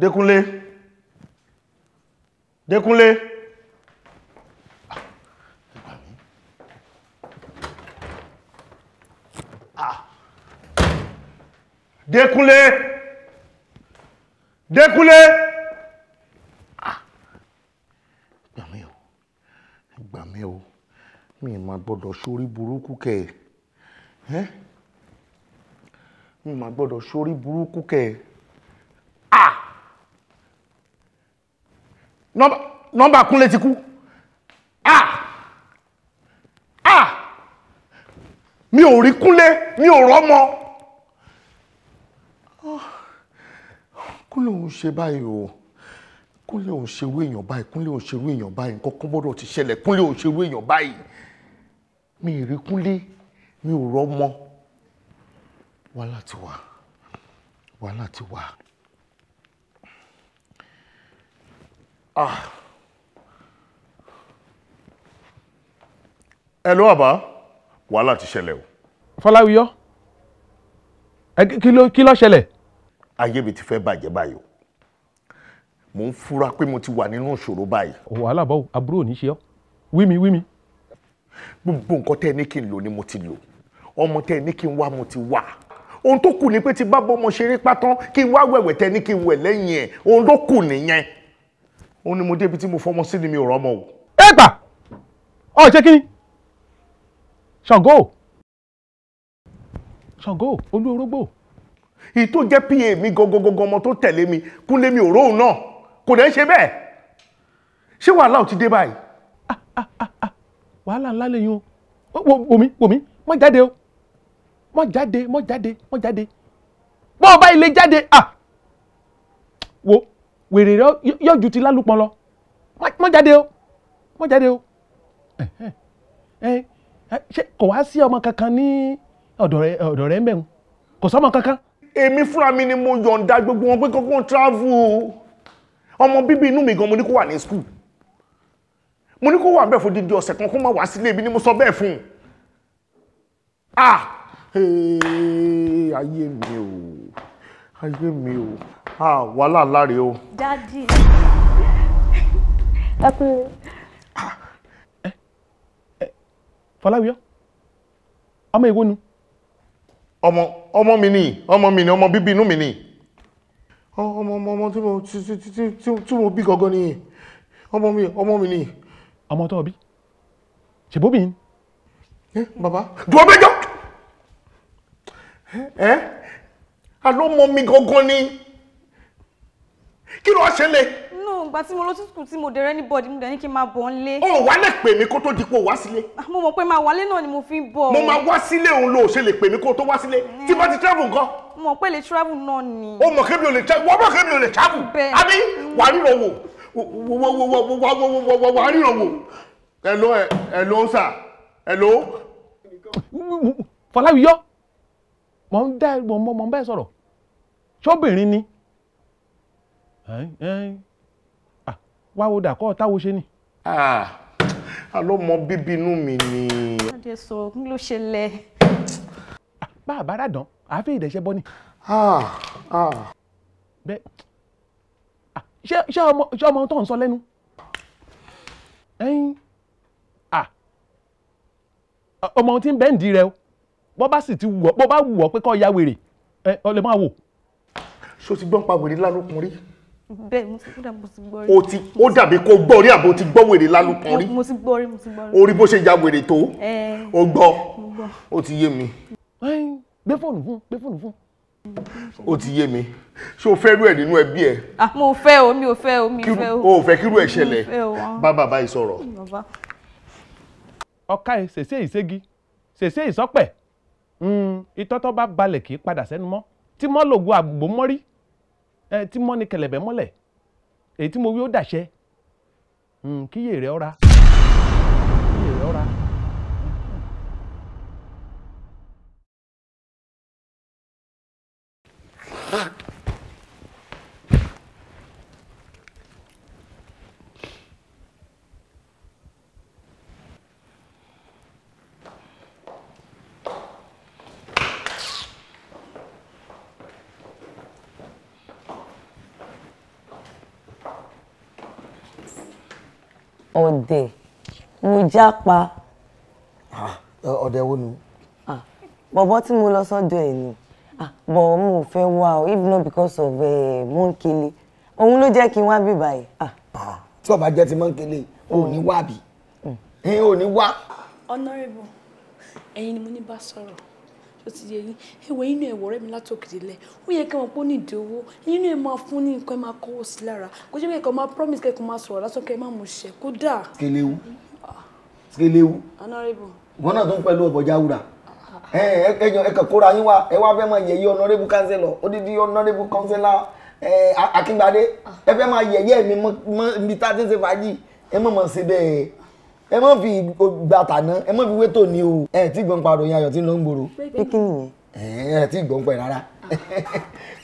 Dékúnlé Dékúnlé ah. Dékúnlé Dékúnlé ah. gbà mí o gbà mí o mi ma gbọ́dọ̀ sórí burúkú kẹ ẹ́ mi ma gbọ́dọ̀ sórí burúkú kẹ ẹ́ nọ́mbà kúnlé ti kú ah ah mi ò rí kúnlé mi ò rọ́mọ kúnlé òun ṣe báyìí o kúnlé òun ṣerú èèyàn báyìí kúnlé òun ṣerú èèyàn báyìí nǹkan kan gbọ́dọ̀ ti ṣẹlẹ̀ kúnlé òun ṣerú èèyàn báyìí mi ì rí kúnlé mi ò rọ́mọ wàhálà ti wà wàhálà ti wà. Ah. Hello, Àbá. Wàhálà ti ṣẹlẹ̀ o. Fọláwíyọ́, kí ló kí ló ṣẹlẹ̀? Ayé mi ti fẹ́ bàjẹ́ báyìí o. Mo ń fura pé mo ti wà nínú ìṣòro báyìí. Wàhálà báwo, àbúrò ò ní ṣe ọ́. Wí mi, wí mi. Gbogbo nǹkan tẹ́ ẹ ní kí n lò ni mo ti lò. Ọmọ tẹ́ ẹ ní kí n wá mo ti wà ohun tó kù ni pé tí bá bọ́ ọmọ ṣeré pátán kí n wá wẹ̀wẹ̀ tẹ ní kí n wẹ̀ lẹ́yìn ẹ̀ ohun tó kù nìyẹn ó ní mo débi tí mo fọmọ sí ni mi ò rọmọ o. ẹ gbà ọ jẹ́ kí ni ṣàngó ṣàngó olú orógbó. ìtò jẹ́ pa mi gangan ọmọ tó tẹ̀lé mi kúnlé mi ò róhùn náà kò dẹ́ ṣe bẹ́ẹ̀ ṣé wàhálà ò ti dé báyìí. Ah, ah, ah, wàhálà ńlá lẹ́yìn o wò mí wò mí má jáde o má jáde má jáde má jáde bọ́ọ̀ bá ilé jáde ah wo wèrè rẹ yóò ju ti lálùpọ̀ lọ mọ́ jáde o mọ́ jáde o ṣé kò wá sí ọmọ kankan ní ọ̀dọ̀ rẹ ń bẹ̀rù kò sọ́mọ kankan. èmi fúnra mi ni mo yọ̀ǹda gbogbo wọn pé kankan travel o ọmọ bíbí inú mi gan mo ní kó wà ní school mo ní kó wà bẹ́ẹ̀ fún dídí ọ̀sẹ̀ kan kó má wá sílé ibi ni mo sọ bẹ́ẹ̀ fún un ah ayé mi o ayé mi o Ah, wàhálà láre o. dádì ẹ eh, pé. Eh, fọláwíyọ ọmọ èwo nu. ọmọ ọmọ mi ni ọmọ mi ni ọmọ bíbí inú mi ni ọmọ ọmọ ọmọ tí mo tí mo bí gangan ni ọmọ mi ọmọ mi ni. ọmọ tó o bí ṣèbóbì ni. ẹ eh, bàbá dùn ọbẹ jọ ẹ àlọ́ ọmọ mi gangan ni kí ló ṣe lé. nù ìgbà tí mo lọ sí sùkúl tí mo dẹrẹ ní bọ́ọ̀dì mo dẹ̀ ní kí n máa bọ̀ ń lé. o wà lè pè mí kó tó di pé o wá sílé. Ah, mo mọ̀ pé máa wálé náà ni mo fi ń bọ̀. mo máa wá sílé òun ló ṣe lè pè mí kó tó wá sílé eh. tí bá ti travel nǹkan. mo mọ̀ pé lè travel náà ni. o mọ̀ kébi o lè travel wọ́n mọ̀ kébi o lè travel. bẹ́ẹ̀ àbí wà á ríran wò wà á ríran wò. hello eh, hello sir hello. Fọláwíyọ́ mọ̀ ń dá mọ̀ ń bẹ́ẹ̀ sọ̀rọ̀ ṣọ́bìnrin ni wá wo dàkọ́ táwo ṣe ni. àlọ́mọ bíbí inú mi ni. adé sọ n ló ṣe bá a bá rà dán àáfẹ́ ìdẹ̀ṣẹ́ bọ́ ni. bẹ́ẹ̀ ṣé ọmọ ṣé ọmọ tó ń sọ lẹ́nu. ọmọ tí ń bẹ́ẹ̀ ń rẹ o bọ́ bá sì ti wù ọ́ bọ́ bá wù ọ́ pé kó ya wèrè ọ lè máa wò. ṣó ti gbọ́n pa wèrè lálùkùn rí bẹ́ẹ̀ ti o ti ó dàbí kó gbọ́ rí àbò ti gbọ́ wèrè lálùpọ̀ rí. mo ti gbọ́ rí mo ti gbọ́ rí. orí bó ṣe ya wèrè tó o gbọ́ o ti yé mi. gbé fóònù fún gbé fóònù fún. o ti yé mi ṣé o fẹ́ rú ẹ̀ nínú ẹbí ẹ̀. mo fẹ́ o mi ò fẹ́ o mi fẹ́ o. o fẹ́ kírú ẹ̀ ṣẹlẹ̀ bá bàbá yìí sọ̀rọ̀. ọ̀ka ẹ̀ ṣèṣe ìṣègi ṣèṣe ìsọ́pẹ̀ ìtọ́tọ́ hmm, bá balẹ̀ kì í padà sẹ́nu mọ́ tí mọ́ lògùn àgbò mọ́rí ẹ tí mọ́ni kẹlẹ̀bẹ̀ mọ́lẹ̀ èyí tí mo wí ó dàṣẹ hmm, kíyè rẹ ọ́ra kíyè rẹ ọ́ra. Ah! ọ̀dẹ̀ mo jápa. Ah, ọ̀dẹ̀ wo ni. Ah, bọ̀bọ̀ tí mo lọ sọ́dọ̀ ẹ̀ ni ah, bọ̀ mo fẹ́ wá o if not because of eh, mọ́ńkele òun ló jẹ́ kí n wá bí báyìí. tí ọba jẹ́ ti mọ́ńkele o ò ní wá bí mm. Mm. ẹ ò ní wá. honourable ẹ̀yin ni mo ní bá sọ̀rọ̀ ó ti yẹ yín ẹwẹ inú ẹwọ ọ̀rẹ́ mi látòkè délẹ̀ ó yẹ kí wọn pọ nídìí owó inú ẹ máa fún ní nǹkan ẹ máa kọwọ sí lára kó jẹ́ kẹ́kọ̀ọ́ máa promise kẹ́kọ̀ọ́ máa sọ̀rọ̀ lásán kẹ́ ẹ máa mú ṣẹ kó dà. sikelewu sikelewu wọn náà tó ń pẹ̀lú ọbọjà wúrà ẹjọ ẹkọ kóra yín wá ẹ wá fẹ́ máa yẹ̀yẹ́ honorable councillor odidi honorable councillor akíngbadé ẹ fẹ́ máa yẹ̀yẹ́ mi mọ ibi tá a ti ń ṣe fàájì ẹ mọ̀ mọ̀ ṣe bẹ́ẹ̀ ẹ mọ̀ fi gba tàná ẹ mọ̀ fi wé tòní o ẹ tí gbọ́n pa ròyìn ayọ̀ tí ń lọ ń gbòòrò. pé kí nìyẹn. ẹ ẹ tí gbọ́n pẹ̀ rárá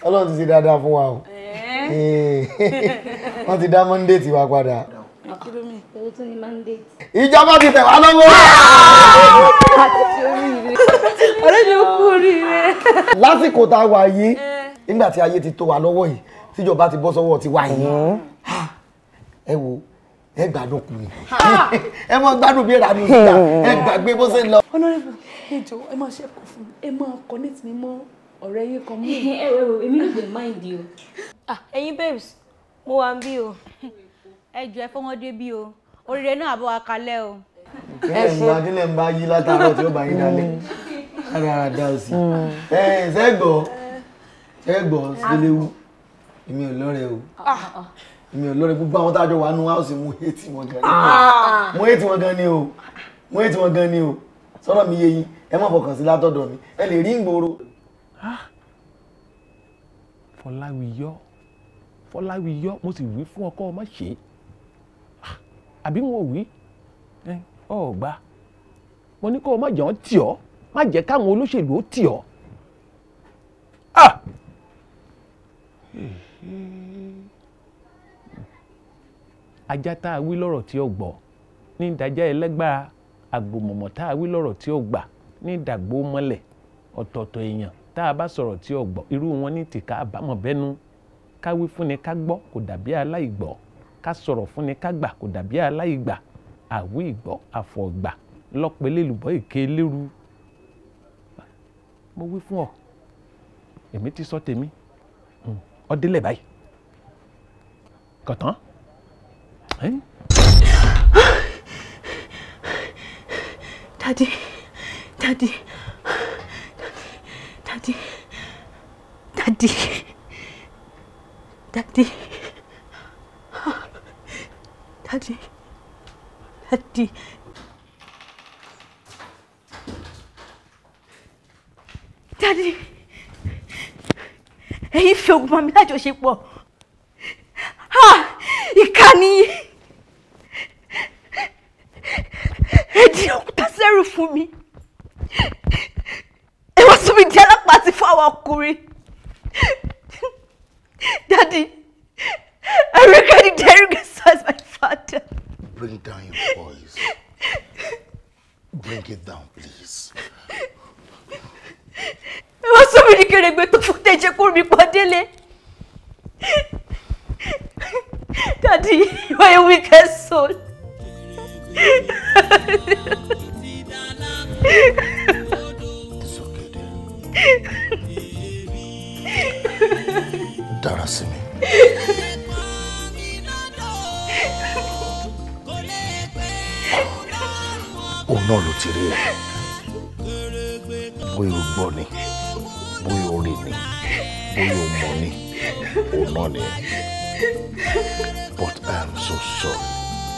ọlọ́run ti ṣe dáadáa fún wa o wọ́n ti dá monday tiwa padà ìjọba ti tẹ̀ wá lọ́wọ́. ọ̀rẹ́ mi ò kú oríire. lásìkò tá a wà yìí nígbà tí ayé ti tó wa lọ́wọ́ yìí tíjọba ti bọ́ sọ́wọ́ ti wá yìí mm-hmm. ẹ wo ẹ gbádùn kù ni ẹ mọ gbádùn bí ra mi síta ẹ gbàgbé bó ṣe ń lọ. honorable ẹ jọ ẹ máa ṣe ẹ̀kọ́ fún mi ẹ máa connect mi mọ́ ọ̀rẹ́ yín kan mú. ẹ ẹ o èmi ló gbé mind o. ẹ̀yin babes mo wà ń bí o ẹ jọ ẹ fọwọ́n dé bí o oríire náà àbọ̀ wa kalẹ̀ o. ẹ ṣe adílẹ̀ ń bá yí látàárọ̀ tí ó bá yín dalẹ̀ ara dá sí i. Hmm. ẹ ṣẹ́gbọ̀ọ́ ṣẹ́gbọ̀ọ́ sílẹ̀ wù èmi ò lọ́rẹ̀ẹ́ o. Ah, ah, ah mi ò lórí gbogbo àwọn tájọ wà nù áùsì mo hétí wọn gan ni ah. mo hétí wọn gan ni o mo hétí wọn gan ni o sọ́dọ̀ mi yé yín ẹ má fọkàn sí látọ̀dọ̀ mi ẹ lè rí ìgboro. fọláwíyọ ah. fọláwíyọ mo sì wí fún ọkọ ọmọ ṣe ah. àbí wọn ò wí ọ gbà mo ní kó o má jẹ́ tì ọ́ má jẹ́ káwọn olóṣèlú ó tì ọ́. ah ajá tá a wí lọ́rọ̀ tí ó gbọ́ ní ìdájá ẹlẹ́gbà àgbòmọ̀mọ̀ tá a wí lọ́rọ̀ tí ó gbà ní ìdàgbò mọ́lẹ̀ ọ̀tọ̀ọ̀tọ̀ èèyàn tá a bá sọ̀rọ̀ tí ó gbọ́ irú wọn ní tìka àbámọ̀ bẹ́nu ká wí fúnni ká gbọ́ kò dàbí aláìgbọ́ ká sọ̀rọ̀ fúnni ká gbà kò dàbí aláìgbà àwí ìgbọ́ àfọ̀gbà lọ́pẹ́lẹ́lùbọ́ èké lérú mo wí fún ọ èmi ti sọ tèmi hm, ọdẹlẹ báyìí kọ̀tán. 에? 다디, 다디, 다디, 다디, 다디, 다디, 다디. dáadé ẹ̀yin fi oògùn mọ́ mi lájọṣepọ̀ ìkànnì yìí. dẹ́rù fún mi ẹ wọ́n sún mi di ọlọ́pàá ti fún Daddy, I regret it Derrick as my father. Bring down your voice. Bring it down, please. ẹ wọ́n sún mi ní kèrègbè tó fún tẹ̀jẹ̀ kúrò Daddy, you are a wicked soul. dára sí mi. òun náà ló ti rí ẹ bóyá o gbọ́ ni bóyá o rí ni but I'm so sorry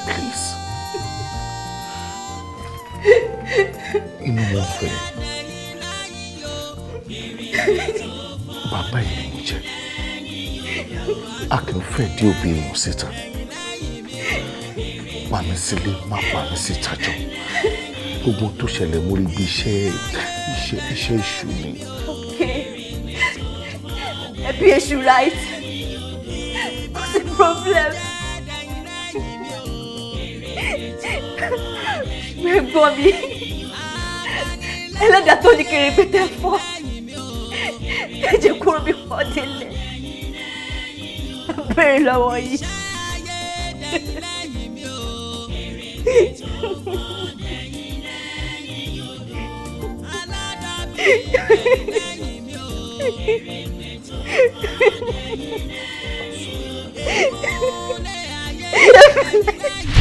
please inú wọn fẹ́ bàbá yìí ń jẹ a kì í fẹ́ dí òbí wọn síta pa mí sílé má pa mí síta jọ gbogbo tó ṣẹlẹ̀ mórí bí iṣẹ́ iṣẹ́ iṣẹ́ èṣù ni. ẹbí èṣù right what's problem. gbẹ̀gbọ́n mi ẹlẹ́dàá tó ní kiri pété fọ́ ẹ̀jẹ̀ kúrò mi fọ́ délẹ̀ béèrè lọ́wọ́ yìí.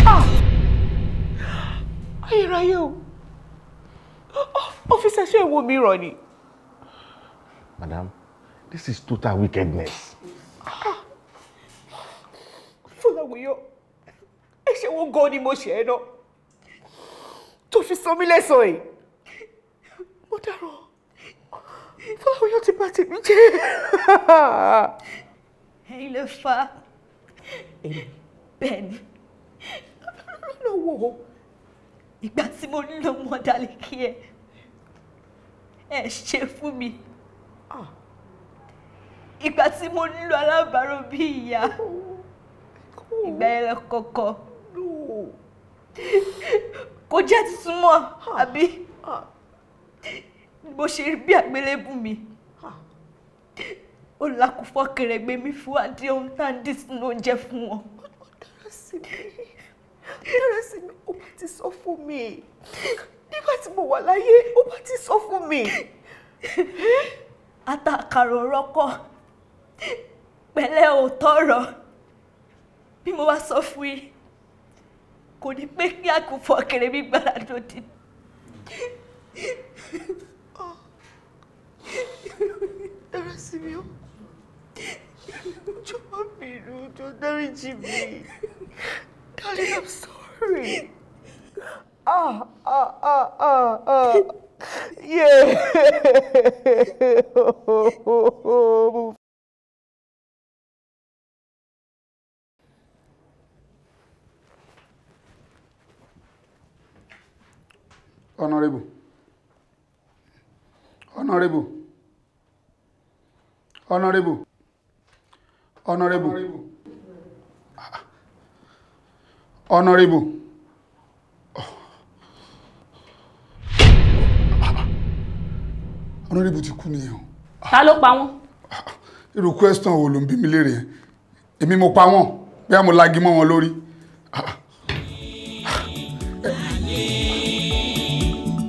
Ah! ayérayé o ọ́fíìsì ṣé ìwo mi rọ̀ ni. madam this is total wickedness. fúláwìyọ ẹ ṣe wo gan ni mo ṣe ẹ náà tó fi sọ mí lẹ́sàn-án yìí mo dárò fúláwìyọ ti bá tèmi jẹ́. ẹ̀yin lè fa bẹ́ẹ̀ ni lọ́wọ́ o ìgbà tí mo nílò mọ̀dálì kí ẹ ẹ ṣe fún mi ah. ìgbà tí mo nílò alábàárò bí ìyá ìgbà ẹ̀rẹ̀ kọ̀ọ̀kọ̀ kò jẹ́ tuntun mọ́ ah. àbí bó ah. ṣe rí bí àgbélébù mi ó lakùfọ́ kèrègbè mi fún àdéhùn tá à ń dì sínú oúnjẹ fún wọn ìrẹsì mi ó bá ti sọ fún mi nígbà tí mo wà láyé ó bá ti sọ fún mi. àtàkàrò rọkọ pẹ̀lẹ́ ò tọrọ bí mo wá sọ fún yìí kò ní pé kí àkùfọ kèrè mi gbára lòdì. ìrẹsì mi ó jọ̀wọ́ bínú jọ̀ọ́ dáríjì mi. Darling, I'm sorry. Ah, ah, ah, ah, ah. Yeah. Honorable. Honorable. Honorable. Honorable. Honorable honorable honorable ti kú nìyẹn. ta ló pa wọn. irú question wo ló ń bí mi léèrè yẹn èmi mo pa wọn bí a mo lagi mọ́ wọn lórí.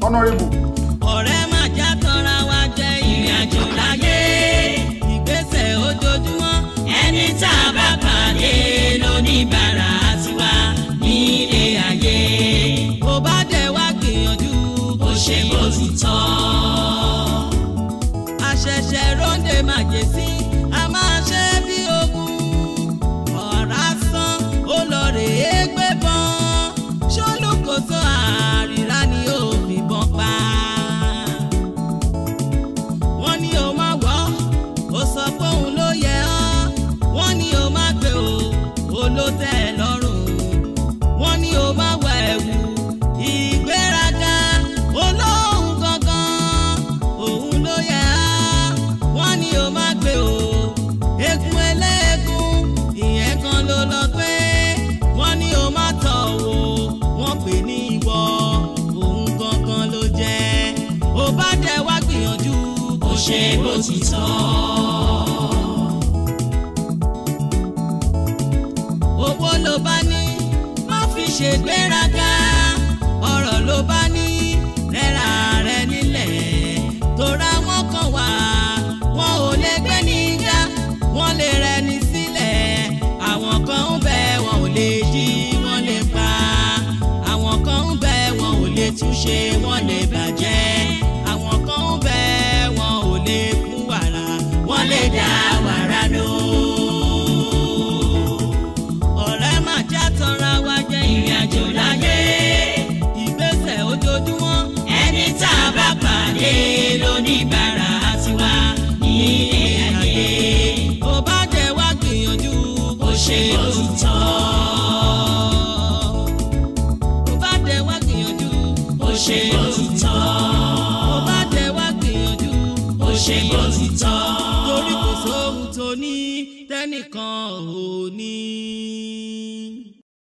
honorable. ọ̀rẹ́ máa já tọ́ra wa jẹ ìrìn àjò láyé ìgbésẹ̀ ojoojúmọ́ ẹni tá a bá pàdé lóníbàárà. lóṣù tán. àṣẹ̀ṣẹ̀ ronde màjèsí. ṣègbéraga ọ̀rọ̀ ló bá ní rẹ́ra rẹ nílẹ̀ tóra wọn kàn wá wọn ò lè gbé nígbà wọn lè rẹni sílẹ̀ àwọn kan ń bẹ wọn ò lè jí wọn lè pa àwọn kan ń bẹ wọn ò lè túnṣe wọn lè bẹ. jọ. torí kò sóhun tó ní tẹ́nìkan ò ní.